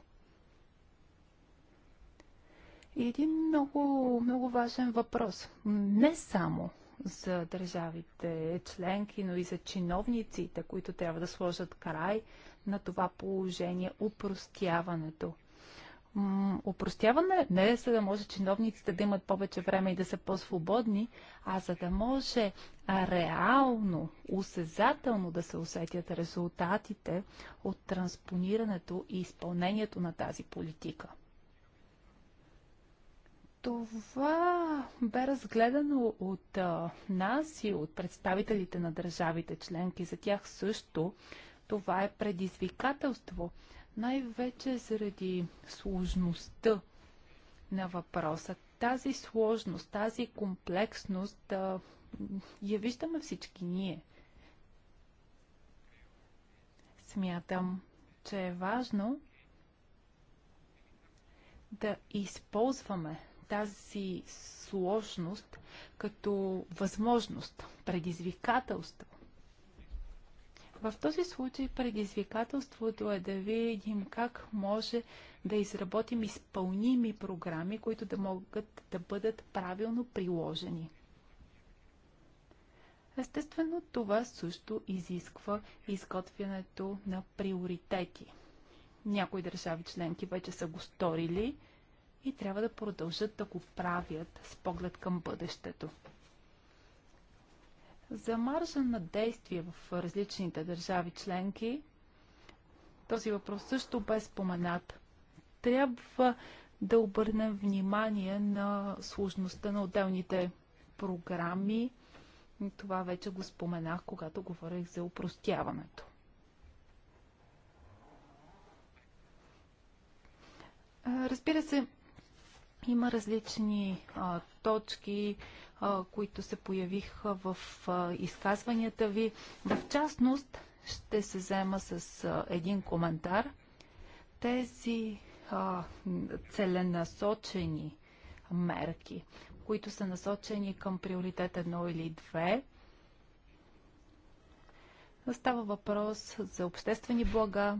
И един много, много важен въпрос. Не само за държавите членки, но и за чиновниците, които трябва да сложат край на това положение, упростяването. Упростяване не е за да може чиновниците да имат повече време и да са по-свободни, а за да може реално, осезателно да се усетят резултатите от транспонирането и изпълнението на тази политика. Това бе разгледано от а, нас и от представителите на държавите членки. За тях също това е предизвикателство, най-вече заради сложността на въпроса. Тази сложност, тази комплексност а, я виждаме всички ние. Смятам, че е важно да използваме тази сложност като възможност, предизвикателство. В този случай предизвикателството е да видим как може да изработим изпълними програми, които да могат да бъдат правилно приложени. Естествено, това също изисква изготвянето на приоритети. Някои държави членки вече са го сторили – и трябва да продължат да го правят с поглед към бъдещето. За маржа на действие в различните държави членки, този въпрос също бе споменат. Трябва да обърнем внимание на сложността на отделните програми. Това вече го споменах, когато говорих за упростяването. Разбира се, има различни а, точки, а, които се появиха в а, изказванията ви. В частност, ще се взема с а, един коментар. Тези а, целенасочени мерки, които са насочени към приоритет 1 или 2, Става въпрос за обществени блага.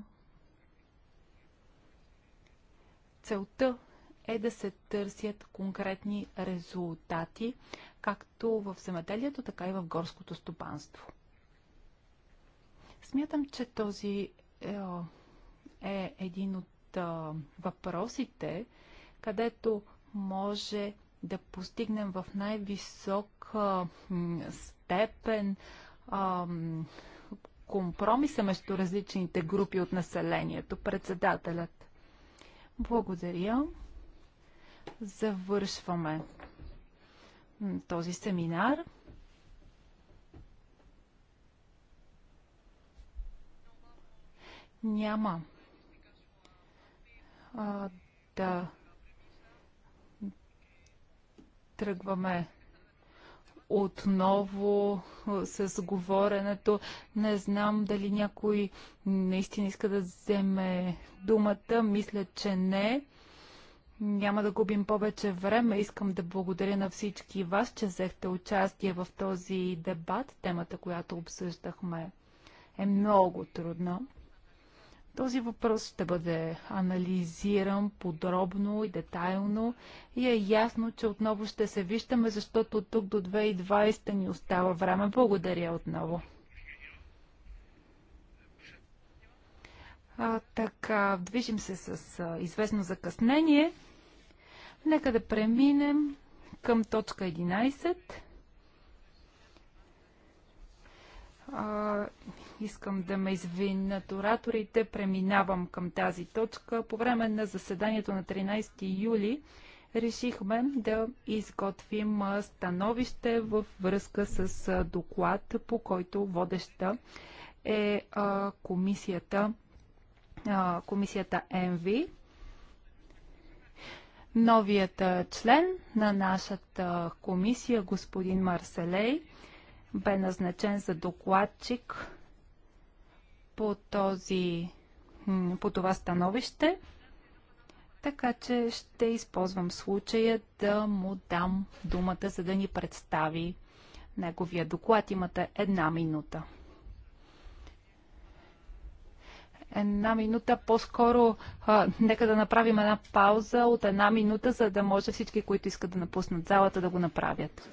Целта е да се търсят конкретни резултати, както в земеделието, така и в горското стопанство. Смятам, че този е, е един от е, въпросите, където може да постигнем в най-висок степен компромиса между различните групи от населението. Председателят. Благодаря завършваме този семинар. Няма а, да тръгваме отново с говоренето. Не знам дали някой наистина иска да вземе думата. Мисля, че не. Няма да губим повече време. Искам да благодаря на всички вас, че взехте участие в този дебат. Темата, която обсъждахме, е много трудна. Този въпрос ще бъде анализиран подробно и детайлно и е ясно, че отново ще се виждаме, защото тук до 2020 ни остава време. Благодаря отново. А, така, движим се с а, известно закъснение. Нека да преминем към точка 11. А, искам да ме извинят ораторите. Преминавам към тази точка. По време на заседанието на 13 юли решихме да изготвим становище в връзка с доклад, по който водеща е комисията комисията ЕНВИ, новият член на нашата комисия, господин Марселей, бе назначен за докладчик по, този, по това становище. Така че ще използвам случая да му дам думата, за да ни представи неговия доклад. Имате една минута. една минута. По-скоро нека да направим една пауза от една минута, за да може всички, които искат да напуснат залата, да го направят.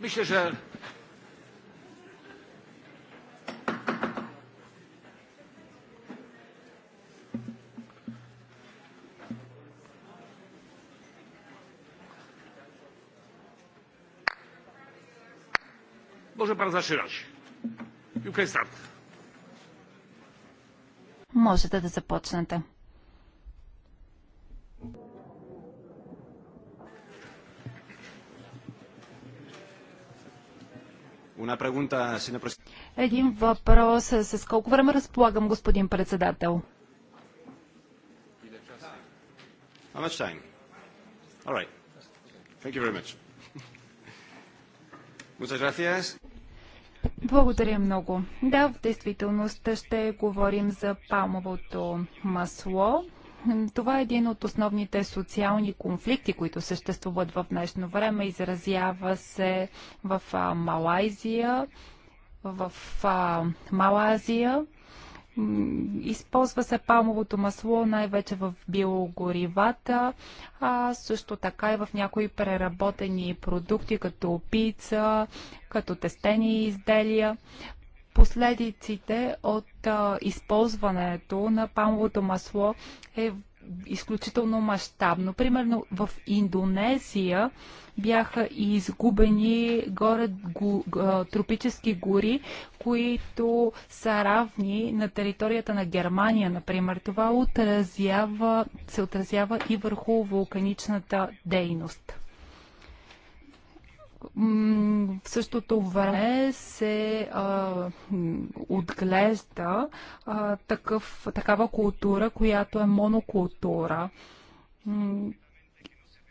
Мисля, че Może pan zaczynać. You can start. Можете да започнете. Един въпрос. С колко време разполагам, господин председател? How much time? All right. Thank you very much. Muchas gracias. Благодаря много. Да, в действителност ще говорим за палмовото масло. Това е един от основните социални конфликти, които съществуват в днешно време. Изразява се в Малайзия, в Малазия Използва се палмовото масло най-вече в биогоривата, а също така и в някои преработени продукти, като пица, като тестени изделия. Последиците от а, използването на палмовото масло е изключително мащабно. Примерно в Индонезия бяха изгубени горе го, тропически гори, които са равни на територията на Германия, например. Това отразява, се отразява и върху вулканичната дейност. В същото време се а, отглежда а, такъв, такава култура, която е монокултура.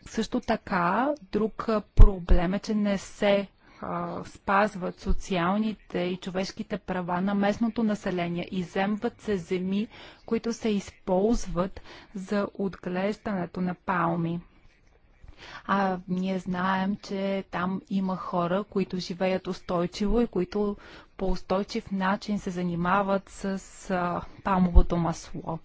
Също така, друг проблем е, че не се а, спазват социалните и човешките права на местното население. Иземват се земи, които се използват за отглеждането на палми. А ние знаем, че там има хора, които живеят устойчиво и които по устойчив начин се занимават с а, памовото масло.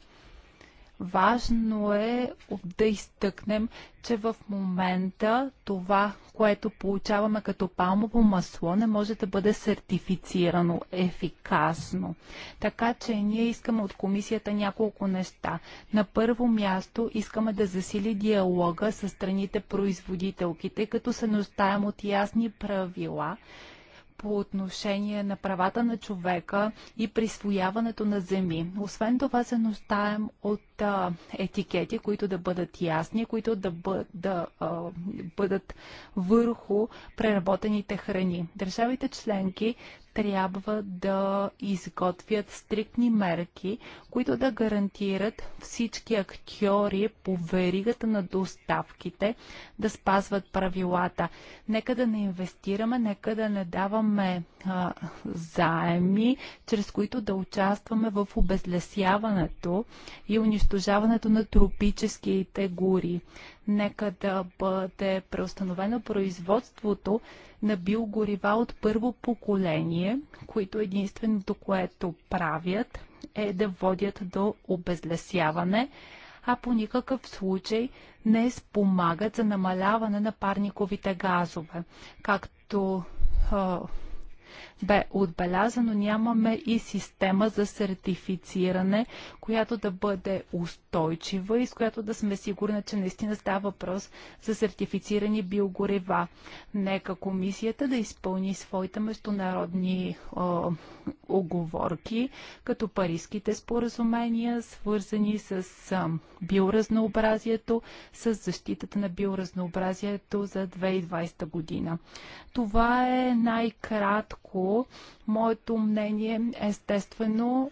Важно е да изтъкнем, че в момента това, което получаваме като палмово масло, не може да бъде сертифицирано ефикасно. Така че ние искаме от комисията няколко неща. На първо място искаме да засили диалога с страните производителките, като се нуждаем от ясни правила, по отношение на правата на човека и присвояването на земи. Освен това се нуждаем от а, етикети, които да бъдат ясни, които да, бъд, да а, бъдат върху преработените храни. Държавите членки трябва да изготвят стриктни мерки, които да гарантират всички актьори по веригата на доставките да спазват правилата. Нека да не инвестираме, нека да не даваме а, заеми, чрез които да участваме в обезлесяването и унищожаването на тропическите гори. Нека да бъде преустановено производството на биогорива от първо поколение, които единственото, което правят, е да водят до обезлесяване, а по никакъв случай не спомагат за намаляване на парниковите газове. Както бе отбелязано, нямаме и система за сертифициране, която да бъде устойчива и с която да сме сигурни, че наистина става въпрос за сертифицирани биогорева. Нека комисията да изпълни своите международни о, оговорки, като парийските споразумения, свързани с а, биоразнообразието, с защитата на биоразнообразието за 2020 година. Това е най-кратко моето мнение. Естествено,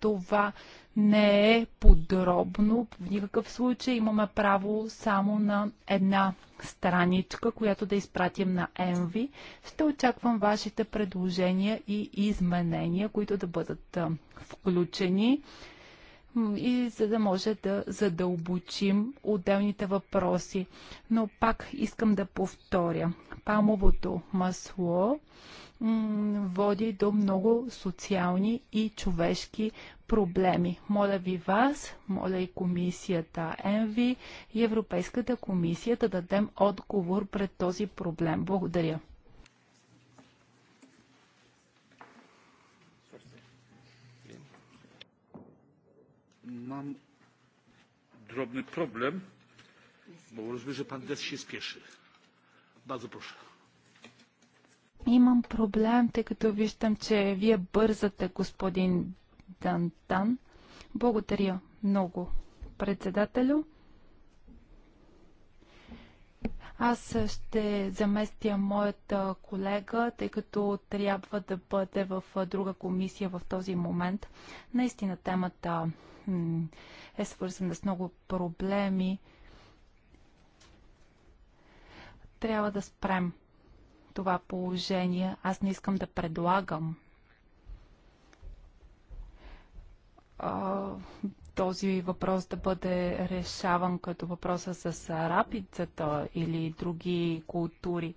това не е подробно в никакъв случай. Имаме право само на една страничка, която да изпратим на Envy. Ще очаквам вашите предложения и изменения, които да бъдат включени и за да може да задълбочим отделните въпроси. Но пак искам да повторя. Памовото масло води до много социални и човешки проблеми. Моля ви вас, моля и комисията ЕНВИ и Европейската комисия да дадем отговор пред този проблем. Благодаря. Мам drobny проблем, bo rozumiem, że пан Дес ще spieszy. Bardzo прошу. Имам проблем, тъй като виждам, че вие бързате, господин Дантан. Благодаря много, председателю. Аз ще заместя моята колега, тъй като трябва да бъде в друга комисия в този момент. Наистина темата е свързана с много проблеми. Трябва да спрем това положение. Аз не искам да предлагам а, този въпрос да бъде решаван като въпроса с рапицата или други култури.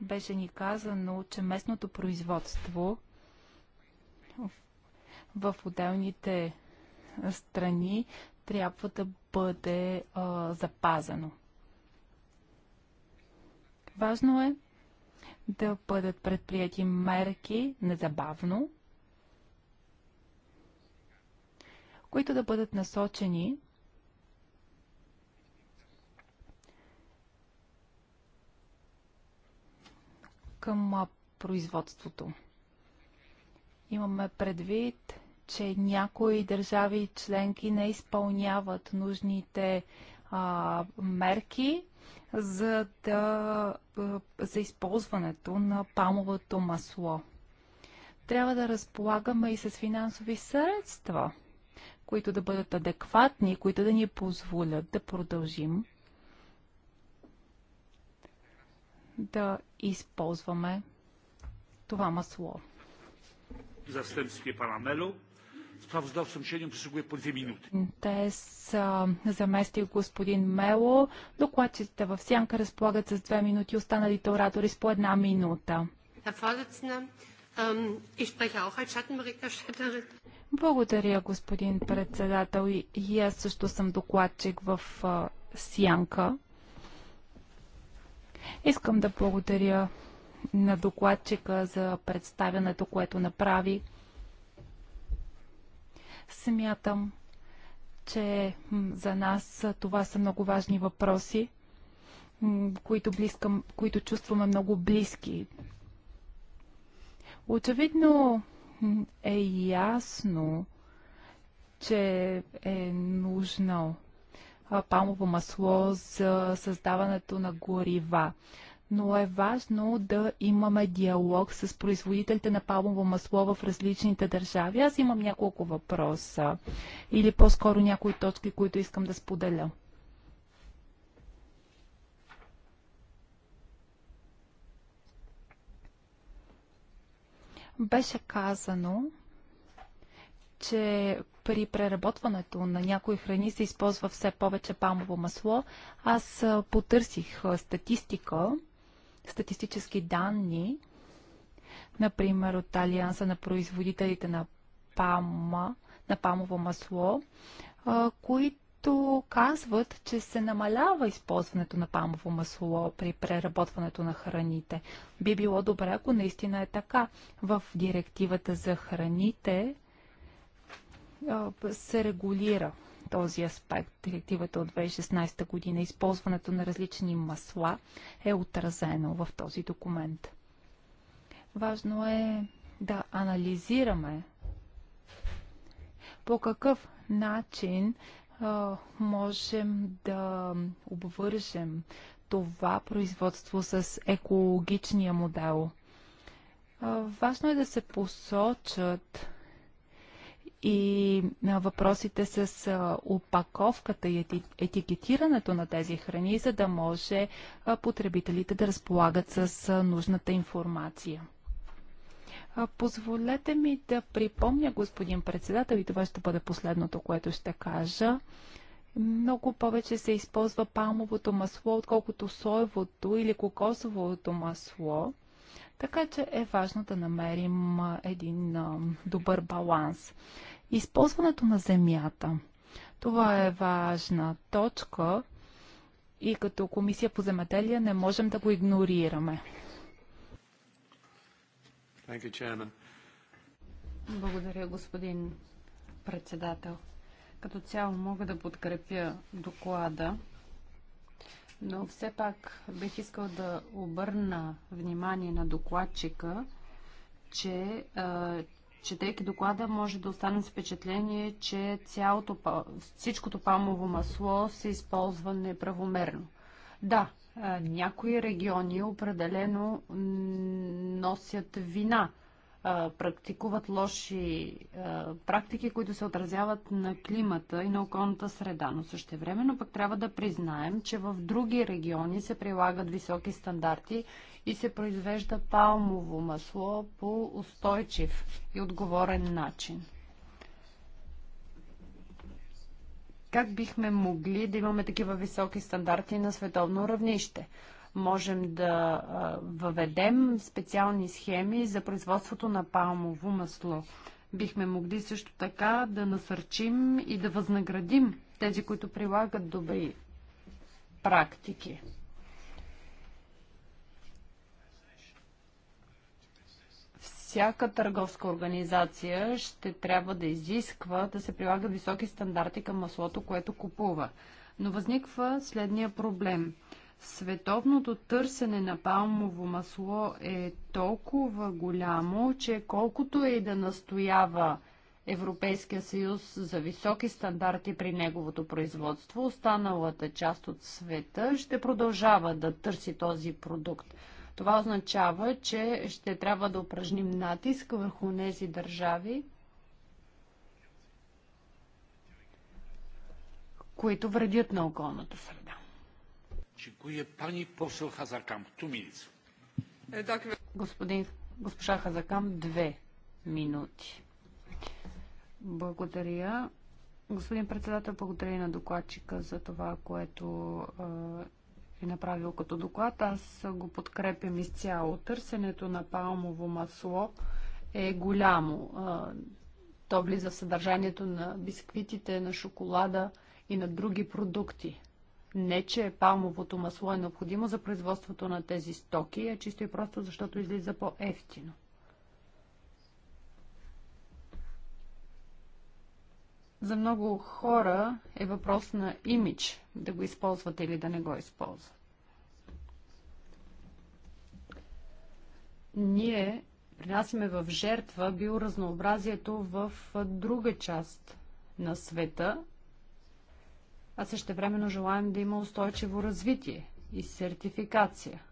Беше ни казано, че местното производство в отделните страни трябва да бъде а, запазено. Важно е да бъдат предприяти мерки незабавно, които да бъдат насочени към производството. Имаме предвид, че някои държави членки не изпълняват нужните а, мерки за, да, е, за използването на палмовото масло. Трябва да разполагаме и с финансови средства, които да бъдат адекватни, които да ни позволят да продължим да използваме това масло. Застъпствие парамело Sprawozdawcom cieniem przysługuje две минути. замести господин Мело. Докладчиците в сянка разполагат с две минути, останалите оратори с по една минута. Благодаря, господин председател. И аз също съм докладчик в е, сянка. Искам да благодаря на докладчика за представянето, което направи. Смятам, че за нас това са много важни въпроси, които, близкам, които чувстваме много близки. Очевидно е ясно, че е нужно памово масло за създаването на горива но е важно да имаме диалог с производителите на палмово масло в различните държави. Аз имам няколко въпроса или по-скоро някои точки, които искам да споделя. Беше казано, че при преработването на някои храни се използва все повече памово масло. Аз потърсих статистика статистически данни, например от Алианса на производителите на пама, на памово масло, които казват, че се намалява използването на памово масло при преработването на храните. Би било добре, ако наистина е така. В директивата за храните се регулира този аспект. Директивата от 2016 година, използването на различни масла е отразено в този документ. Важно е да анализираме по какъв начин а, можем да обвържем това производство с екологичния модел. А, важно е да се посочат и въпросите с опаковката и етикетирането на тези храни, за да може потребителите да разполагат с нужната информация. Позволете ми да припомня, господин председател, и това ще бъде последното, което ще кажа. Много повече се използва палмовото масло, отколкото соевото или кокосовото масло. Така че е важно да намерим един добър баланс използването на земята. Това е важна точка и като комисия по земеделие не можем да го игнорираме. Благодаря, господин председател. Като цяло мога да подкрепя доклада, но все пак бих искал да обърна внимание на докладчика, че Четейки доклада, може да остане с впечатление, че цялото, всичкото палмово масло се използва неправомерно. Да, някои региони определено носят вина, практикуват лоши практики, които се отразяват на климата и на околната среда, но времено пък трябва да признаем, че в други региони се прилагат високи стандарти и се произвежда палмово масло по устойчив и отговорен начин. Как бихме могли да имаме такива високи стандарти на световно равнище? Можем да въведем специални схеми за производството на палмово масло бихме могли също така да насърчим и да възнаградим тези, които прилагат добри практики. всяка търговска организация ще трябва да изисква да се прилага високи стандарти към маслото, което купува. Но възниква следния проблем. Световното търсене на палмово масло е толкова голямо, че колкото е и да настоява Европейския съюз за високи стандарти при неговото производство, останалата част от света ще продължава да търси този продукт. Това означава, че ще трябва да упражним натиск върху тези държави, които вредят на околната среда. Е, Господин, госпожа Хазакам, две минути. Благодаря. Господин председател, благодаря на докладчика за това, което би е направил като доклад. Аз го подкрепям изцяло. Търсенето на палмово масло е голямо. То влиза в съдържанието на бисквитите, на шоколада и на други продукти. Не, че палмовото масло е необходимо за производството на тези стоки, а чисто и просто защото излиза по-ефтино. За много хора е въпрос на имидж да го използват или да не го използват. Ние принасяме в жертва биоразнообразието в друга част на света, а същевременно желаем да има устойчиво развитие и сертификация.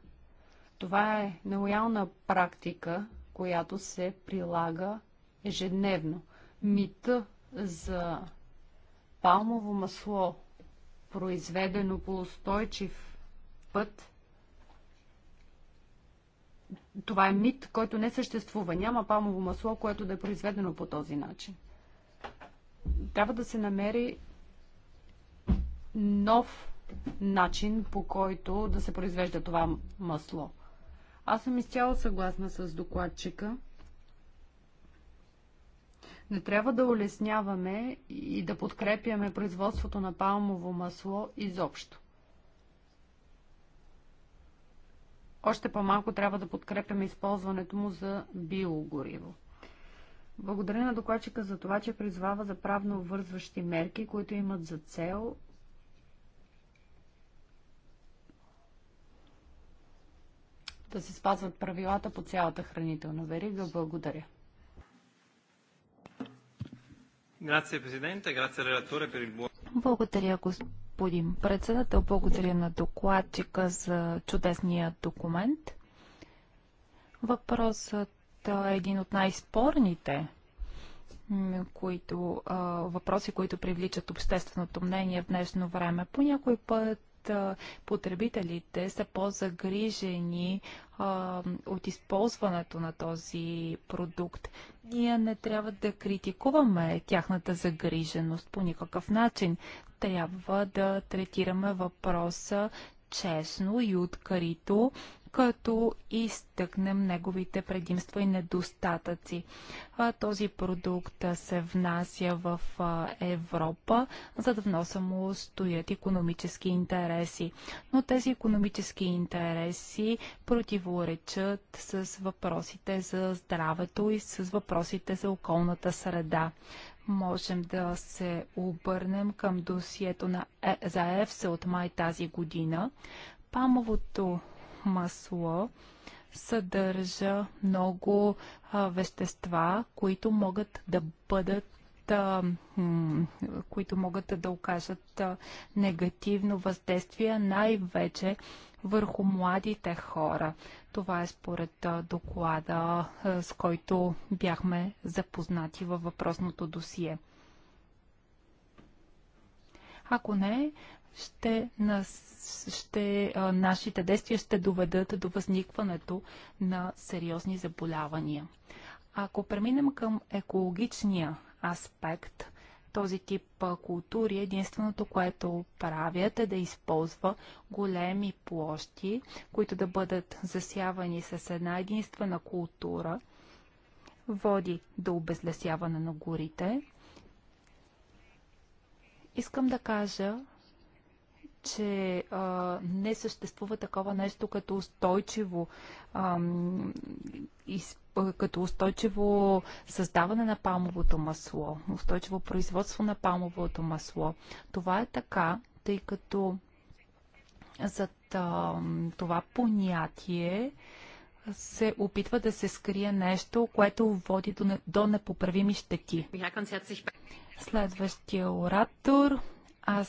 Това е нелоялна практика, която се прилага ежедневно. Мита за палмово масло, произведено по устойчив път, това е мит, който не съществува. Няма палмово масло, което да е произведено по този начин. Трябва да се намери нов начин, по който да се произвежда това масло. Аз съм изцяло съгласна с докладчика. Не трябва да улесняваме и да подкрепяме производството на палмово масло изобщо. Още по-малко трябва да подкрепяме използването му за биогориво. Благодаря на докладчика за това, че призвава за правно вързващи мерки, които имат за цел да се спазват правилата по цялата хранителна верига. Благодаря. Благодаря, господин председател. Благодаря на докладчика за чудесния документ. Въпросът е един от най-спорните които, въпроси, които привличат общественото мнение в днешно време. По някой път потребителите са по-загрижени от използването на този продукт. Ние не трябва да критикуваме тяхната загриженост по никакъв начин. Трябва да третираме въпроса честно и открито като изтъкнем неговите предимства и недостатъци. Този продукт се внася в Европа, за да вноса му стоят економически интереси. Но тези економически интереси противоречат с въпросите за здравето и с въпросите за околната среда можем да се обърнем към досието на, е, за ЕФСА от май тази година. Памовото масло съдържа много а, вещества, които могат да бъдат а, които могат да окажат а, негативно въздействие най-вече върху младите хора. Това е според доклада, с който бяхме запознати във въпросното досие. Ако не, ще, нас, ще а, нашите действия ще доведат до възникването на сериозни заболявания. Ако преминем към екологичния аспект, този тип култури, е единственото, което правят е да използва големи площи, които да бъдат засявани с една единствена култура, води до обезлесяване на горите. Искам да кажа, че а, не съществува такова нещо като устойчиво а, из, като устойчиво създаване на палмовото масло, устойчиво производство на палмовото масло. Това е така, тъй като зад а, това понятие се опитва да се скрие нещо, което води до, не, до непоправими щети. Следващия оратор аз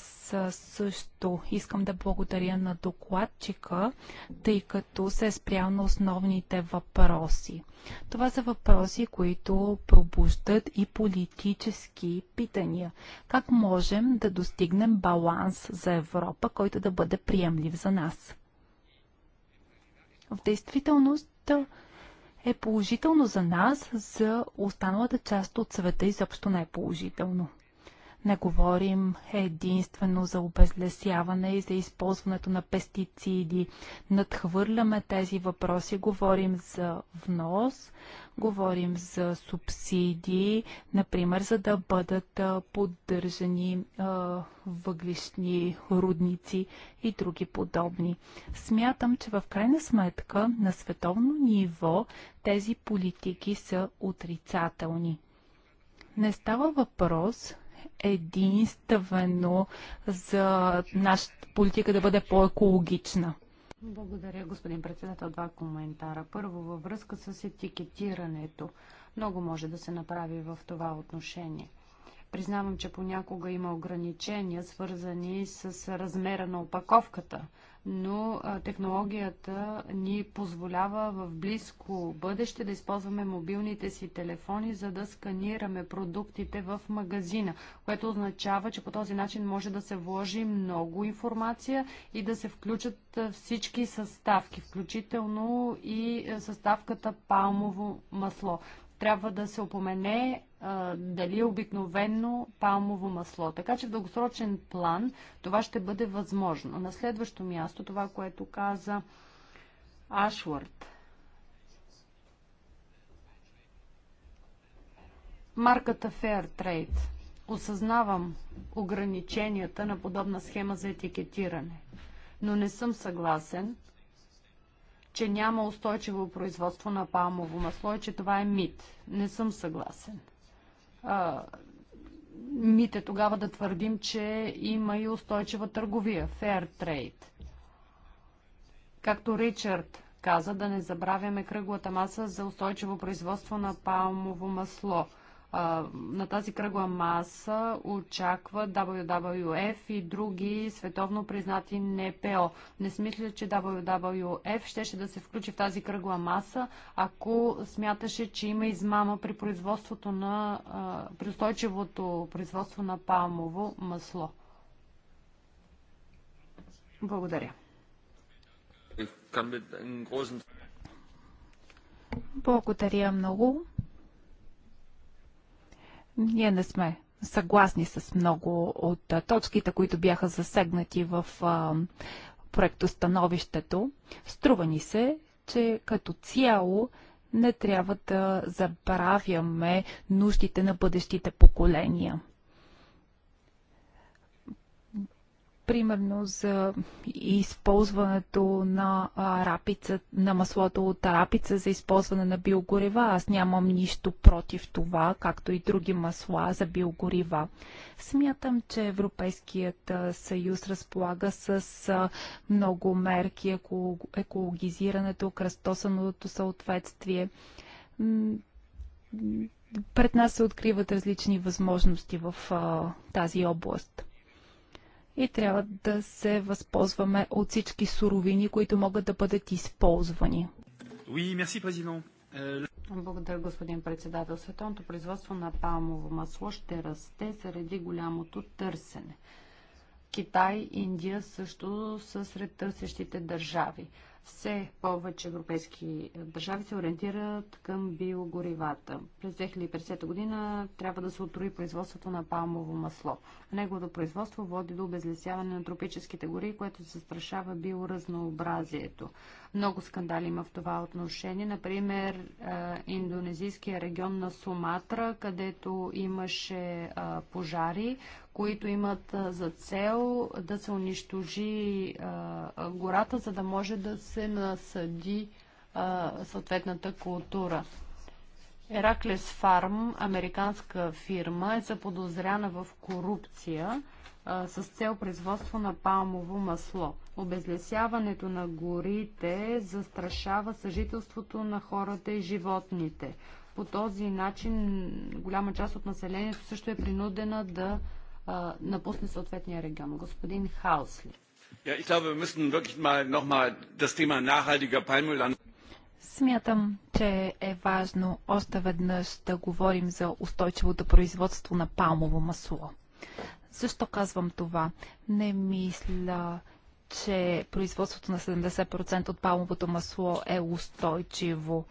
също искам да благодаря на докладчика, тъй като се е спрял на основните въпроси. Това са въпроси, които пробуждат и политически питания. Как можем да достигнем баланс за Европа, който да бъде приемлив за нас? В действителност е положително за нас, за останалата част от света изобщо не е положително. Не говорим единствено за обезлесяване и за използването на пестициди. Надхвърляме тези въпроси. Говорим за внос, говорим за субсидии, например, за да бъдат поддържани въглишни рудници и други подобни. Смятам, че в крайна сметка на световно ниво тези политики са отрицателни. Не става въпрос единствено за нашата политика да бъде по-екологична. Благодаря, господин председател. Два коментара. Първо, във връзка с етикетирането. Много може да се направи в това отношение. Признавам, че понякога има ограничения, свързани с размера на опаковката но технологията ни позволява в близко бъдеще да използваме мобилните си телефони, за да сканираме продуктите в магазина, което означава, че по този начин може да се вложи много информация и да се включат всички съставки, включително и съставката палмово масло трябва да се опомене а, дали е обикновено палмово масло. Така че в дългосрочен план това ще бъде възможно. На следващо място това, което каза Ашвард. Марката Fair Trade. Осъзнавам ограниченията на подобна схема за етикетиране, но не съм съгласен – че няма устойчиво производство на палмово масло и че това е мит. Не съм съгласен. А, мит е тогава да твърдим, че има и устойчива търговия, fair trade. Както Ричард каза, да не забравяме кръглата маса за устойчиво производство на палмово масло – на тази кръгла маса очаква WWF и други световно признати НПО. Не смисля, че WWF щеше да се включи в тази кръгла маса, ако смяташе, че има измама при производството на, при устойчивото производство на палмово масло. Благодаря. Благодаря много. Ние не сме съгласни с много от точките, които бяха засегнати в проектостановището. Струва ни се, че като цяло не трябва да забравяме нуждите на бъдещите поколения. примерно за използването на рапица, на маслото от рапица за използване на биогорева. Аз нямам нищо против това, както и други масла за биогорива. Смятам, че Европейският съюз разполага с много мерки, екологизирането, кръстосаното съответствие пред нас се откриват различни възможности в а, тази област и трябва да се възползваме от всички суровини, които могат да бъдат използвани. Oui, merci, euh, Благодаря, господин председател. Световното производство на палмово масло ще расте заради голямото търсене. Китай, Индия също са сред търсещите държави. Все повече европейски държави се ориентират към биогоривата. През 2050 година трябва да се отрои производството на палмово масло. Неговото производство води до обезлесяване на тропическите гори, което застрашава биоразнообразието. Много скандали има в това отношение. Например, индонезийския регион на Суматра, където имаше пожари, които имат за цел да се унищожи гората, за да може да се насъди съответната култура. Ераклес Фарм, американска фирма, е заподозряна в корупция а, с цел производство на палмово масло. Обезлесяването на горите застрашава съжителството на хората и животните. По този начин голяма част от населението също е принудена да напусне съответния регион. Господин Хаусли. Ja, ich glaube, wir müssen wirklich mal das Thema nachhaltiger Palmöl an. Смятам, че е важно още веднъж да говорим за устойчивото производство на палмово масло. Защо казвам това? Не мисля, че производството на 70% от палмовото масло е устойчиво.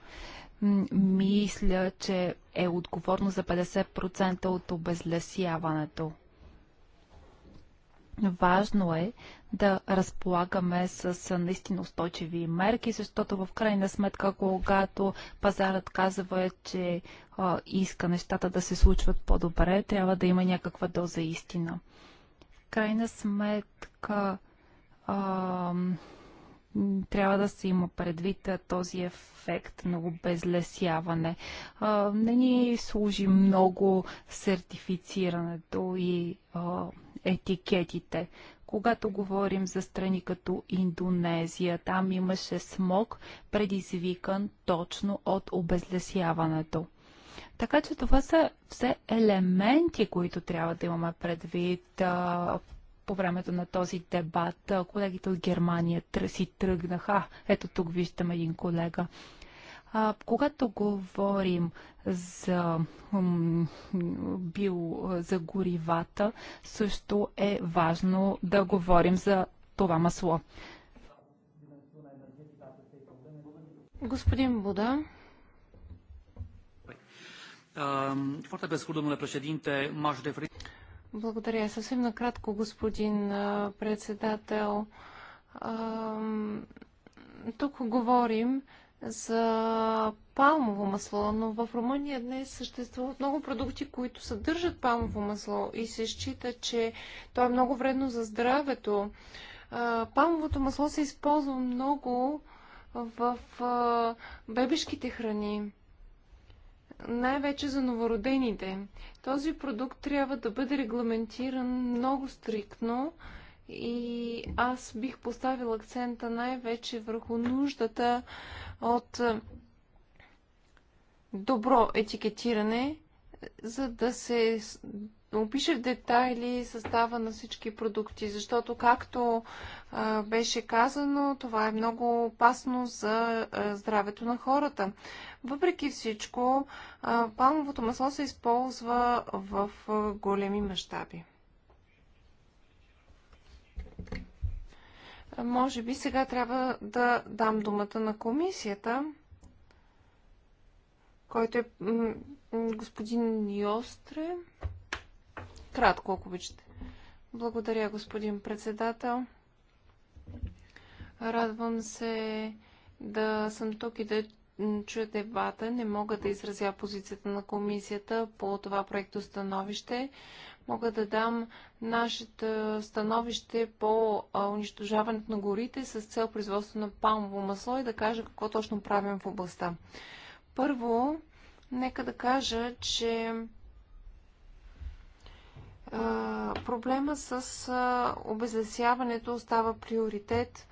Мисля, че е отговорно за 50% от обезлесяването. Важно е да разполагаме с наистина устойчиви мерки, защото в крайна сметка, когато пазарът казва, че а, иска нещата да се случват по-добре, трябва да има някаква доза истина. В крайна сметка, а, трябва да се има предвид този ефект на обезлесяване. А, не ни служи много сертифицирането и а, етикетите. Когато говорим за страни като Индонезия, там имаше смог, предизвикан точно от обезлесяването. Така че това са все елементи, които трябва да имаме предвид а, по времето на този дебат. Колегите от Германия си тръгнаха. Ето тук виждам един колега. А, когато говорим за, бил, за горивата, също е важно да говорим за това масло. Господин Буда. Благодаря. Съвсем накратко, господин председател. Тук говорим за палмово масло, но в Румъния днес съществуват много продукти, които съдържат палмово масло и се счита, че то е много вредно за здравето. Палмовото масло се използва много в бебешките храни, най-вече за новородените. Този продукт трябва да бъде регламентиран много стриктно и аз бих поставил акцента най-вече върху нуждата от е, добро етикетиране, за да се опише в детайли състава на всички продукти, защото както а, е, беше казано, това е много опасно за а, е, здравето на хората. Въпреки всичко, а, палмовото масло се използва в големи мащаби. Може би сега трябва да дам думата на комисията, който е господин Йостре. Кратко, ако обичате. Благодаря, господин председател. Радвам се да съм тук и да чуя дебата. Не мога да изразя позицията на комисията по това проекто становище мога да дам нашето становище по унищожаването на горите с цел производство на палмово масло и да кажа какво точно правим в областта. Първо, нека да кажа, че проблема с обезлесяването остава приоритет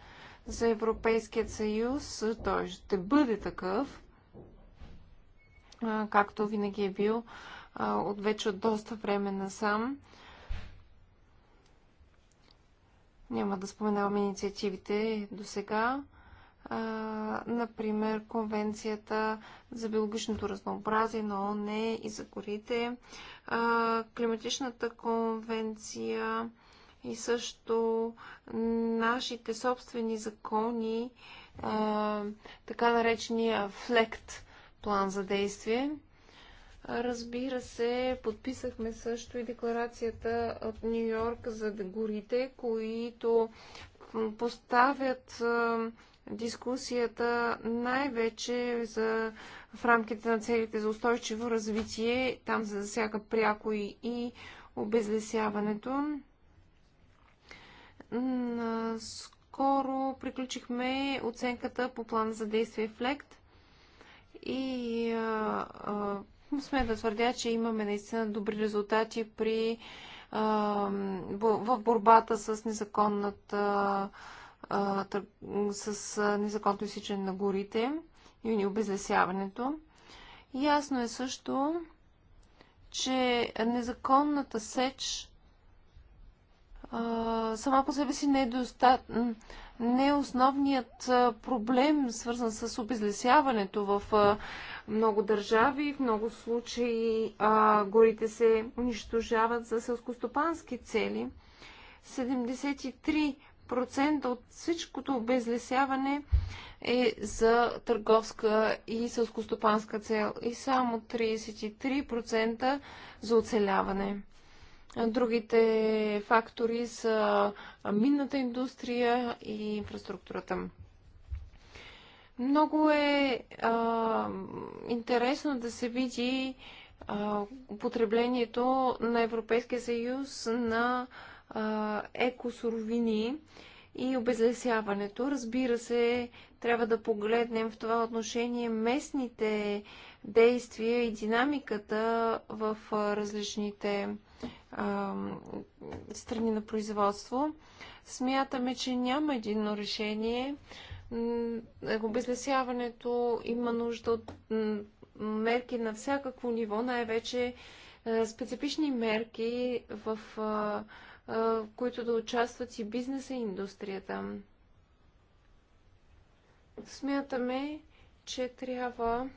за Европейският съюз. Той ще бъде такъв, както винаги е бил от вече от доста време насам. Няма да споменавам инициативите до сега. Например, Конвенцията за биологичното разнообразие на не и за горите, а, Климатичната конвенция и също нашите собствени закони, а, така наречения ФЛЕКТ план за действие – Разбира се, подписахме също и декларацията от Нью Йорк за горите, които поставят дискусията най-вече за, в рамките на целите за устойчиво развитие. Там се засяга пряко и, и обезлесяването. Скоро приключихме оценката по план за действие Флект и а, а, сме да твърдя, че имаме наистина добри резултати при, а, в борбата с незаконната а, с незаконното изсичане на горите и обезлесяването. Ясно е също, че незаконната сеч сама по себе си не е, достат... не е основният проблем, свързан с обезлесяването в много държави, в много случаи а, горите се унищожават за селскостопански цели. 73% от всичкото обезлесяване е за търговска и селскостопанска цел и само 33% за оцеляване. Другите фактори са минната индустрия и инфраструктурата. Много е а, интересно да се види а, употреблението на Европейския съюз на а, екосуровини и обезлесяването. Разбира се, трябва да погледнем в това отношение местните действия и динамиката в различните а, страни на производство. Смятаме, че няма едно решение обезлесяването има нужда от мерки на всякакво ниво, най-вече е, специфични мерки, в които да участват и бизнеса и индустрията. Смятаме, че трябва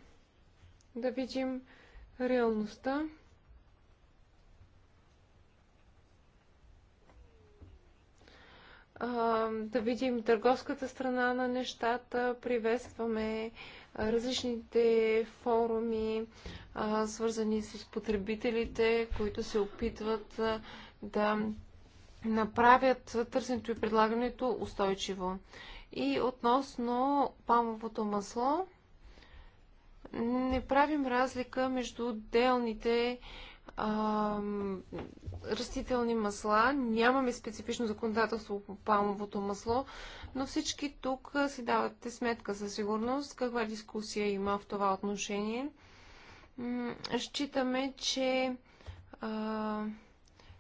да видим реалността да видим търговската страна на нещата. Приветстваме различните форуми, свързани с потребителите, които се опитват да направят търсенето и предлагането устойчиво. И относно памовото масло, не правим разлика между отделните а, растителни масла. Нямаме специфично законодателство по палмовото масло, но всички тук си давате сметка със сигурност каква дискусия има в това отношение. Считаме, че а,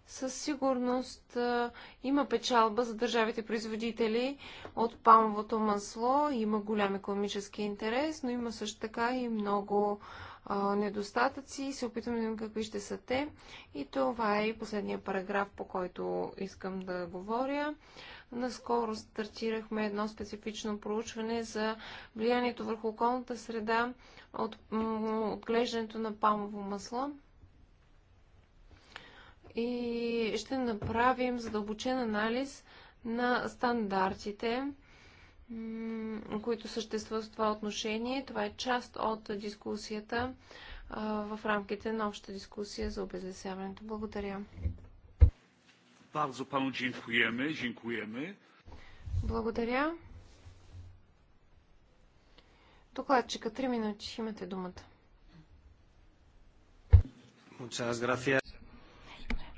със сигурност а, има печалба за държавите производители от палмовото масло. Има голям економически интерес, но има също така и много а, недостатъци и се опитваме да видим какви ще са те. И това е и последния параграф, по който искам да говоря. Наскоро стартирахме едно специфично проучване за влиянието върху околната среда от отглеждането на памово масло и ще направим задълбочен анализ на стандартите които съществуват в това отношение. Това е част от дискусията в рамките на общата дискусия за обезлесяването. Благодаря. Bardzo panu dziękujemy. Dziękujemy. Благодаря. Докладчика, три минути. Имате думата.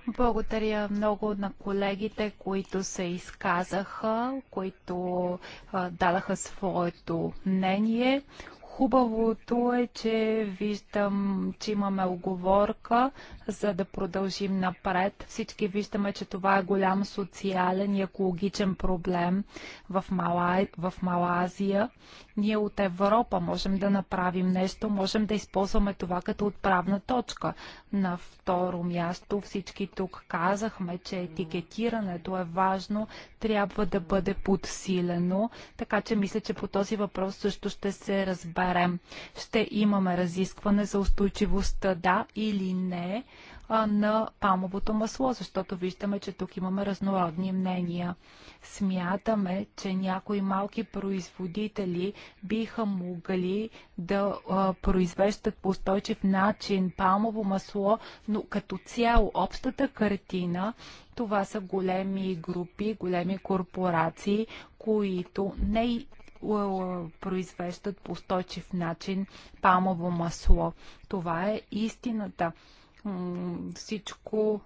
Благодаря много на колегите, които се изказаха, които а, дадаха своето мнение. Хубавото е, че виждам, че имаме оговорка, за да продължим напред. Всички виждаме, че това е голям социален и екологичен проблем в, Мала... в Малазия. Ние от Европа можем да направим нещо, можем да използваме това като отправна точка. На второ място всички тук казахме, че етикетирането е важно, трябва да бъде подсилено, така че мисля, че по този въпрос също ще се разберем. Ще имаме разискване за устойчивостта, да или не, на памовото масло, защото виждаме, че тук имаме разнородни мнения. Смятаме, че някои малки производители биха могли да произвеждат по устойчив начин палмово масло, но като цяло общата картина това са големи групи, големи корпорации, които не произвеждат по устойчив начин палмово масло. Това е истината всичко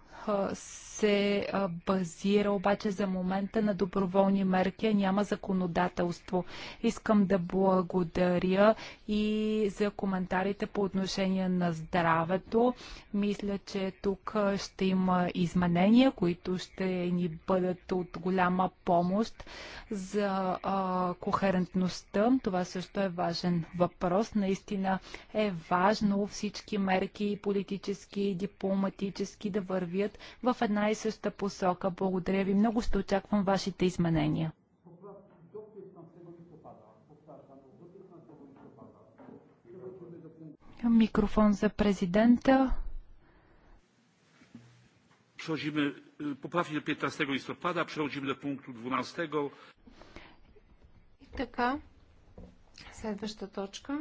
се базира обаче за момента на доброволни мерки, а няма законодателство. Искам да благодаря и за коментарите по отношение на здравето. Мисля, че тук ще има изменения, които ще ни бъдат от голяма помощ за а, кохерентността. Това също е важен въпрос. Наистина е важно всички мерки, политически и дипломатически, да вървят вървят в една и съща посока. Благодаря ви много, ще очаквам вашите изменения. Микрофон за президента. Przechodzimy, poprawki do 15 listopada, przechodzimy do punktu 12. И така, следваща точка,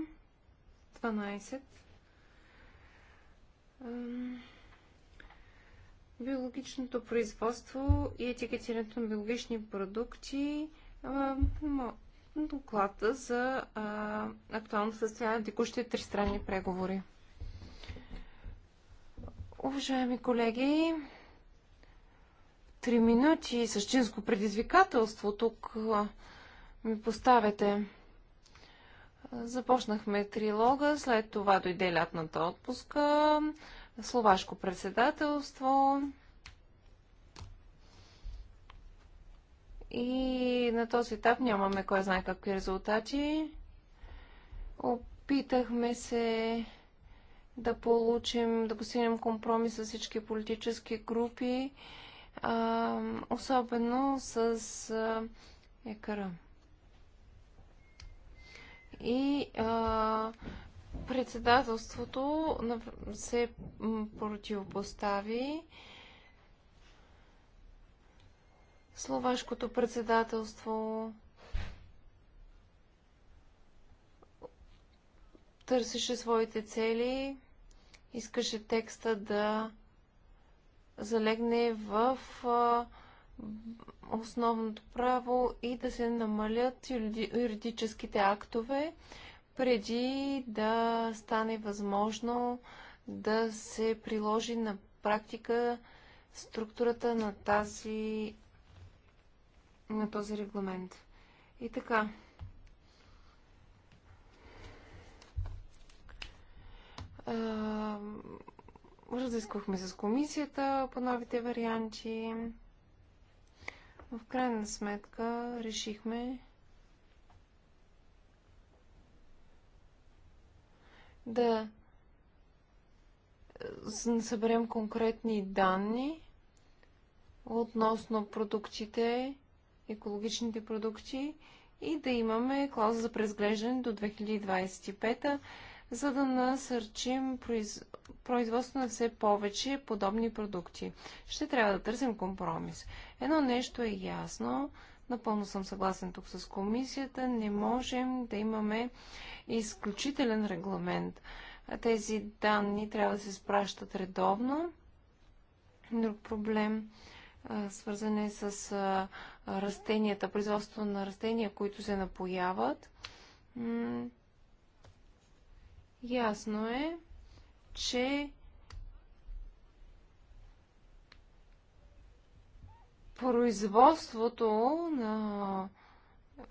12 биологичното производство и етикетирането на биологични продукти доклада за а, състояние на текущите тристранни преговори. Уважаеми колеги, три минути същинско предизвикателство тук ми поставяте. Започнахме трилога, след това дойде лятната отпуска словашко председателство. И на този етап нямаме кой знае какви резултати. Опитахме се да получим, да постигнем компромис с всички политически групи, а, особено с а, екара. И а, Председателството се противопостави. Словашкото председателство търсеше своите цели, искаше текста да залегне в основното право и да се намалят юридическите актове преди да стане възможно да се приложи на практика структурата на тази на този регламент. И така. разискахме с комисията по новите варианти. В крайна сметка решихме, Е, да съберем конкретни данни относно продуктите, екологичните продукти и да имаме клауза за презглеждане до 2025, за да насърчим произ... производство на все повече подобни продукти. Ще трябва да търсим компромис. Едно нещо е ясно, Напълно съм съгласен тук с комисията. Не можем да имаме изключителен регламент. Тези данни трябва да се спращат редовно. Друг проблем свързан е с растенията, производство на растения, които се напояват. Ясно е, че производството на,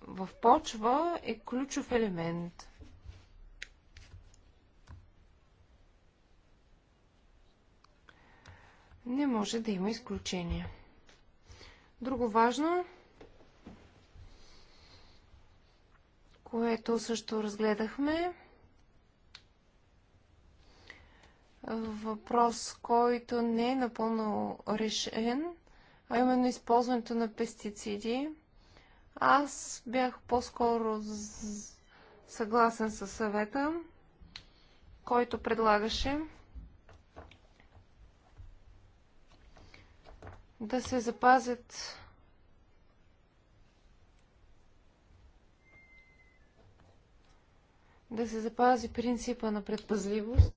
в почва е ключов елемент. Не може да има изключения. Друго важно, което също разгледахме, въпрос, който не е напълно решен – а именно използването на пестициди. Аз бях по-скоро съгласен със съвета, който предлагаше да се запазят да се запази принципа на предпазливост.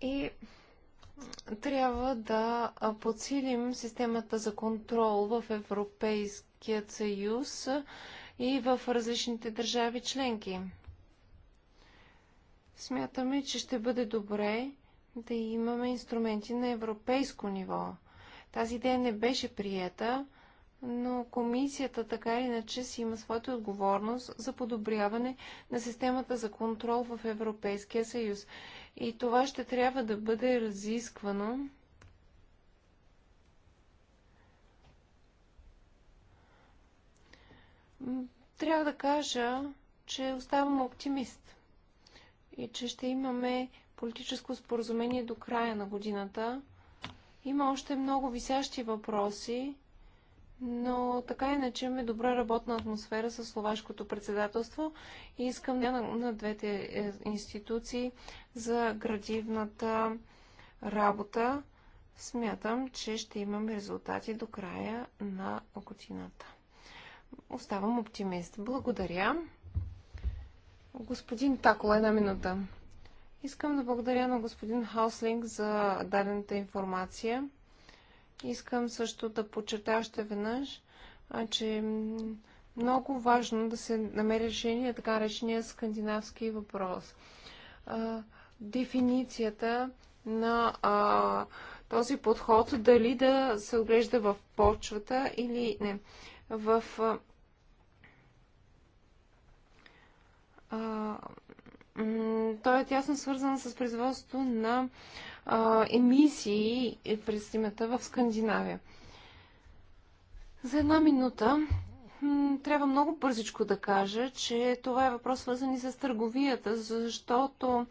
И трябва да подсилим системата за контрол в Европейският съюз и в различните държави членки. Смятаме, че ще бъде добре да имаме инструменти на европейско ниво. Тази идея не беше приета, но комисията така или иначе си има своята отговорност за подобряване на системата за контрол в Европейския съюз. И това ще трябва да бъде разисквано. Трябва да кажа, че оставам оптимист и че ще имаме политическо споразумение до края на годината. Има още много висящи въпроси но така иначе имаме добра работна атмосфера с словашкото председателство и искам да на, на двете е, институции за градивната работа. Смятам, че ще имаме резултати до края на годината. Оставам оптимист. Благодаря. Господин Такола, една минута. Искам да благодаря на господин Хауслинг за дадената информация. Искам също да почета още веднъж, а, че е много важно да се намери решение така речения скандинавски въпрос. А, дефиницията на а, този подход, дали да се оглежда в почвата или не. В а, той е тясно свързан с производството на а, емисии през зимата в Скандинавия. За една минута трябва много бързичко да кажа, че това е въпрос свързан и с търговията, защото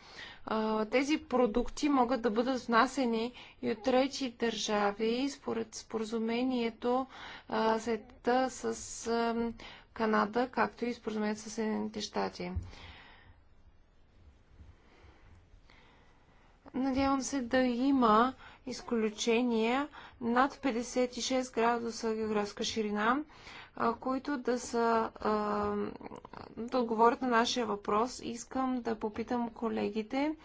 а, тези продукти могат да бъдат внасени и от трети държави, според споразумението а, с, с а, Канада, както и споразумението с Съединените щати. Надявам се да има изключения над 56 градуса географска ширина, които да са да отговорят на нашия въпрос. Искам да попитам колегите,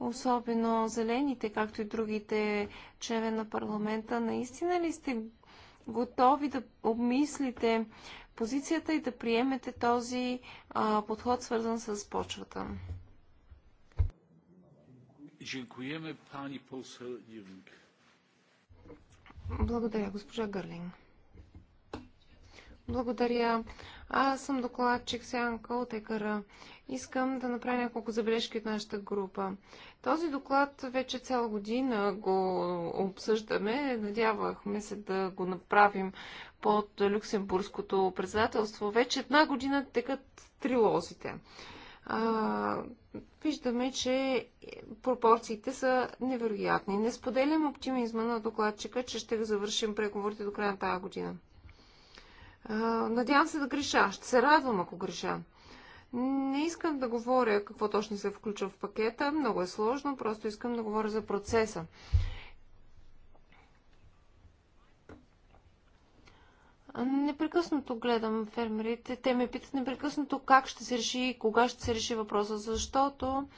особено зелените, както и другите членове на парламента, наистина ли сте готови да обмислите позицията и да приемете този подход, свързан с почвата? Dziękujemy pani poseł Благодаря, госпожа Гърлин. Благодаря. Аз съм докладчик Сянка от Екара. Искам да направя няколко забележки от нашата група. Този доклад вече цяла година го обсъждаме. Надявахме се да го направим под Люксембургското председателство. Вече една година текат трилозите. лозите а, виждаме, че пропорциите са невероятни. Не споделям оптимизма на докладчика, че ще завършим преговорите до края на тази година. А, надявам се да греша. Ще се радвам, ако греша. Не искам да говоря какво точно се включва в пакета. Много е сложно. Просто искам да говоря за процеса. Непрекъснато гледам фермерите. Те ме питат непрекъснато как ще се реши и кога ще се реши въпроса, защото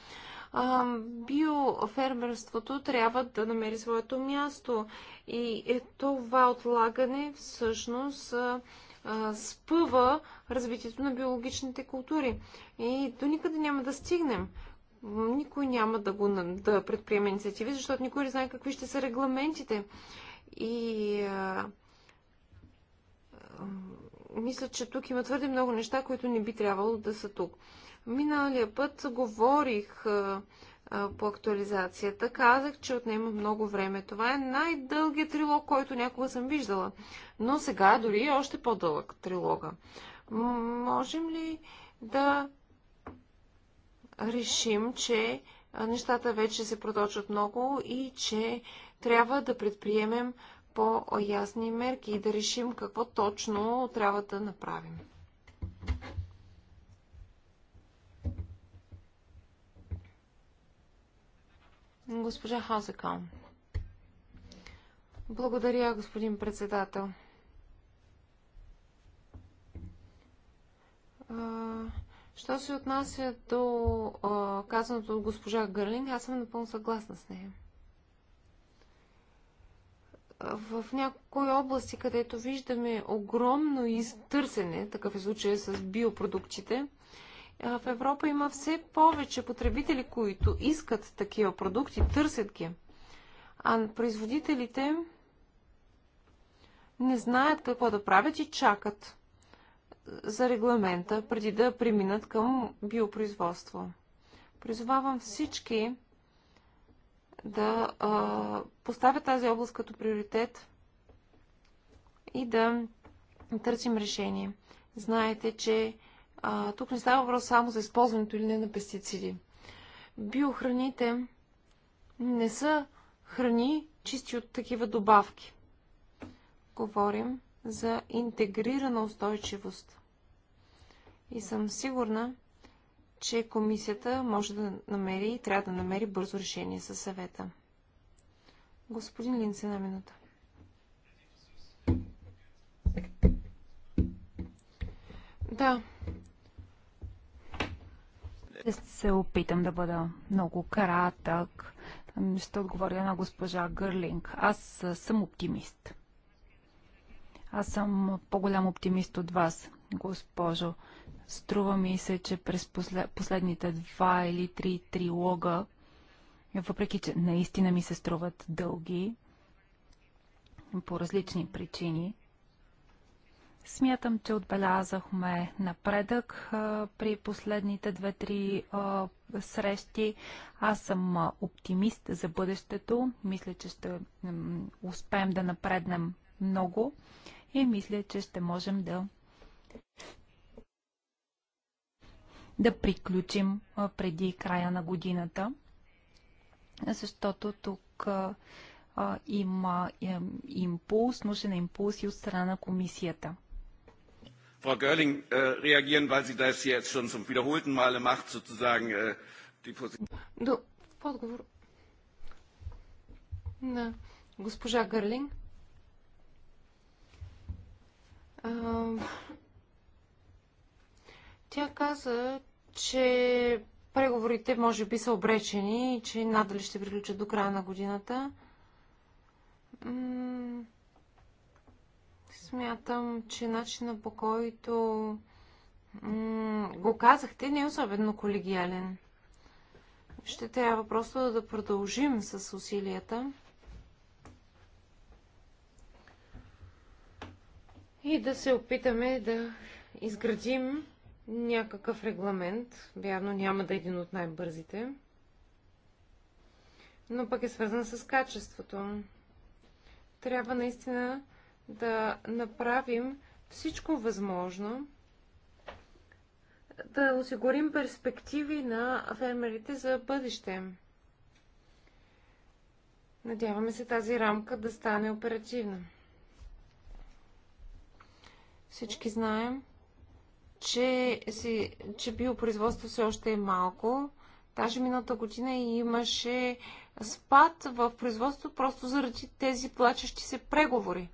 а, биофермерството трябва да намери своето място. И е това отлагане всъщност а, а, спъва развитието на биологичните култури. И до никъде няма да стигнем. Никой няма да, го, да предприеме инициативи, защото никой не знае какви ще са регламентите. И а, мисля, че тук има твърде много неща, които не би трябвало да са тук. Миналия път говорих по актуализацията. Казах, че отнема много време. Това е най-дългият трилог, който някога съм виждала. Но сега дори е още по-дълъг трилога. можем ли да решим, че нещата вече се проточат много и че трябва да предприемем по-ясни мерки и да решим какво точно трябва да направим. Госпожа Хазекал. Благодаря, господин председател. Що се отнася до казаното от госпожа Гърлинг, аз съм напълно съгласна с нея в някои области, където виждаме огромно изтърсене, такъв е случая с биопродуктите, в Европа има все повече потребители, които искат такива продукти, търсят ги. А производителите не знаят какво да правят и чакат за регламента, преди да преминат към биопроизводство. Призовавам всички да а, поставя тази област като приоритет и да търсим решение. Знаете, че а, тук не става въпрос само за използването или не на пестициди. Биохраните не са храни чисти от такива добавки. Говорим за интегрирана устойчивост. И съм сигурна, че комисията може да намери и трябва да намери бързо решение със съвета. Господин Линц, една минута. Да. Ще се опитам да бъда много кратък. Ще отговоря на госпожа Гърлинг. Аз съм оптимист. Аз съм по-голям оптимист от вас, госпожо Струва ми се, че през последните два или три трилога, въпреки че наистина ми се струват дълги, по различни причини, смятам, че отбелязахме напредък при последните две-три срещи. Аз съм оптимист за бъдещето. Мисля, че ще успеем да напреднем много и мисля, че ще можем да да приключим преди края на годината, защото тук има е, импулс, нужен е импулс и от страна на комисията. Frau Görling, äh, reagieren, weil sie das jetzt schon zum wiederholten Male macht, sozusagen die Position. госпожа Гърлинг. Тя каза, че преговорите може би са обречени и че надали ще приключат до края на годината. Смятам, че начина по който го казахте не е особено колегиален. Ще трябва просто да продължим с усилията. И да се опитаме да изградим някакъв регламент. Вярно, няма да е един от най-бързите. Но пък е свързан с качеството. Трябва наистина да направим всичко възможно, да осигурим перспективи на фермерите за бъдеще. Надяваме се тази рамка да стане оперативна. Всички знаем, че, си, че биопроизводство все още е малко. Таже миналата година имаше спад в производство просто заради тези плачещи се преговори.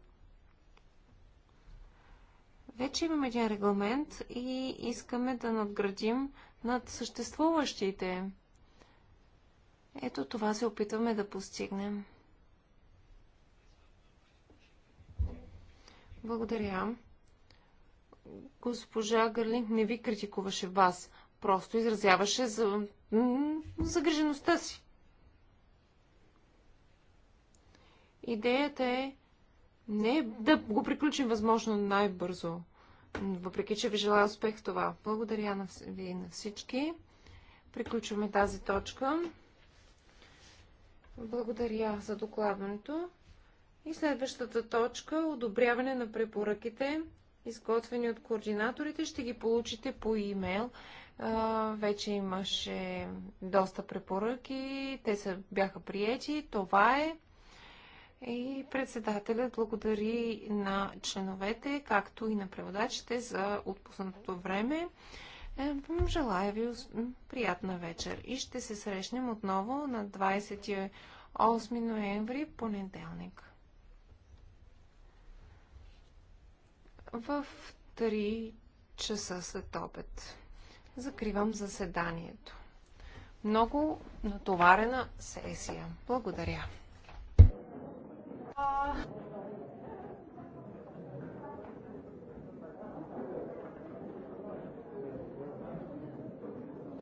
Вече имаме един регламент и искаме да надградим над съществуващите. Ето това се опитваме да постигнем. Благодаря госпожа Гърлинг не ви критикуваше вас, просто изразяваше за... загрижеността си. Идеята е не да го приключим възможно най-бързо, въпреки че ви желая успех в това. Благодаря на ви на всички. Приключваме тази точка. Благодаря за докладването. И следващата точка – одобряване на препоръките изготвени от координаторите. Ще ги получите по имейл. Вече имаше доста препоръки. Те са, бяха приети. Това е. И председателят благодари на членовете, както и на преводачите за отпуснатото време. Е, желая ви приятна вечер и ще се срещнем отново на 28 ноември, понеделник. в 3 часа след обед. Закривам заседанието. Много натоварена сесия. Благодаря.